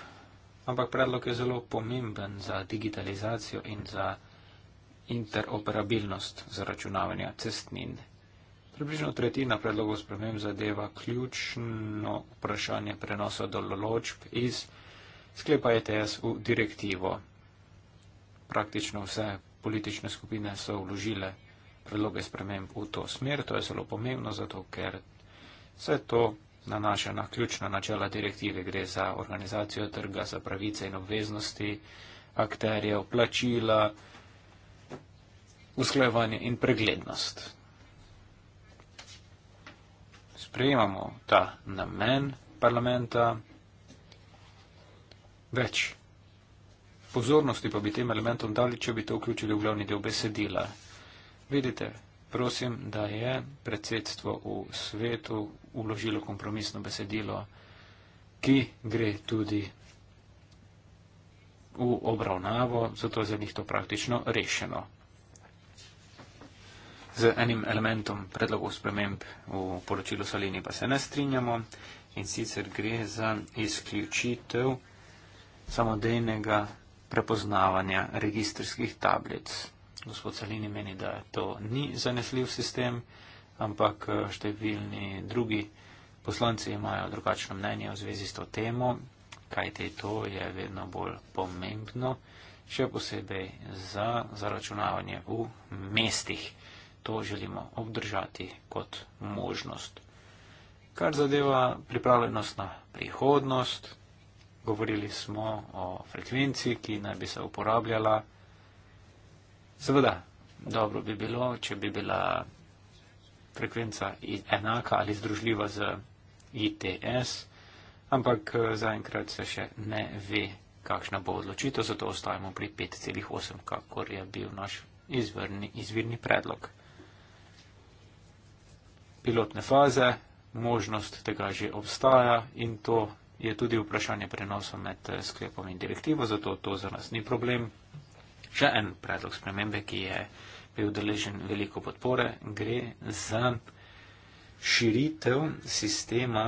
ampak predlog je zelo pomemben za digitalizacijo in za interoperabilnost zaračunavanja cestnin. Približno tretjina predlogov sprememb zadeva ključno vprašanje prenosa določb iz sklepa ETS v direktivo. Praktično vse politične skupine so vložile predloge sprememb v to smer. To je zelo pomembno, zato ker se to nanaša na ključna načela direktive. Gre za organizacijo trga, za pravice in obveznosti akterjev, plačila, usklajevanje in preglednost. Sprejemamo ta namen parlamenta. Več pozornosti pa bi tem elementom dali, če bi to vključili v glavni del besedila. Vidite, prosim, da je predsedstvo v svetu uložilo kompromisno besedilo, ki gre tudi v obravnavo, zato je za njih to praktično rešeno. Z enim elementom predlogov sprememb v poročilu Salini pa se ne strinjamo in sicer gre za izključitev samodejnega prepoznavanja registrskih tablic. Gospod Salini meni, da to ni zanesljiv sistem, ampak eh, številni drugi poslanci imajo drugačno mnenje v zvezi s to temo, kaj te to je vedno bolj pomembno, še posebej za zaračunavanje v mestih. To želimo obdržati kot možnost. Kar zadeva pripravljenost na prihodnost, govorili smo o frekvenci, ki naj bi se uporabljala. Seveda, dobro bi bilo, če bi bila frekvenca enaka ali združljiva z ITS, ampak eh, zaenkrat se še ne ve, kakšna bo odločitev, zato ostajamo pri 5,8, kakor je bil naš izvrni, izvirni predlog. Pilotne faze, možnost tega že obstaja in to je tudi vprašanje prenosa med eh, sklepom in direktivo, zato to za nas ni problem še en predlog spremembe, ki je bil deležen veliko podpore, gre za širitev sistema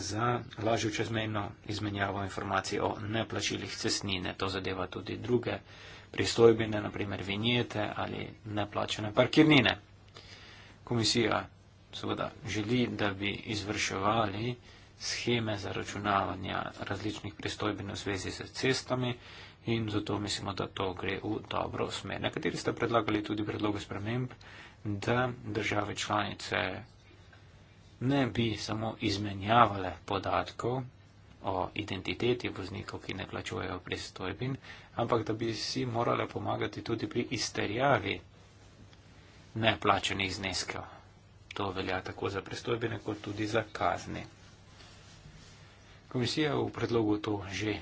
za lažjo čezmejno izmenjavo informacij o neplačilih cestnine. To zadeva tudi druge pristojbine, naprimer vinjete ali neplačene parkirnine. Komisija seveda želi, da bi izvrševali scheme za računavanja različnih pristojbin v zvezi z cestami in zato mislimo, da to gre v dobro smer. Nekateri ste predlagali tudi predloge sprememb, da države članice ne bi samo izmenjavale podatkov o identiteti voznikov, ki ne plačujejo pristojbin, ampak da bi si morale pomagati tudi pri izterjavi neplačenih zneskov. To velja tako za pristojbine, kot tudi za kazni. Komisija v predlogu to že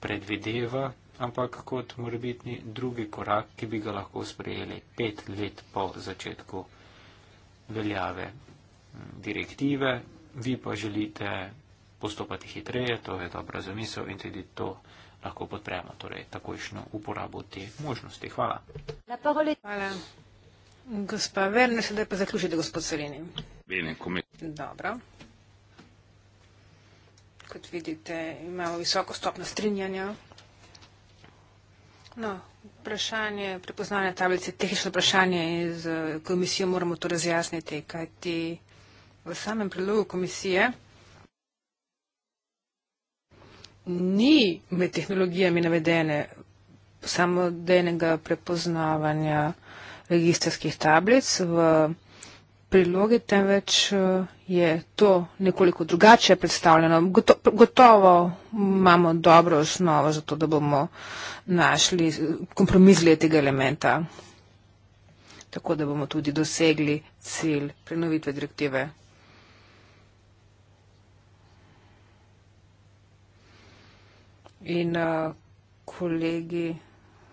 predvideva, ampak kot morebitni drugi korak, ki bi ga lahko sprejeli pet let po začetku veljave mm, direktive. Vi pa želite postopati hitreje, to je dobra zamisel in tudi to lahko podpremo, torej takojšno uporabo te možnosti. Hvala. Hvala. Gospa Verne, sedaj pa zaključite, gospod Selini. Vene, komi. Dobro. Kot vidite, imamo visoko stopno strinjanja. No, vprašanje, prepoznanje tablice, tehnično vprašanje iz eh, komisije moramo to razjasniti, kajti v samem prilogu komisije ni med tehnologijami navedene samodejnega prepoznavanja registrskih tablic v komisiji prilogi, temveč eh, je to nekoliko drugače predstavljeno. Goto, gotovo imamo dobro osnovo za to, da bomo našli eh, kompromis letega elementa, tako da bomo tudi dosegli cilj prenovitve direktive. In uh, kolegi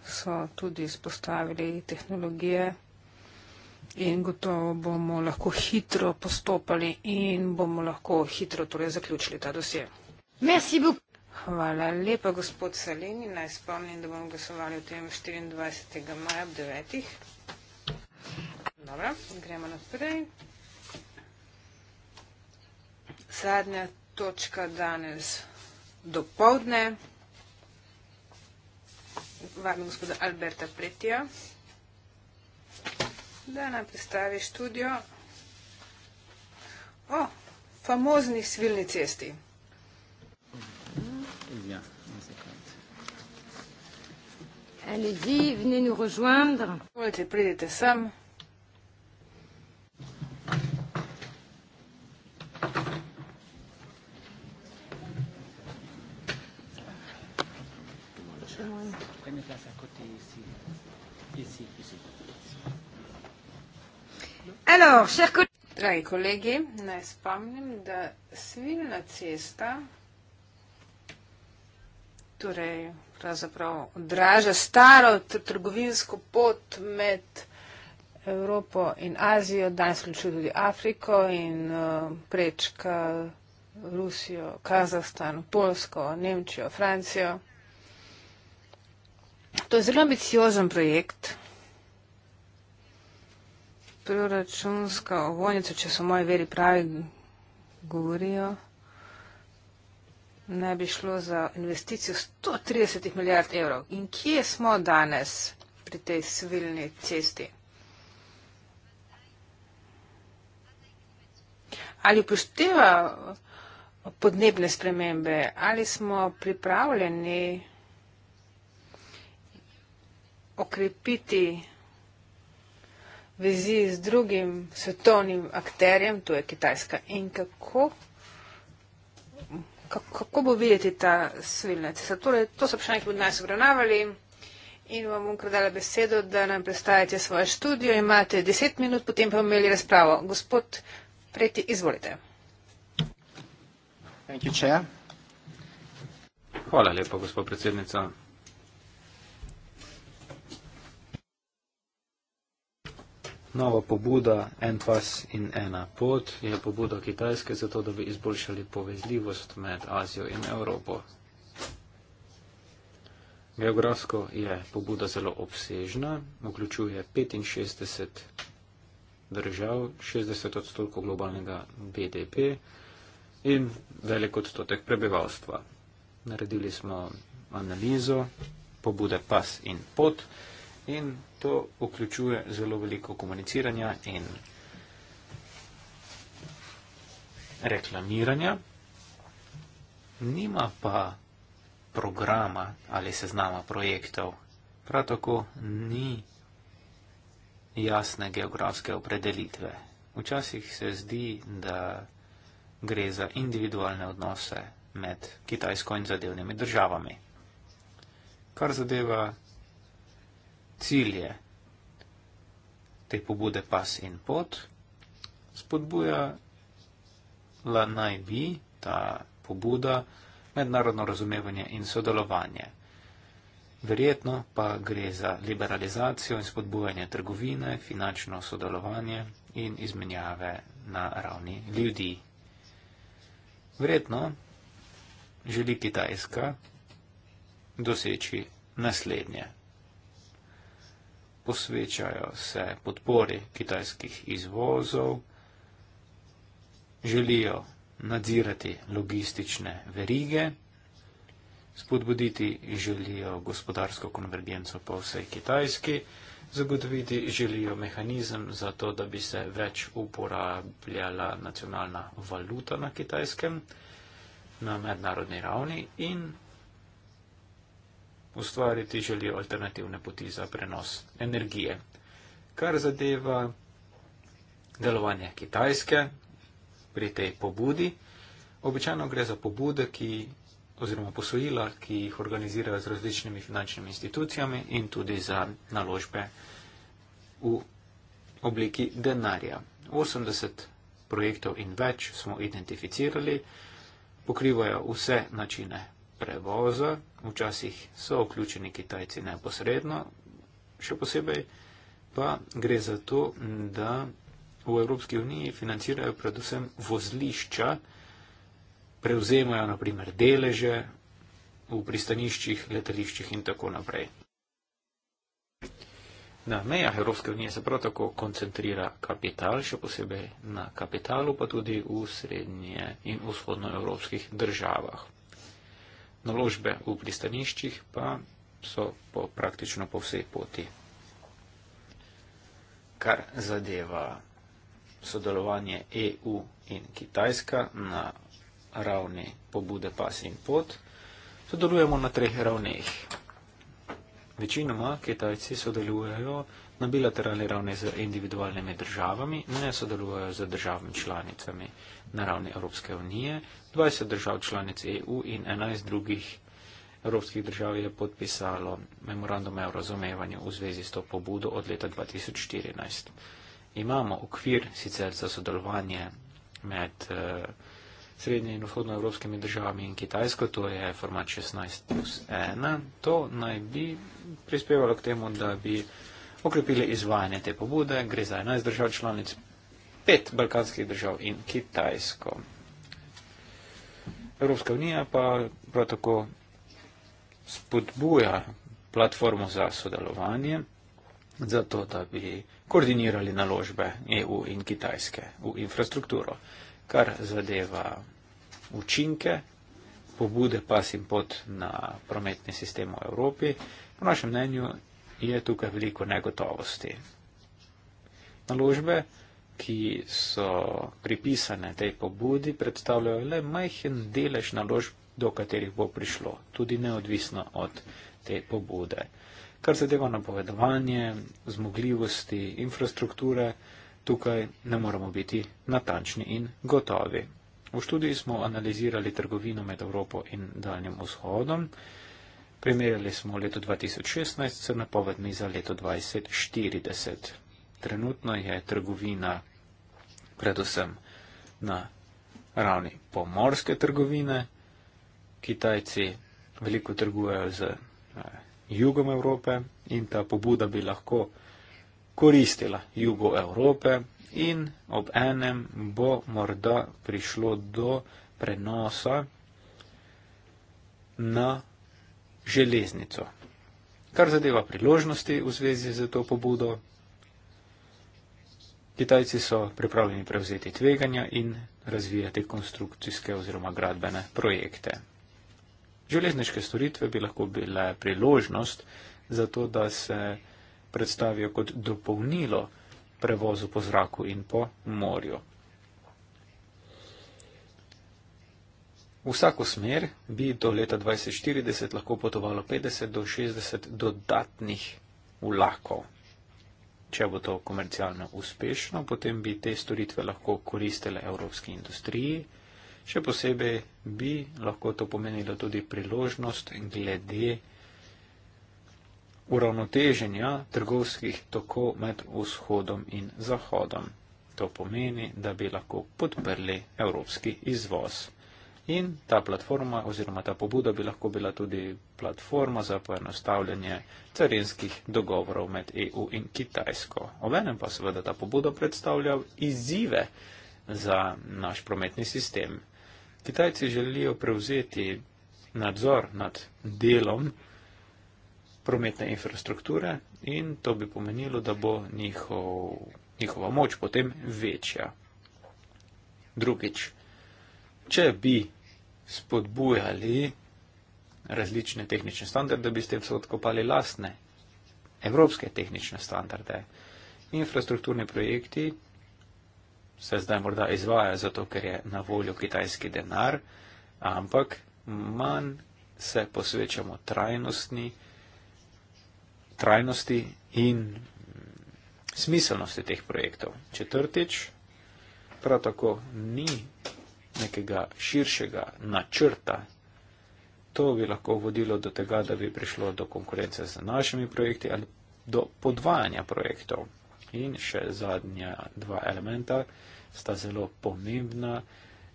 so tudi izpostavili tehnologije in gotovo bomo lahko hitro postopali in bomo lahko hitro torej zaključili ta dosje. Hvala lepa, gospod Salini. Naj spomnim, da bomo glasovali o tem 24. maja ob 9. Dobro, gremo naprej. Zadnja točka danes do povdne. Vabim gospoda Alberta Pretija da nam predstavi študijo o famozni svilni cesti. Ja, Allez-y, venez nous rejoindre. Prenez place à côté ici. Ici, ici. Alors, cher co Dragi kolegi, naj spomnim, da svilna cesta torej pravzaprav odraža staro trgovinsko pot med Evropo in Azijo, danes vključuje tudi Afriko in uh, prečka Rusijo, Kazahstan, Polsko, Nemčijo, Francijo. To je zelo ambiciozen projekt proračunska ovojnica, če so v moji veri pravi, govorijo, ne bi šlo za investicijo 130 milijard evrov. In kje smo danes pri tej svilni cesti? Ali upošteva podnebne spremembe? Ali smo pripravljeni okrepiti vezi z drugim svetovnim akterjem, to je Kitajska. In kako, kako bo videti ta svilnec? Torej, to so še nekaj od nas obravnavali in vam bom kradala besedo, da nam predstavite svoje študijo. Imate deset minut, potem pa bomo imeli razpravo. Gospod Preti, izvolite. Hvala lepa, gospod predsednica. nova pobuda, en pas in ena pot, je pobuda Kitajske za to, da bi izboljšali povezljivost med Azijo in Evropo. Geografsko je pobuda zelo obsežna, vključuje 65 držav, 60 odstotkov globalnega BDP in velik odstotek prebivalstva. Naredili smo analizo pobude pas in pot in to vključuje zelo veliko komuniciranja in reklamiranja. Nima pa programa ali seznama projektov, prav tako ni jasne geografske opredelitve. Včasih se zdi, da gre za individualne odnose med Kitajsko in zadevnimi državami. Kar zadeva cilje te pobude pas in pot, spodbujala naj bi ta pobuda mednarodno razumevanje in sodelovanje. Verjetno pa gre za liberalizacijo in spodbujanje trgovine, finančno sodelovanje in izmenjave na ravni ljudi. Verjetno želi Kitajska doseči naslednje posvečajo se podpori kitajskih izvozov, želijo nadzirati logistične verige, spodbuditi želijo gospodarsko konvergenco po vsej Kitajski, zagotoviti želijo mehanizem za to, da bi se več uporabljala nacionalna valuta na Kitajskem na mednarodni ravni in ustvariti želijo alternativne poti za prenos energije. Kar zadeva delovanje Kitajske pri tej pobudi, običajno gre za pobude, ki oziroma posojila, ki jih organizirajo z različnimi finančnimi institucijami in tudi za naložbe v obliki denarja. 80 projektov in več smo identificirali, pokrivajo vse načine prevoza, včasih so vključeni Kitajci neposredno, še posebej pa gre za to, da v Evropski uniji financirajo predvsem vozlišča, prevzemajo naprimer deleže v pristaniščih, letališčih in tako naprej. Na mejah Evropske unije se prav tako koncentrira kapital, še posebej na kapitalu, pa tudi v srednje in vzhodnoevropskih državah naložbe v pristaniščih pa so po praktično po vsej poti. Kar zadeva sodelovanje EU in Kitajska na ravni pobude pas in pot, sodelujemo na treh ravneh. Večinoma Kitajci sodelujejo na na bilateralni ravni z individualnimi državami, ne sodelujejo z državami članicami na ravni Evropske unije. 20 držav članic EU in 11 drugih evropskih držav je podpisalo memorandum o razumevanju v zvezi s to pobudo od leta 2014. Imamo okvir sicer za sodelovanje med eh, srednje in vzhodno evropskimi državami in Kitajsko, to je format 16 plus 1, to naj bi prispevalo k temu, da bi okrepili izvajanje te pobude. Gre za 11 držav članic, 5 balkanskih držav in Kitajsko. Evropska unija pa prav tako spodbuja platformo za sodelovanje, zato da bi koordinirali naložbe EU in Kitajske v infrastrukturo, kar zadeva učinke, pobude pa sim pot na prometni sistem v Evropi. Po našem mnenju je tukaj veliko negotovosti. Naložbe, ki so pripisane tej pobudi, predstavljajo le majhen delež naložb, do katerih bo prišlo, tudi neodvisno od te pobude. Kar zadeva napovedovanje, zmogljivosti, infrastrukture, tukaj ne moramo biti natančni in gotovi. V študiji smo analizirali trgovino med Evropo in Daljnim vzhodom. Primerjali smo leto 2016 s napovedmi za leto 2040. Trenutno je trgovina predvsem na ravni pomorske trgovine. Kitajci veliko trgujejo z eh, jugom Evrope in ta pobuda bi lahko koristila jugo Evrope in ob enem bo morda prišlo do prenosa na železnico. Kar zadeva priložnosti v zvezi z to pobudo, Kitajci so pripravljeni prevzeti tveganja in razvijati konstrukcijske oziroma gradbene projekte. Železniške storitve bi lahko bile priložnost za to, da se predstavijo kot dopolnilo prevozu po zraku in po morju. Vsako smer bi do leta 2040 lahko potovalo 50 do 60 dodatnih vlakov. Če bo to komercialno uspešno, potem bi te storitve lahko koristile evropski industriji. Še posebej bi lahko to pomenilo tudi priložnost glede uravnoteženja trgovskih tokov med vzhodom in zahodom. To pomeni, da bi lahko podprli evropski izvoz. In ta platforma oziroma ta pobuda bi lahko bila tudi platforma za poenostavljanje carinskih dogovorov med EU in Kitajsko. Obenem pa seveda ta pobuda predstavlja izzive za naš prometni sistem. Kitajci želijo prevzeti nadzor nad delom prometne infrastrukture in to bi pomenilo, da bo njihov, njihova moč potem večja. Drugič če bi spodbujali različne tehnične standarde, bi s tem se odkopali lastne evropske tehnične standarde. Infrastrukturni projekti se zdaj morda izvajajo zato, ker je na voljo kitajski denar, ampak manj se posvečamo trajnostni, trajnosti in smiselnosti teh projektov. Četrtič, prav tako ni nekega širšega načrta. To bi lahko vodilo do tega, da bi prišlo do konkurence z našimi projekti ali do podvajanja projektov. In še zadnja dva elementa sta zelo pomembna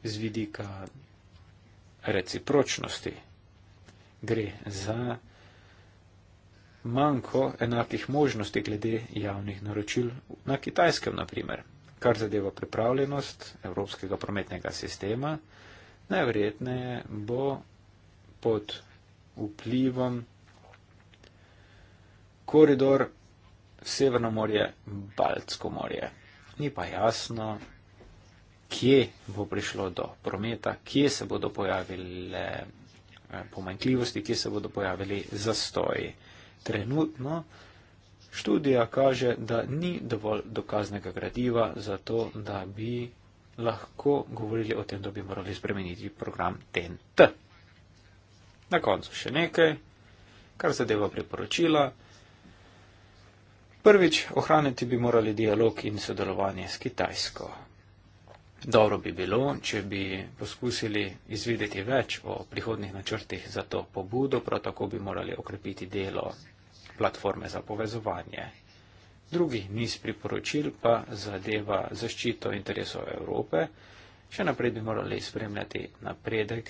z vidika recipročnosti. Gre za manjko enakih možnosti glede javnih naročil na kitajskem, naprimer kar zadeva pripravljenost evropskega prometnega sistema, najverjetneje bo pod vplivom koridor Severno morje, Baltsko morje. Ni pa jasno, kje bo prišlo do prometa, kje se bodo pojavile eh, pomanjkljivosti, kje se bodo pojavili zastoji. Trenutno Študija kaže, da ni dovolj dokaznega gradiva za to, da bi lahko govorili o tem, da bi morali spremeniti program TNT. Na koncu še nekaj, kar zadeva priporočila. Prvič, ohraniti bi morali dialog in sodelovanje s Kitajsko. Dobro bi bilo, če bi poskusili izvedeti več o prihodnih načrtih za to pobudo, prav tako bi morali okrepiti delo platforme za povezovanje. Drugi niz priporočil pa zadeva zaščito interesov Evrope. Še naprej bi morali spremljati napredek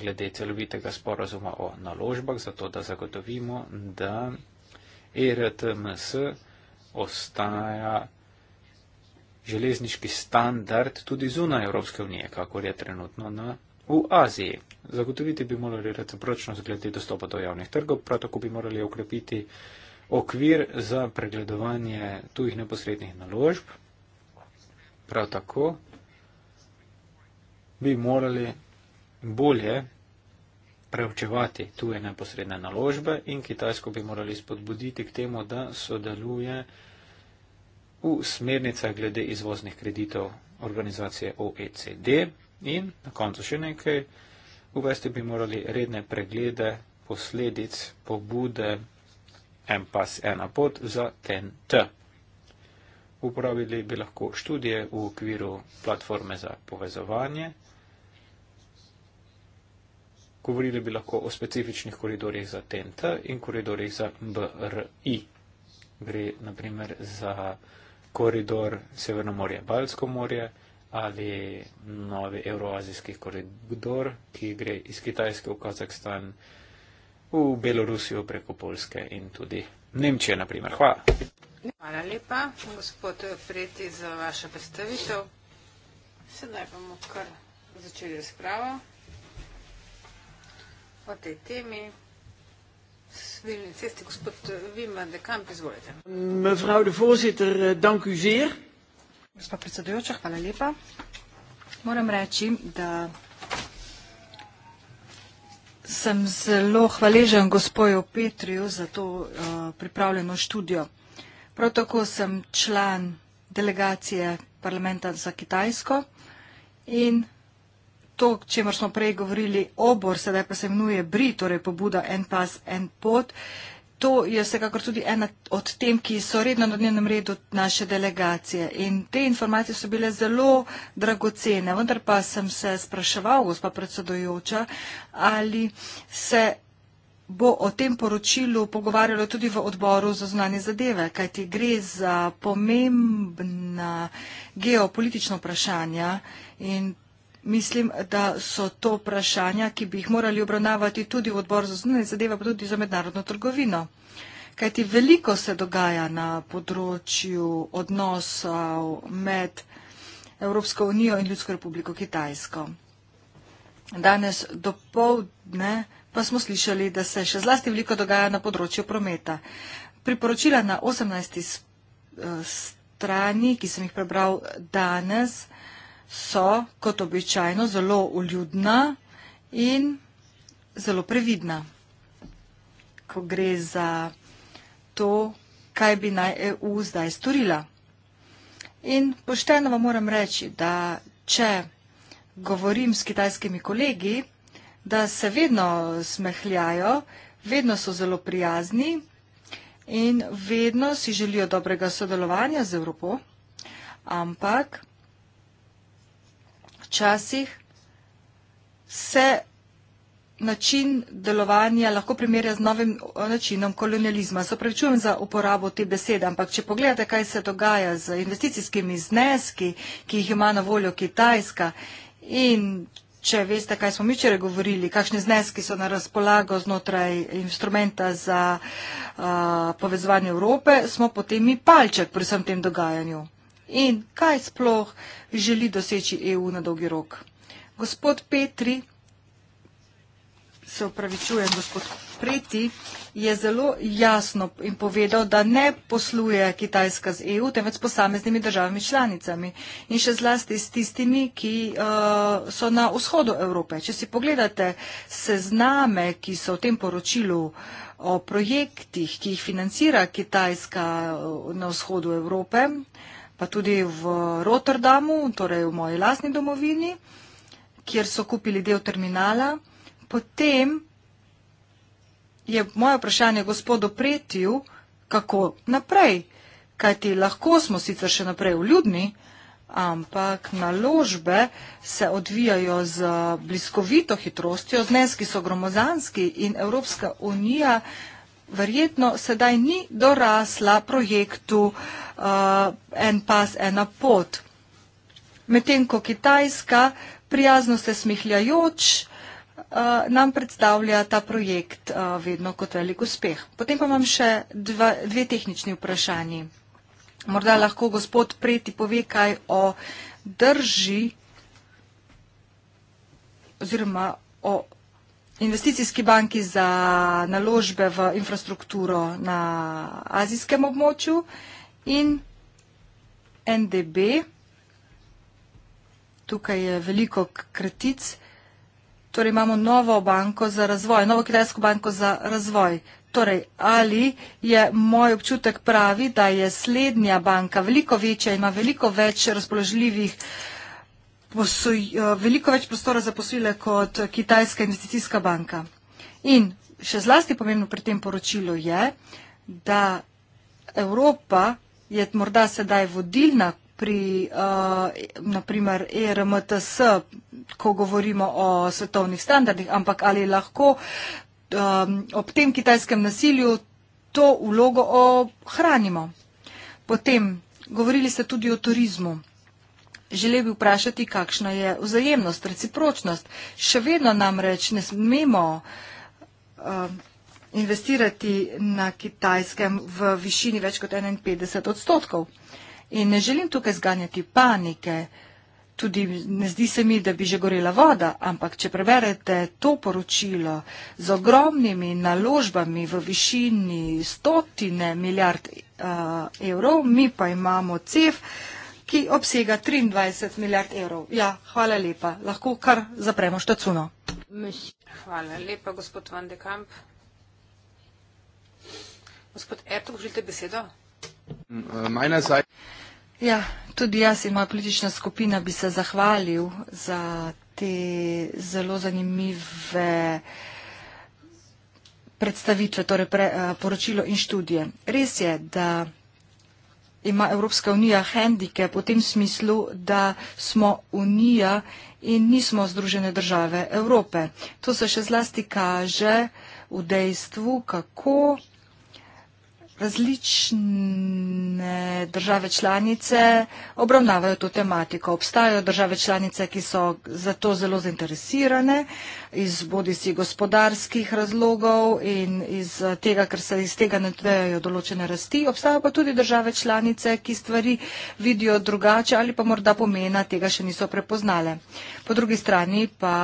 glede celovitega sporazuma o naložbah, zato da zagotovimo, da ERTMS ostaja železniški standard tudi zunaj Evropske unije, kakor je trenutno na V Aziji. Zagotoviti bi morali recepročnost glede dostopa do javnih trgov, prav tako bi morali ukrepiti okvir za pregledovanje tujih neposrednih naložb. Prav tako bi morali bolje preučevati tuje neposredne naložbe in Kitajsko bi morali spodbuditi k temu, da sodeluje v smernicah glede izvoznih kreditov organizacije OECD. In na koncu še nekaj, uvesti bi morali redne preglede posledic pobude MPAS ena pot za TNT. Uporabili bi lahko študije v okviru platforme za povezovanje. Govorili bi lahko o specifičnih koridorjih za TNT in koridorjih za BRI. Gre naprimer za koridor Severno morje, Balsko morje ali novi euroazijski koridor, ki gre iz Kitajske v Kazahstan, v Belorusijo preko Polske in tudi Nemčije, naprimer. Hvala. Hvala lepa, gospod Preti, za vašo predstavitev. Sedaj bomo kar začeli razpravo o tej temi. Svilni cesti, gospod Vima, dekamp, izvolite. Mevrouw de voorzitter, eh, dank u zeer. Gospa predsedujoča, hvala lepa. Moram reči, da sem zelo hvaležen gospoju Petriju za to uh, pripravljeno študijo. Prav tako sem član delegacije parlamenta za Kitajsko in to, čemer smo prej govorili, obor, sedaj pa se imenuje BRI, torej pobuda en pas, en pot, uh, To je vsekakor tudi ena od tem, ki so redno na dnevnem redu naše delegacije. In te informacije so bile zelo dragocene. Vendar pa sem se spraševal, gospa predsedojoča, ali se bo o tem poročilu pogovarjalo tudi v odboru za zunanje zadeve, kajti gre za pomembna geopolitična vprašanja in Mislim, da so to vprašanja, ki bi jih morali obravnavati tudi v odboru za zunanje zadeve, pa tudi za mednarodno trgovino. Kajti veliko se dogaja na področju odnosov med Evropsko unijo in Ljudsko republiko Kitajsko. Danes do povdne pa smo slišali, da se še zlasti veliko dogaja na področju prometa. Priporočila na 18. Eh, strani, ki sem jih prebral danes, so kot običajno zelo uljudna in zelo previdna, ko gre za to, kaj bi naj EU zdaj storila. In pošteno vam moram reči, da če govorim s kitajskimi kolegi, da se vedno smehljajo, vedno so zelo prijazni in vedno si želijo dobrega sodelovanja z Evropo, ampak včasih se način delovanja lahko primerja z novim eh, načinom kolonializma. Se opravičujem za uporabo te besede, ampak če pogledate, kaj se dogaja z investicijskimi zneski, ki jih ima na voljo Kitajska in če veste, kaj smo mi včeraj govorili, kakšne zneski so na razpolago znotraj instrumenta za uh, povezovanje Evrope, smo potem mi palček pri vsem tem dogajanju in kaj sploh želi doseči EU na dolgi rok. Gospod Petri, se upravičujem, gospod Preti, je zelo jasno in povedal, da ne posluje Kitajska z EU, temveč s posameznimi državami članicami in še zlasti s tistimi, ki uh, so na vzhodu Evrope. Če si pogledate sezname, ki so v tem poročilu o projektih, ki jih financira Kitajska uh, na vzhodu Evrope, uh, pa tudi v Rotterdamu, torej v moji lasni domovini, kjer so kupili del terminala. Potem je moje vprašanje gospodu Pretju, kako naprej, kajti lahko smo sicer še naprej v ljudni, ampak naložbe se odvijajo z bliskovito hitrostjo, zneski so gromozanski in Evropska unija verjetno sedaj ni dorasla projektu uh, En pas, ena pot. Medtem ko Kitajska prijazno se smihljajoč eh, nam predstavlja ta projekt eh, vedno kot velik uspeh. Potem pa imam še dva, dve tehnični vprašanji. Morda lahko gospod Preti pove kaj o drži oziroma o investicijski banki za naložbe v infrastrukturo na azijskem območju in NDB. Tukaj je veliko kratic. Torej imamo novo banko za razvoj, novo kitajsko banko za razvoj. Torej, ali je moj občutek pravi, da je slednja banka veliko večja, ima veliko več razpoložljivih uh, Eh, veliko več prostora zaposlile kot Kitajska investicijska banka. In še zlasti pomembno pri tem poročilu je, da Evropa je morda sedaj vodilna pri uh, eh, naprimer ERMTS, ko govorimo o svetovnih standardih, ampak ali lahko um, ob tem kitajskem nasilju to vlogo ohranimo. Potem, govorili ste tudi o turizmu. Želel bi vprašati, kakšna je vzajemnost, recipročnost. Še vedno namreč ne smemo uh, investirati na kitajskem v višini več kot 51 odstotkov. In ne želim tukaj zganjati panike, tudi ne zdi se mi, da bi že gorela voda, ampak če preberete to poročilo z ogromnimi naložbami v višini stotine milijard uh, evrov, mi pa imamo CEF, uh, ki obsega 23 milijard evrov. Ja, hvala lepa. Lahko kar zapremo štacuno. Hvala lepa, gospod Van de Kamp. Gospod Ertug, želite besedo? Ja, tudi jaz in moja politična skupina bi se zahvalil za te zelo zanimive predstavitve, torej pre, eh, poročilo in študije. Res je, da ima Evropska unija hendikep v tem smislu, da smo unija in nismo združene države Evrope. To se še zlasti kaže v dejstvu, kako Različne države članice obravnavajo to tematiko. Obstajajo države članice, ki so za to zelo zainteresirane, iz bodi si gospodarskih razlogov in iz tega, ker se iz tega nadvejajo določene rasti. Obstajajo pa tudi države članice, ki stvari vidijo drugače ali pa morda pomena tega še niso prepoznale. Po drugi strani pa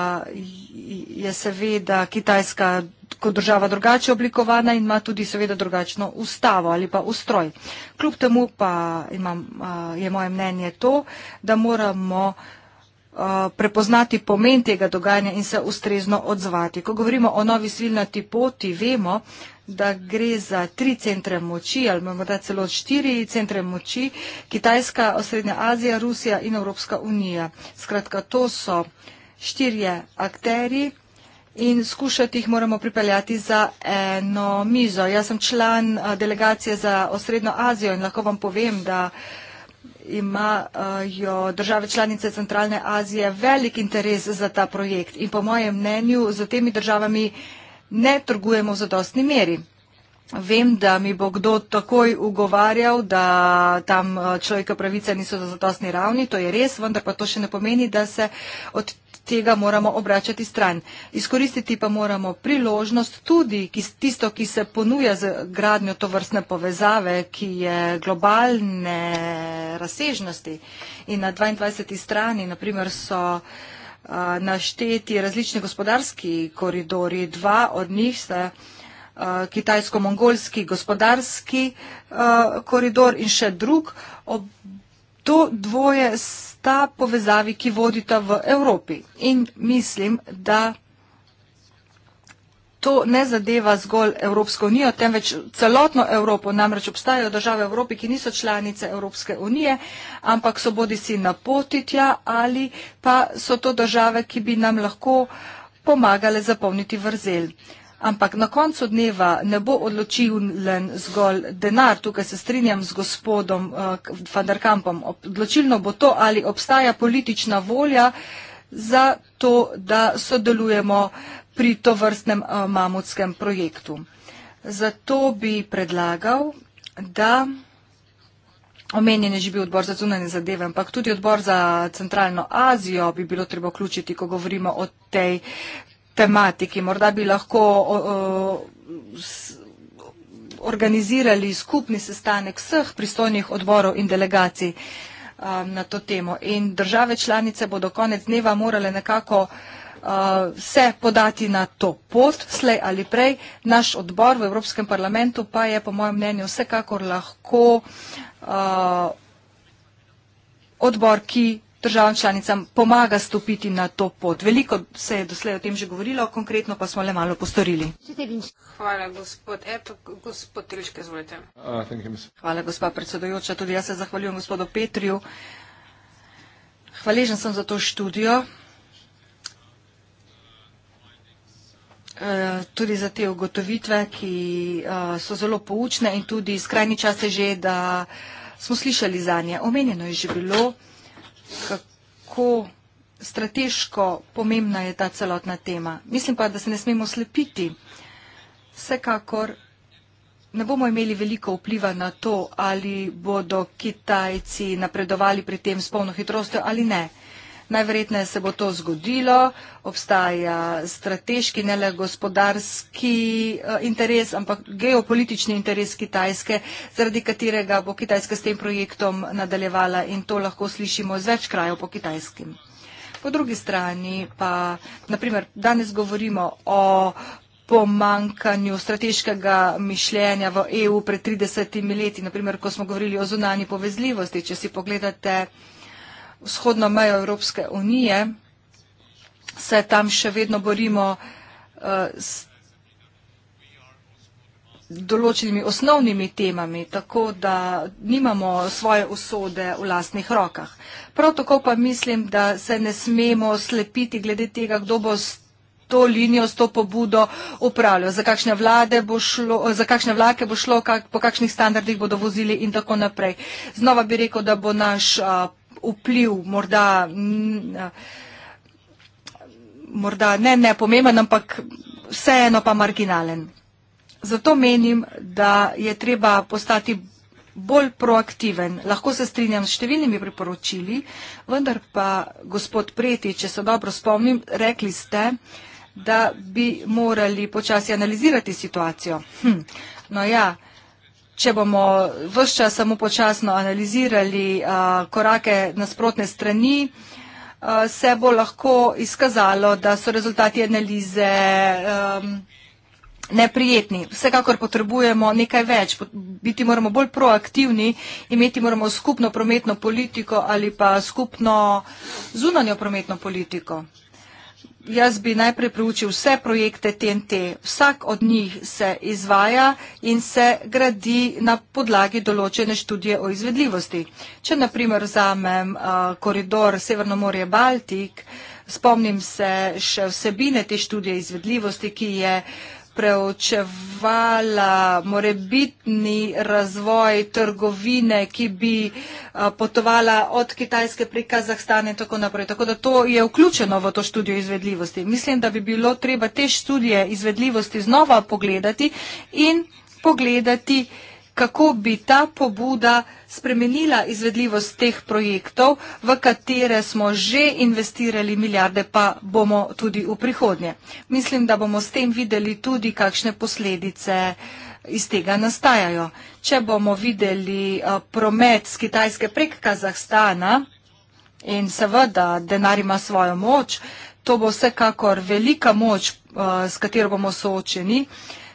je seveda Kitajska kot država drugače oblikovana in ima tudi seveda drugačno ustavo ali pa ustroj. Kljub temu pa imam, je moje mnenje to, da moramo prepoznati pomen tega dogajanja in se ustrezno odzvati. Ko govorimo o novi svilnati poti, vemo, da gre za tri centre moči ali morda celo štiri centre moči, Kitajska, Osrednja Azija, Rusija in Evropska unija. Skratka, to so štirje akteri, in skušati jih moramo pripeljati za eno mizo. Jaz sem član eh, delegacije za osrednjo Azijo in lahko vam povem, da imajo države članice Centralne Azije velik interes za ta projekt in po mojem mnenju z temi državami ne trgujemo v zadostni meri. Vem, da mi bo kdo takoj ugovarjal, da tam eh, človeka pravice niso za zadostni ravni, to je res, vendar pa to še ne pomeni, da se od tega moramo obračati stran. Izkoristiti pa moramo priložnost tudi tisto, ki se ponuja z gradnjo to vrstne povezave, ki je globalne razsežnosti. In na 22. strani naprimer so uh, našteti različni gospodarski koridori, dva od njih sta uh, kitajsko-mongolski gospodarski uh, koridor in še drug. To dvoje sta sta povezavi, ki vodita v Evropi. In mislim, da to ne zadeva zgolj Evropsko unijo, temveč celotno Evropo. Namreč obstajajo države v Evropi, ki niso članice Evropske unije, ampak so bodi si na poti tja ali pa so to države, ki bi nam lahko pomagale zapolniti vrzel. Uh, ampak na koncu dneva ne bo odločil len zgolj denar, tukaj se strinjam z gospodom uh, van der Kampom, odločilno bo to, ali obstaja politična volja za to, da sodelujemo pri tovrstnem uh, mamutskem projektu. Zato bi predlagal, da omenjen je že bil odbor za zunanje zadeve, ampak tudi odbor za centralno Azijo bi bilo treba vključiti, ko govorimo o tej tematiki. Morda bi lahko organizirali skupni sestanek vseh pristojnih odborov in delegacij um, na to temo. In države članice bodo konec dneva morale nekako uh, se podati na to pot, slej ali prej. Naš odbor v Evropskem parlamentu pa je po mojem mnenju vsekakor lahko uh, odbor, ki državam članicam pomaga stopiti na to pot. Veliko se je doslej o tem že govorilo, konkretno pa smo le malo postorili. Hvala, gospod Eto, gospod Tilške, izvolite. Hvala, gospa predsedojoča, tudi jaz se zahvaljujem gospodu Petriju. Hvaležen sem za to študijo, e, tudi za te ugotovitve, ki e, so zelo poučne in tudi skrajni čas je že, da smo slišali za nje. Omenjeno je že bilo, kako strateško pomembna je ta celotna tema. Mislim pa, da se ne smemo slepiti. Vsekakor ne bomo imeli veliko vpliva na to, ali bodo Kitajci napredovali pri tem s polno hitrostjo ali ne. Najverjetneje se bo to zgodilo. Obstaja strateški, ne le gospodarski eh, interes, ampak geopolitični interes Kitajske, zaradi katerega bo Kitajska s tem projektom nadaljevala in to lahko slišimo z več krajev po kitajskim. Po drugi strani pa, naprimer, danes govorimo o pomankanju strateškega mišljenja v EU pred 30 leti, naprimer, ko smo govorili o zunani povezljivosti, če si pogledate vzhodno mejo Evropske unije, se tam še vedno borimo eh, s določenimi osnovnimi temami, tako da nimamo svoje usode v lastnih rokah. Prav tako pa mislim, da se ne smemo slepiti glede tega, kdo bo s to linijo, s to pobudo upravljal, za kakšne, vlade bo šlo, za kakšne vlake bo šlo, kak, po kakšnih standardih bodo vozili in tako naprej. Znova bi rekel, da bo naš uh, vpliv, morda, mm, morda ne nepomemben, ampak vseeno pa marginalen. Zato menim, da je treba postati bolj proaktiven. Lahko se strinjam s številnimi priporočili, vendar pa, gospod Preti, če se dobro spomnim, rekli ste, da bi morali počasi analizirati situacijo. Hm. No ja, Če bomo vse čas samo počasno analizirali uh, korake nasprotne strani, uh, se bo lahko izkazalo, da so rezultati analize um, neprijetni. Vsekakor potrebujemo nekaj več, biti moramo bolj proaktivni, imeti moramo skupno prometno politiko ali pa skupno zunanjo prometno politiko. Jaz bi najprej preučil vse projekte TNT. Vsak od njih se izvaja in se gradi na podlagi določene študije o izvedljivosti. Če naprimer vzamem uh, koridor Severno morje Baltik, spomnim se še vsebine te študije izvedljivosti, ki je uh, preučevala morebitni razvoj trgovine, ki bi potovala od Kitajske pri Kazahstane in tako naprej. Tako da to je vključeno v to študijo izvedljivosti. Mislim, da bi bilo treba te študije izvedljivosti znova pogledati in pogledati, kako bi ta pobuda spremenila izvedljivost teh projektov, v katere smo že investirali milijarde, pa bomo tudi v prihodnje. Mislim, da bomo s tem videli tudi, kakšne posledice iz tega nastajajo. Če bomo videli eh, promet z Kitajske prek Kazahstana in seveda denar ima svojo moč, to bo vsekakor velika moč, eh, s katero bomo soočeni,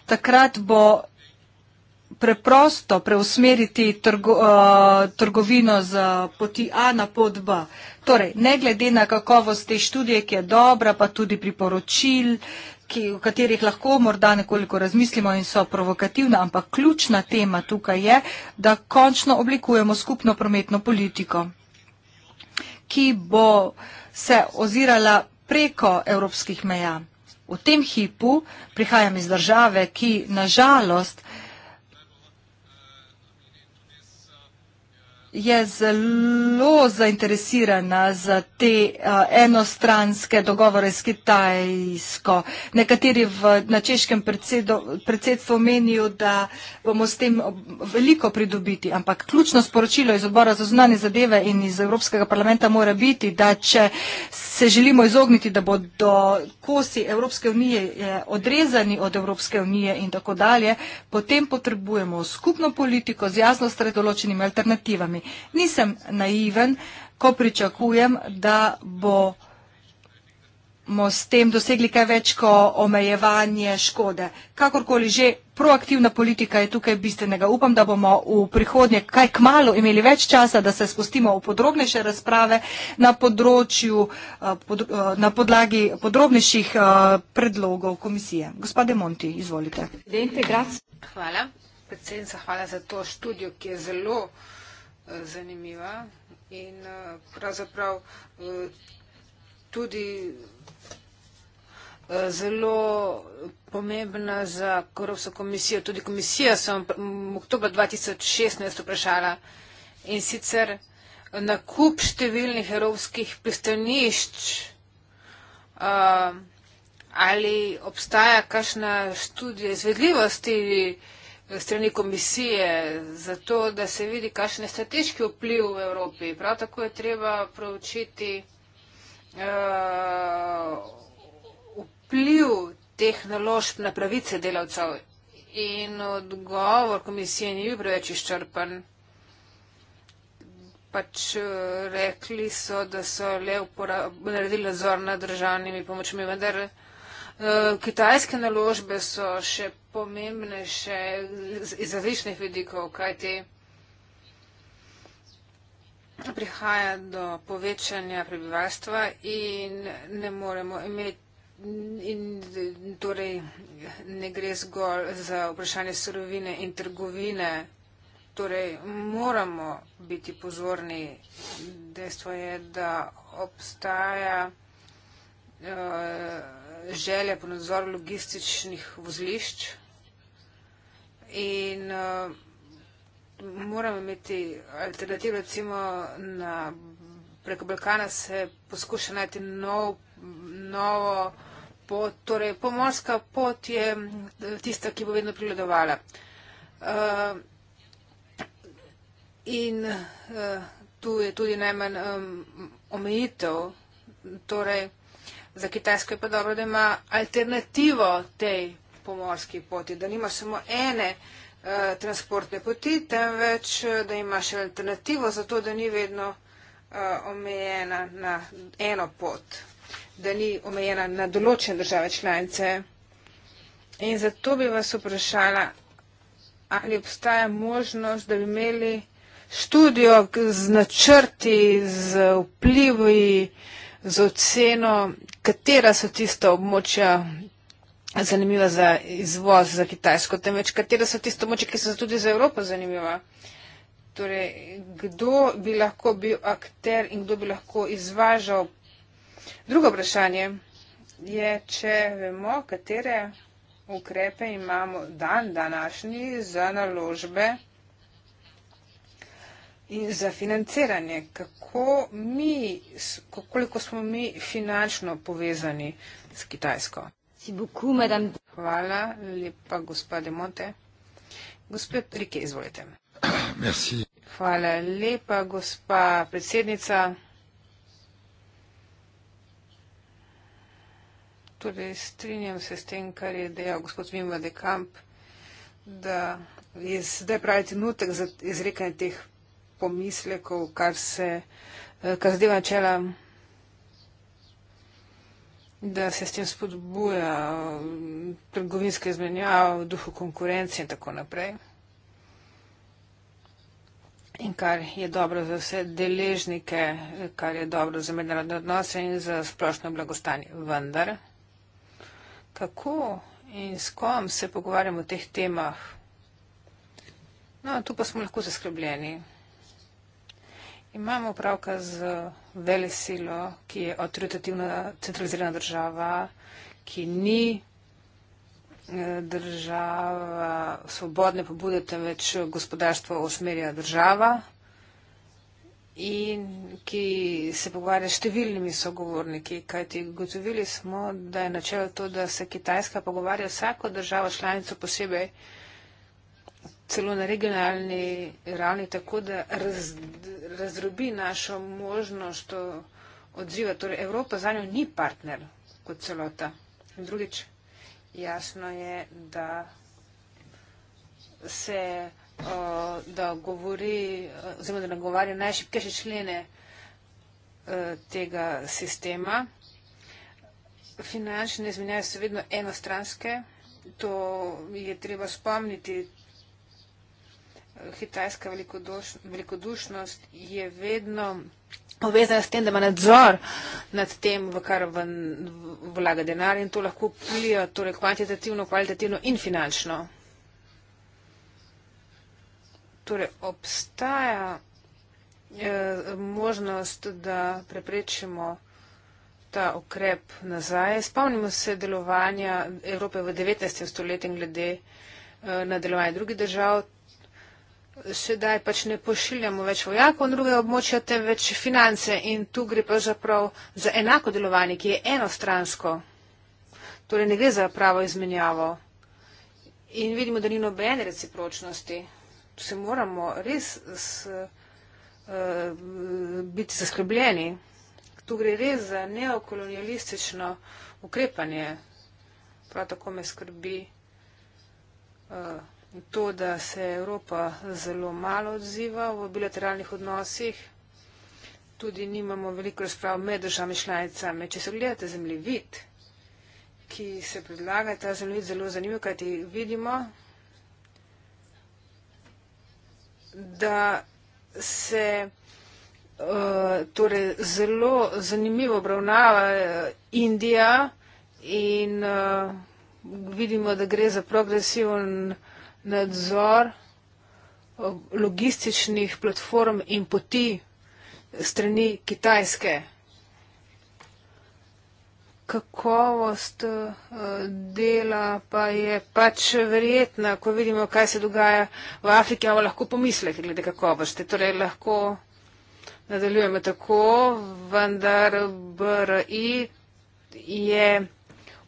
takrat bo preprosto preusmeriti trgo, uh, trgovino z poti A na pot B. Torej, ne glede na kakovost te študije, ki je dobra, pa tudi priporočil, ki, v katerih lahko morda nekoliko razmislimo in so provokativna, ampak ključna tema tukaj je, da končno oblikujemo skupno prometno politiko, ki bo se ozirala preko evropskih meja. V tem hipu prihajam iz države, ki nažalost je zelo zainteresirana za te uh, enostranske dogovore s Kitajsko. Nekateri v, na češkem predsedstvu menijo, da bomo s tem veliko pridobiti, ampak ključno sporočilo iz odbora za zunanje zadeve in iz Evropskega parlamenta mora biti, da če se želimo izogniti, da bodo kosi Evropske unije e, odrezani od Evropske unije in tako dalje, potem potrebujemo skupno politiko z jasno sredoločenimi alternativami. Nisem naiven, ko pričakujem, da bomo s tem dosegli kaj več kot omejevanje škode. Kakorkoli že, proaktivna politika je tukaj bistvenega. Upam, da bomo v prihodnje kaj k malu imeli več časa, da se spustimo v podrobnejše razprave na, področju, eh, eh, na podlagi podrobnejših eh, predlogov komisije. Gospode Monti, izvolite. Hvala. Predsednica, hvala za to študijo, ki je zelo zanimiva in eh, pravzaprav eh, tudi eh, zelo pomembna za Korovsko komisijo. Tudi komisija sem v oktober 2016 vprašala in sicer nakup številnih evropskih pristanišč ali obstaja kakšna študija izvedljivosti strani komisije, zato da se vidi, kakšen je strateški vpliv v Evropi. Prav tako je treba proučiti uh, vpliv teh naložb na pravice delavcev in odgovor komisije ni bil preveč izčrpen. Pač eh, rekli so, da so le naredili nadzor nad državnimi pomočmi, vendar. Eh, kitajske naložbe so še pomembne še iz različnih vidikov, kaj te prihaja do povečanja prebivalstva in ne moremo imeti in torej ne gre zgolj za vprašanje surovine in trgovine, torej moramo biti pozorni. Dejstvo je, da obstaja uh, želja po nadzoru logističnih vozlišč in uh, moramo imeti alternativo, recimo na, preko Balkana se poskuša najti nov, novo pot, torej pomorska pot je eh, tista, ki bo vedno prigledovala. Uh, eh, in uh, tu je tudi najmanj um, omejitev, torej za Kitajsko je pa dobro, da ima alternativo tej pomorski poti, da nima samo ene eh, transportne poti, temveč eh, da ima še alternativo za to, da ni vedno eh, omejena na eno pot, da ni omejena na določene države članice. In zato bi vas vprašala, ali obstaja možnost, da bi imeli študijo z načrti, z vplivi, z oceno katera so tista območja zanimiva za izvoz za Kitajsko, temveč katera so tista območja, ki so tudi za Evropo zanimiva. Torej, kdo bi lahko bil akter in kdo bi lahko izvažal. Drugo vprašanje je, če vemo, katere ukrepe imamo dan današnji za naložbe in za financiranje, kako mi, koliko smo mi finančno povezani s Kitajsko. Hvala lepa, gospode Monte. Gospod Rike, izvolite. [clears throat] Merci. Hvala lepa, gospa predsednica. Tudi torej, strinjam se s tem, kar je dejal gospod Vimva de Kamp, da je zdaj pravi trenutek za izrekanje teh pomislekov, kar se, eh, kar zdaj načela, da se s tem spodbuja mm, trgovinske izmenjave v duhu konkurence in tako naprej. In kar je dobro za vse deležnike, kar je dobro za mednarodne odnose in za splošno blagostanje. Vendar, kako in s kom se pogovarjamo o teh temah? No, tu pa smo lahko zaskrbljeni. Imamo upravka z vele silo, ki je autoritativna centralizirana država, ki ni eh, država svobodne pobude, temveč gospodarstvo osmerja država in ki se pogovarja s številnimi sogovorniki, kajti gotovili smo, da je načelo to, da se Kitajska pogovarja vsako državo članico posebej celo na regionalni ravni, tako da raz, razrobi našo možnost odziva. Torej, Evropa za njo ni partner kot celota. In drugič, jasno je, da se da govori, oziroma da nagovarja najšipkejše člene tega sistema. Finančne izmenjave so vedno enostranske, to je treba spomniti, kitajska velikodušnost je vedno povezana s tem, da ima nadzor nad tem, v kar v, v, vlaga denar in to lahko vplija torej kvantitativno, kvalitativno in finančno. Torej, obstaja eh, možnost, da preprečimo ta okrep nazaj. Spomnimo se delovanja Evrope v 19. stoletju glede eh, na delovanje drugih držav sedaj pač ne pošiljamo več vojakov na druge območja, temveč finance in tu gre pravzaprav za enako delovanje, ki je enostransko. Torej ne gre za pravo izmenjavo. In vidimo, da ni nobene recipročnosti. Se moramo res s, uh, biti zaskrbljeni. Tu gre res za neokolonialistično ukrepanje. Prav tako me skrbi. Uh, to, da se Evropa zelo malo odziva v bilateralnih odnosih. Tudi nimamo veliko razprav med državami članicami. Če se gledate zemljevid, ki se predlaga, je ta zemljevid zelo zanimiv, kajti vidimo, da se uh, torej zelo zanimivo obravnava eh, Indija in uh, vidimo, da gre za progresivno nadzor eh, logističnih platform in poti strani Kitajske. Kakovost eh, dela pa je pač verjetna, ko vidimo, kaj se dogaja v Afriki, imamo lahko pomisleke glede kakovosti. Torej lahko nadaljujemo tako, vendar BRI je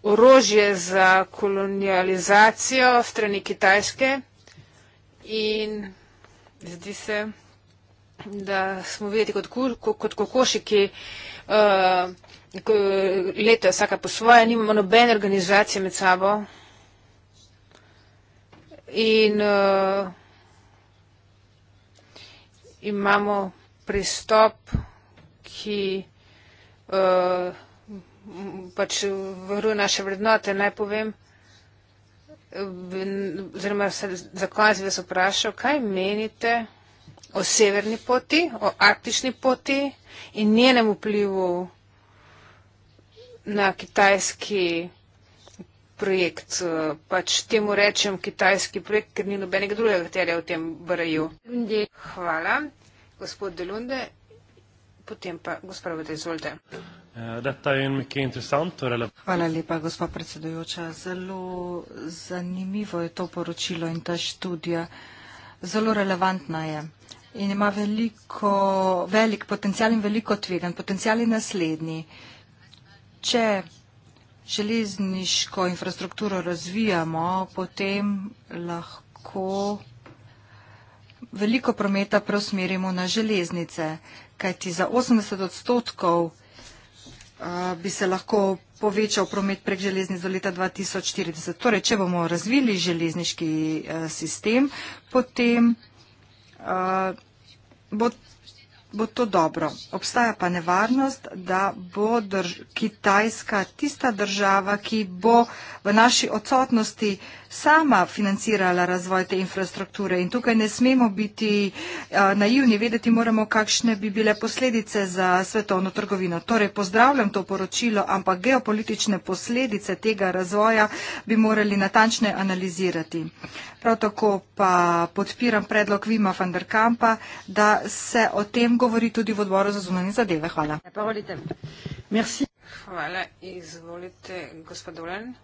orožje za kolonializacijo strani Kitajske in zdi se, da smo videti kot, kot kokoši, ki uh, eh, leto je vsaka po svoje, nimamo nobene organizacije med sabo in uh, imamo pristop, ki uh, pač vrhu naše vrednote, naj povem, oziroma se za konec vas vprašal, kaj menite o severni poti, o arktični poti in njenem vplivu na kitajski projekt, pač temu rečem kitajski projekt, ker ni nobenega drugega terja v tem braju. Hvala, gospod Delunde, potem pa gospod Vodaj, izvolite. Eh, Hvala lepa, gospod predsedujoča. Zelo zanimivo je to poročilo in ta študija. Zelo relevantna je in ima veliko, velik potencial in veliko tvegan. Potencial je naslednji. Če železniško infrastrukturo razvijamo, potem lahko veliko prometa preusmerimo na železnice, kajti za 80 odstotkov bi se lahko povečal promet prek železnic do leta 2040. Torej, če bomo razvili železniški e, sistem, potem bo, bo to dobro. Obstaja pa nevarnost, da bo drž Kitajska tista država, ki bo v naši odsotnosti sama financirala razvoj te infrastrukture in tukaj ne smemo biti eh, naivni, vedeti moramo, kakšne bi bile posledice za svetovno trgovino. Torej, pozdravljam to poročilo, ampak geopolitične posledice tega razvoja bi morali natančne analizirati. Prav tako pa podpiram predlog Vima van der Kampa, da se o tem govori tudi v odboru za zunanje zadeve. Hvala. Hvala. Izvolite, gospod Dolen.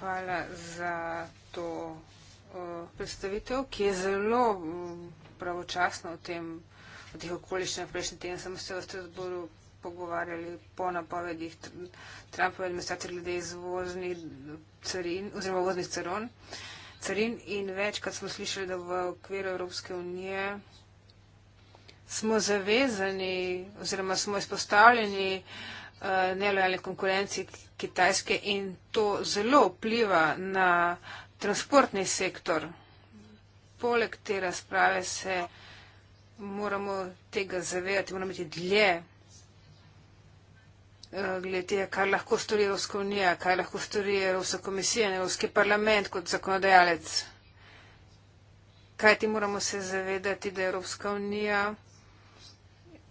Hvala za to eh, predstavitev, ki je zelo mm, pravočasno v tem, v teh okoliščinah. Prejšnji teden smo se v Strasboru pogovarjali po napovedih Trumpove administracije glede izvoznih carin oziroma voznih caron. Carin in večkrat smo slišali, da v okviru Evropske unije smo zavezani oziroma smo izpostavljeni uh, nelojalni konkurenci, Kitajske in to zelo vpliva na transportni sektor. Poleg te razprave se moramo tega zavedati, moramo biti dlje eh, glede, kar lahko stori Evropska unija, kar lahko stori Evropska komisija, Evropski parlament kot zakonodajalec. Kaj ti moramo se zavedati, da Evropska unija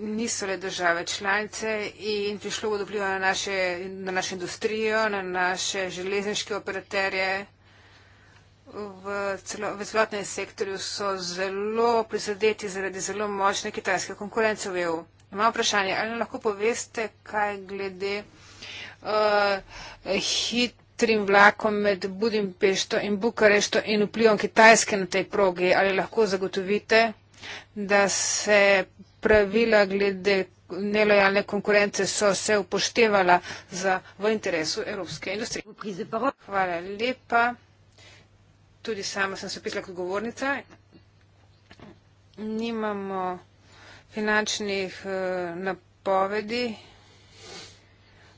niso le države članice in prišlo bo do vpliva na, naše, na našo industrijo, na naše železniške operaterje. V, celo, v celotnem sektorju so zelo prizadeti zaradi zelo močne kitajske konkurence v EU. Imam vprašanje, ali lahko poveste, kaj glede uh, eh, hit trim vlakom med Budimpešto in Bukarešto in vplivom Kitajske na tej progi, ali lahko zagotovite, da se pravila glede nelojalne konkurence so se upoštevala za, v interesu evropske industrije. Hvala lepa. Tudi sama sem se pisala kot govornica. Nimamo finančnih eh, napovedi,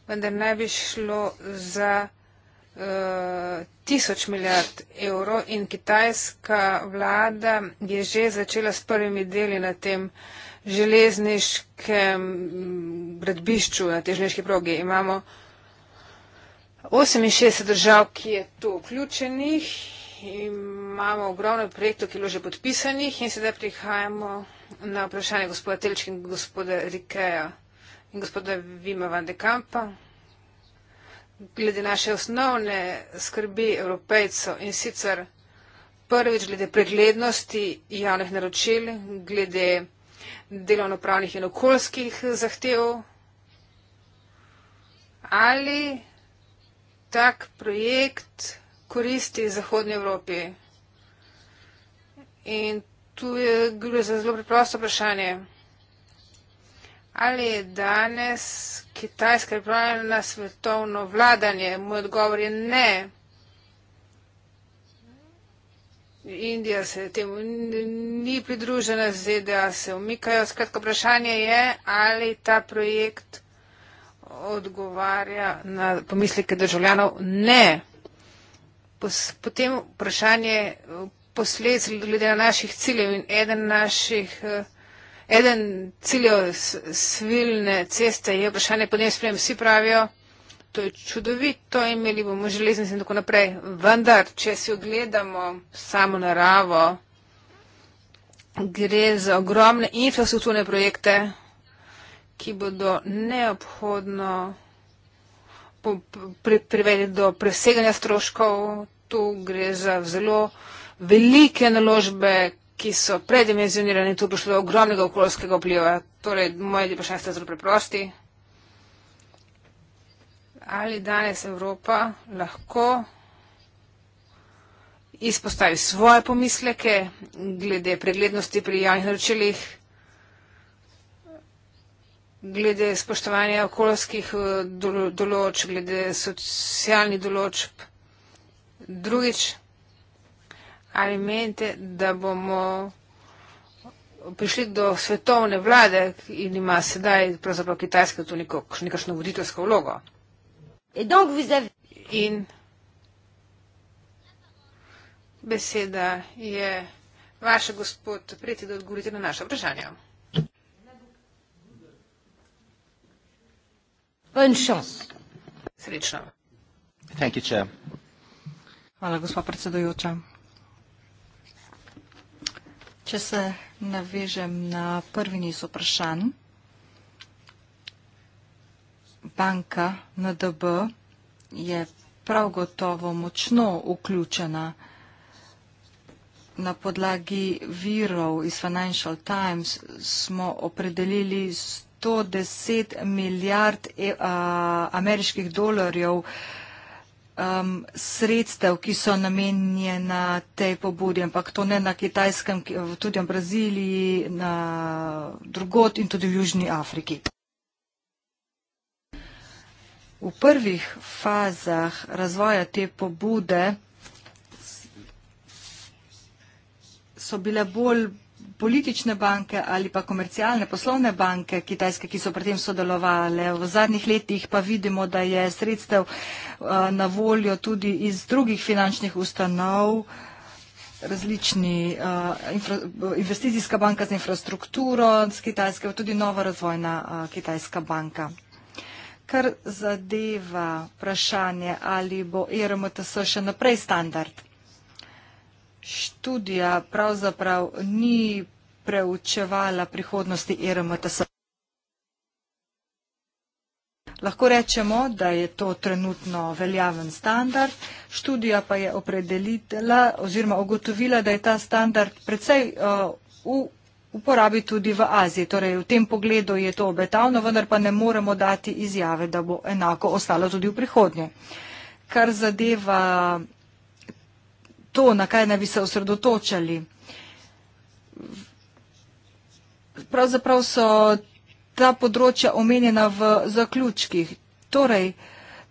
vendar naj bi šlo za eh, tisoč milijard evrov in kitajska vlada je že začela s prvimi deli na tem uh, železniškem gradbišču na težniški progi. Imamo 68 držav, ki je tu vključenih, imamo ogromno projektov, ki je že podpisanih in sedaj prihajamo na vprašanje gospoda Telčka in gospoda Rikeja in gospoda Vima van de Kampa. Glede naše osnovne skrbi evropejcev in sicer prvič glede preglednosti javnih naročil, glede delovnopravnih in okoljskih zahtev ali tak projekt koristi Zahodnji Evropi. In tu je bilo za zelo preprosto vprašanje. Ali je danes Kitajska pripravljena na svetovno vladanje? Moj odgovor je ne. Indija se temu ni pridružena, ZDA se umikajo. Skratka, vprašanje je, ali ta projekt odgovarja na pomislike državljanov. Ne. Potem vprašanje posledic glede na naših ciljev in eden naših. Eh, eden ciljev svilne ceste je vprašanje podnebnih sprememb. Vsi pravijo, to je čudovito, imeli bomo železnice in tako naprej. Vendar, če si ogledamo samo naravo, gre za ogromne infrastrukturne projekte, ki bodo neobhodno privedli do preseganja stroškov. Tu gre za zelo velike naložbe, ki so predimenzionirane in tu bo šlo do ogromnega okoljskega vpliva. Torej, moj del pa še ne ste zelo preprosti ali danes Evropa lahko izpostavi svoje pomisleke glede preglednosti pri javnih naročilih, glede spoštovanja okoljskih eh, določb, glede socialnih določb. Drugič, ali menite, da bomo prišli do svetovne vlade in ima sedaj pravzaprav Kitajska tu neko, nekašno voditeljsko vlogo? Et donc vous avez... In beseda je vaša, gospod, prijeti da odgovorite na naše vprašanje. Bonne chance. Srečno. Thank you, chair. Hvala, gospa predsedujoča. Če se navežem na prvi niz vprašanj, banka NDB je prav gotovo močno vključena na podlagi virov iz Financial Times smo opredelili 110 milijard e, ameriških dolarjev um, sredstev, ki so namenjene tej pobudi, ampak to ne na kitajskem, tudi v Braziliji, na drugot in tudi v Južni Afriki v prvih fazah razvoja te pobude so bile bolj politične banke ali pa komercialne poslovne banke kitajske, ki so pri tem sodelovali. V zadnjih letih pa vidimo, da je sredstev uh, na voljo tudi iz drugih finančnih ustanov različni uh, infra, investicijska banka za infrastrukturo z Kitajske, tudi nova razvojna uh, Kitajska banka kar zadeva vprašanje, ali bo ERMTS še naprej standard. Študija pravzaprav ni preučevala prihodnosti ERMTS. Lahko rečemo, da je to trenutno veljaven standard, študija pa je opredelila oziroma ugotovila, da je ta standard precej uh, uporabi tudi v Aziji. Torej, v tem pogledu je to obetavno, vendar pa ne moremo dati izjave, da bo enako ostalo tudi v prihodnje. Kar zadeva to, na kaj ne bi se osredotočali, pravzaprav so ta področja omenjena v zaključkih. Torej,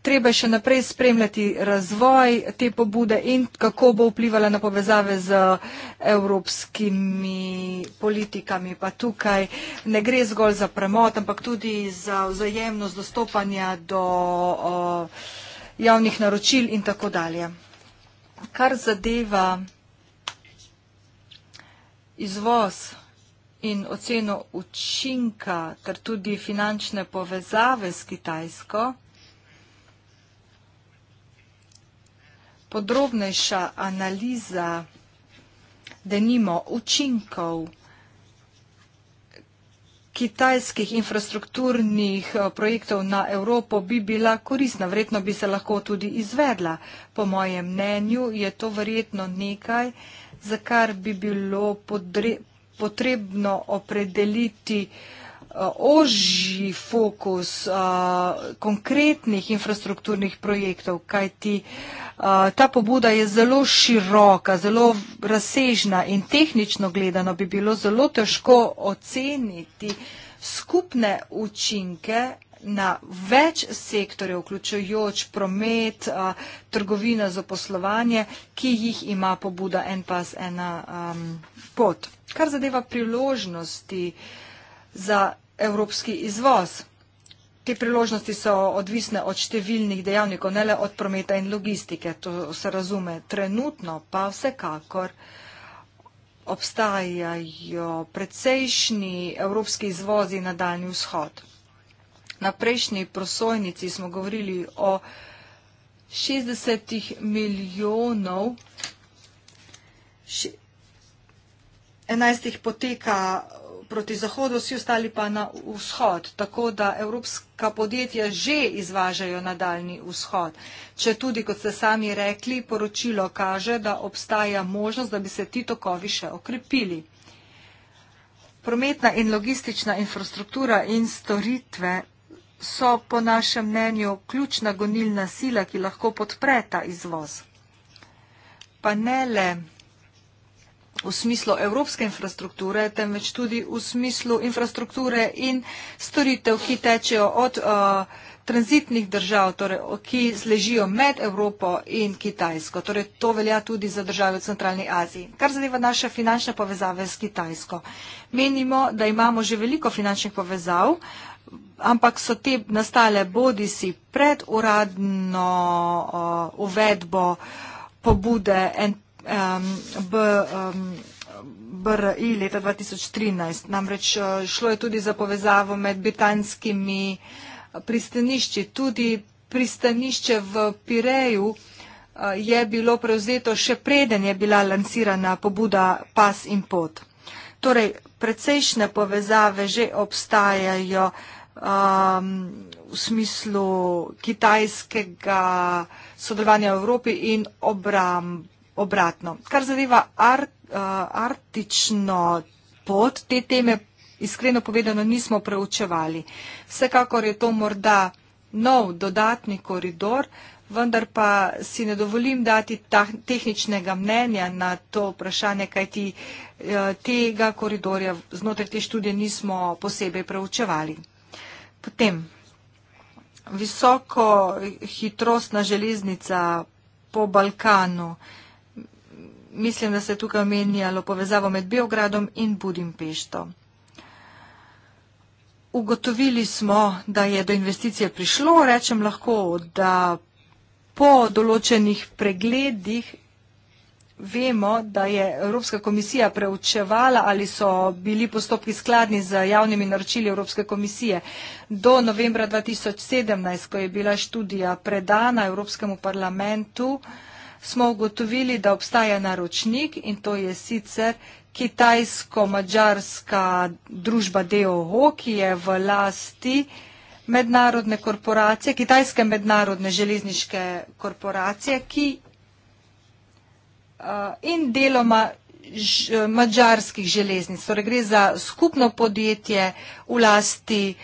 treba še naprej spremljati razvoj te pobude in kako bo vplivala na povezave z evropskimi politikami. Pa tukaj ne gre zgolj za premot, ampak tudi za vzajemnost dostopanja do javnih naročil in tako dalje. Kar zadeva izvoz in oceno učinka, ter tudi finančne povezave s Kitajsko, podrobnejša analiza denimo učinkov kitajskih infrastrukturnih eh, projektov na Evropo bi bila korisna. Verjetno bi se lahko tudi izvedla. Po mojem mnenju je to verjetno nekaj, za kar bi bilo potrebno opredeliti vsega, Eh, ožji fokus uh, konkretnih infrastrukturnih projektov, kajti uh, ta pobuda je zelo široka, zelo razsežna in tehnično gledano bi bilo zelo težko oceniti skupne učinke na več sektorjev, vključujoč promet, uh, trgovina za poslovanje, ki jih ima pobuda en pas, ena um, pot. Kar zadeva priložnosti, za evropski izvoz. Te priložnosti so odvisne od številnih dejavnikov, ne le od prometa in logistike, to se razume. Trenutno pa vsekakor obstajajo precejšnji evropski izvozi na daljni vzhod. Na prejšnji prosojnici smo govorili o 60 milijonov, enajstih poteka eh, proti zahodu, vsi ostali pa na vzhod, tako da evropska podjetja že izvažajo na daljni vzhod. Če tudi, kot ste sami rekli, poročilo kaže, da obstaja možnost, da bi se ti tokovi še okrepili. Prometna in logistična infrastruktura in storitve so po našem mnenju ključna gonilna sila, ki lahko podpreta izvoz. Pa ne le v smislu evropske infrastrukture, temveč tudi v smislu infrastrukture in storitev, ki tečejo od uh, tranzitnih držav, torej, ki zležijo med Evropo in Kitajsko. Torej, to velja tudi za države v centralni Aziji. Kar zadeva naše finančne povezave s Kitajsko. Menimo, da imamo že veliko finančnih povezav, ampak so te nastale bodi si pred uradno uh, uvedbo pobude NPC, um, B, um, BRI leta 2013. Namreč eh, šlo je tudi za povezavo med britanskimi eh, pristanišči. Tudi pristanišče v Pireju eh, je bilo prevzeto še preden je bila lansirana pobuda Pas in pot. Torej, precejšnje povezave že obstajajo um, v smislu kitajskega sodelovanja v Evropi in obramb obratno. Kar zadeva ar, uh, eh, artično pot, te teme iskreno povedano nismo preučevali. Vsekakor je to morda nov dodatni koridor, vendar pa si ne dovolim dati ta, tehničnega mnenja na to vprašanje, kajti uh, tega koridorja znotraj te študije nismo posebej preučevali. Potem, visoko hitrostna železnica po Balkanu. Uh, mislim, da se je tukaj omenjalo povezavo med Beogradom in Budimpešto. Ugotovili smo, da je do investicije prišlo, rečem lahko, da po določenih pregledih vemo, da je Evropska komisija preučevala ali so bili postopki skladni z javnimi naročili Evropske komisije. Do novembra 2017, ko je bila študija predana Evropskemu parlamentu, smo ugotovili, da obstaja naročnik in to je sicer kitajsko-mađarska družba DOO, ki je v lasti mednarodne korporacije, kitajske mednarodne železniške korporacije, ki uh, in deloma ž, mađarskih železnic. Torej gre za skupno podjetje v lasti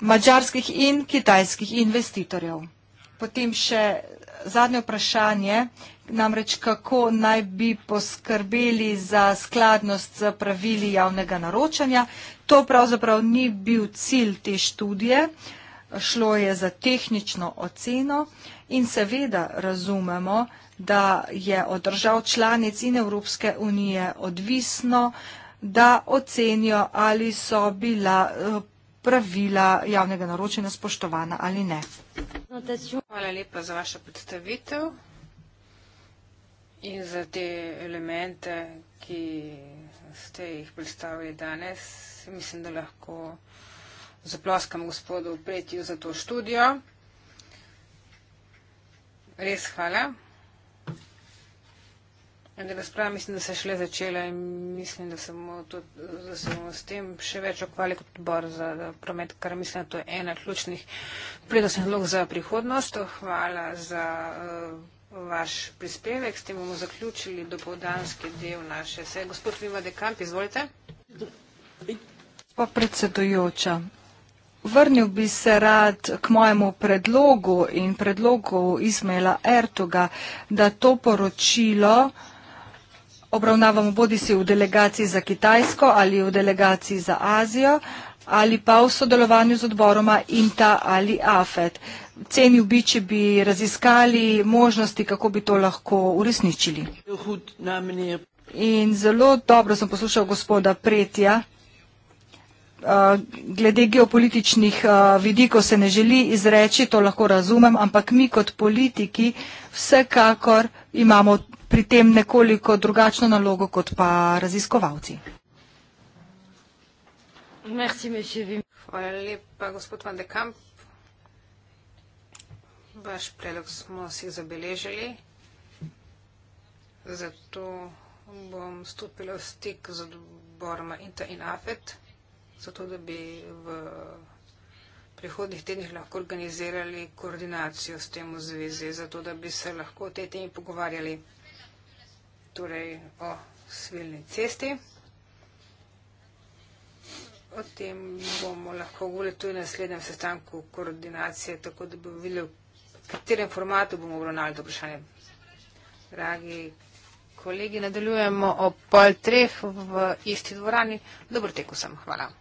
mađarskih in kitajskih investitorjev. Potem še zadnje vprašanje, namreč kako naj bi poskrbeli za skladnost z pravili javnega naročanja. To pravzaprav ni bil cilj te študije, šlo je za tehnično oceno in seveda razumemo, da je od držav članic in Evropske unije odvisno, da ocenijo, ali so bila eh, pravila javnega naročanja spoštovana ali ne. Hvala lepa za vašo predstavitev. In za te elemente, ki ste jih predstavili danes, mislim, da lahko zaploskam gospodu Pretju za to študijo. Res hvala. In razprava mislim, da se šele začela in mislim, da se bomo, tudi, da se bomo s tem še več okvali kot odbor za promet, kar mislim, da to je ena ključnih prednostnih vlog za prihodnost. Hvala za. Uh, vaš prispevek. S tem bomo zaključili dopoldanski del naše seje. Gospod Vima de Kamp, izvolite. Pa predsedujoča, vrnil bi se rad k mojemu predlogu in predlogu Ismaila Ertuga, da to poročilo obravnavamo bodi si v delegaciji za Kitajsko ali v delegaciji za Azijo ali pa v sodelovanju z odboroma INTA ali AFET cenil bi, če bi raziskali možnosti, kako bi to lahko uresničili. In zelo dobro sem poslušal gospoda Pretja. Uh, glede geopolitičnih uh, vidikov se ne želi izreči, to lahko razumem, ampak mi kot politiki vsekakor imamo pri tem nekoliko drugačno nalogo kot pa raziskovalci. Merci, Hvala lepa, gospod Van de Kamp. Vaš predlog smo si zabeležili, zato bom stopila v stik z odborom INTA in AFET, zato da bi v prihodnih tednih lahko organizirali koordinacijo s tem v zvezi, zato da bi se lahko o tej temi pogovarjali torej o svilni cesti. O tem bomo lahko govorili tudi na naslednjem sestanku koordinacije, tako da bi videli, katerem formatu bomo obravnali to vprašanje. Dragi kolegi, nadaljujemo o pol treh v isti dvorani. Dobro teku sem. Hvala.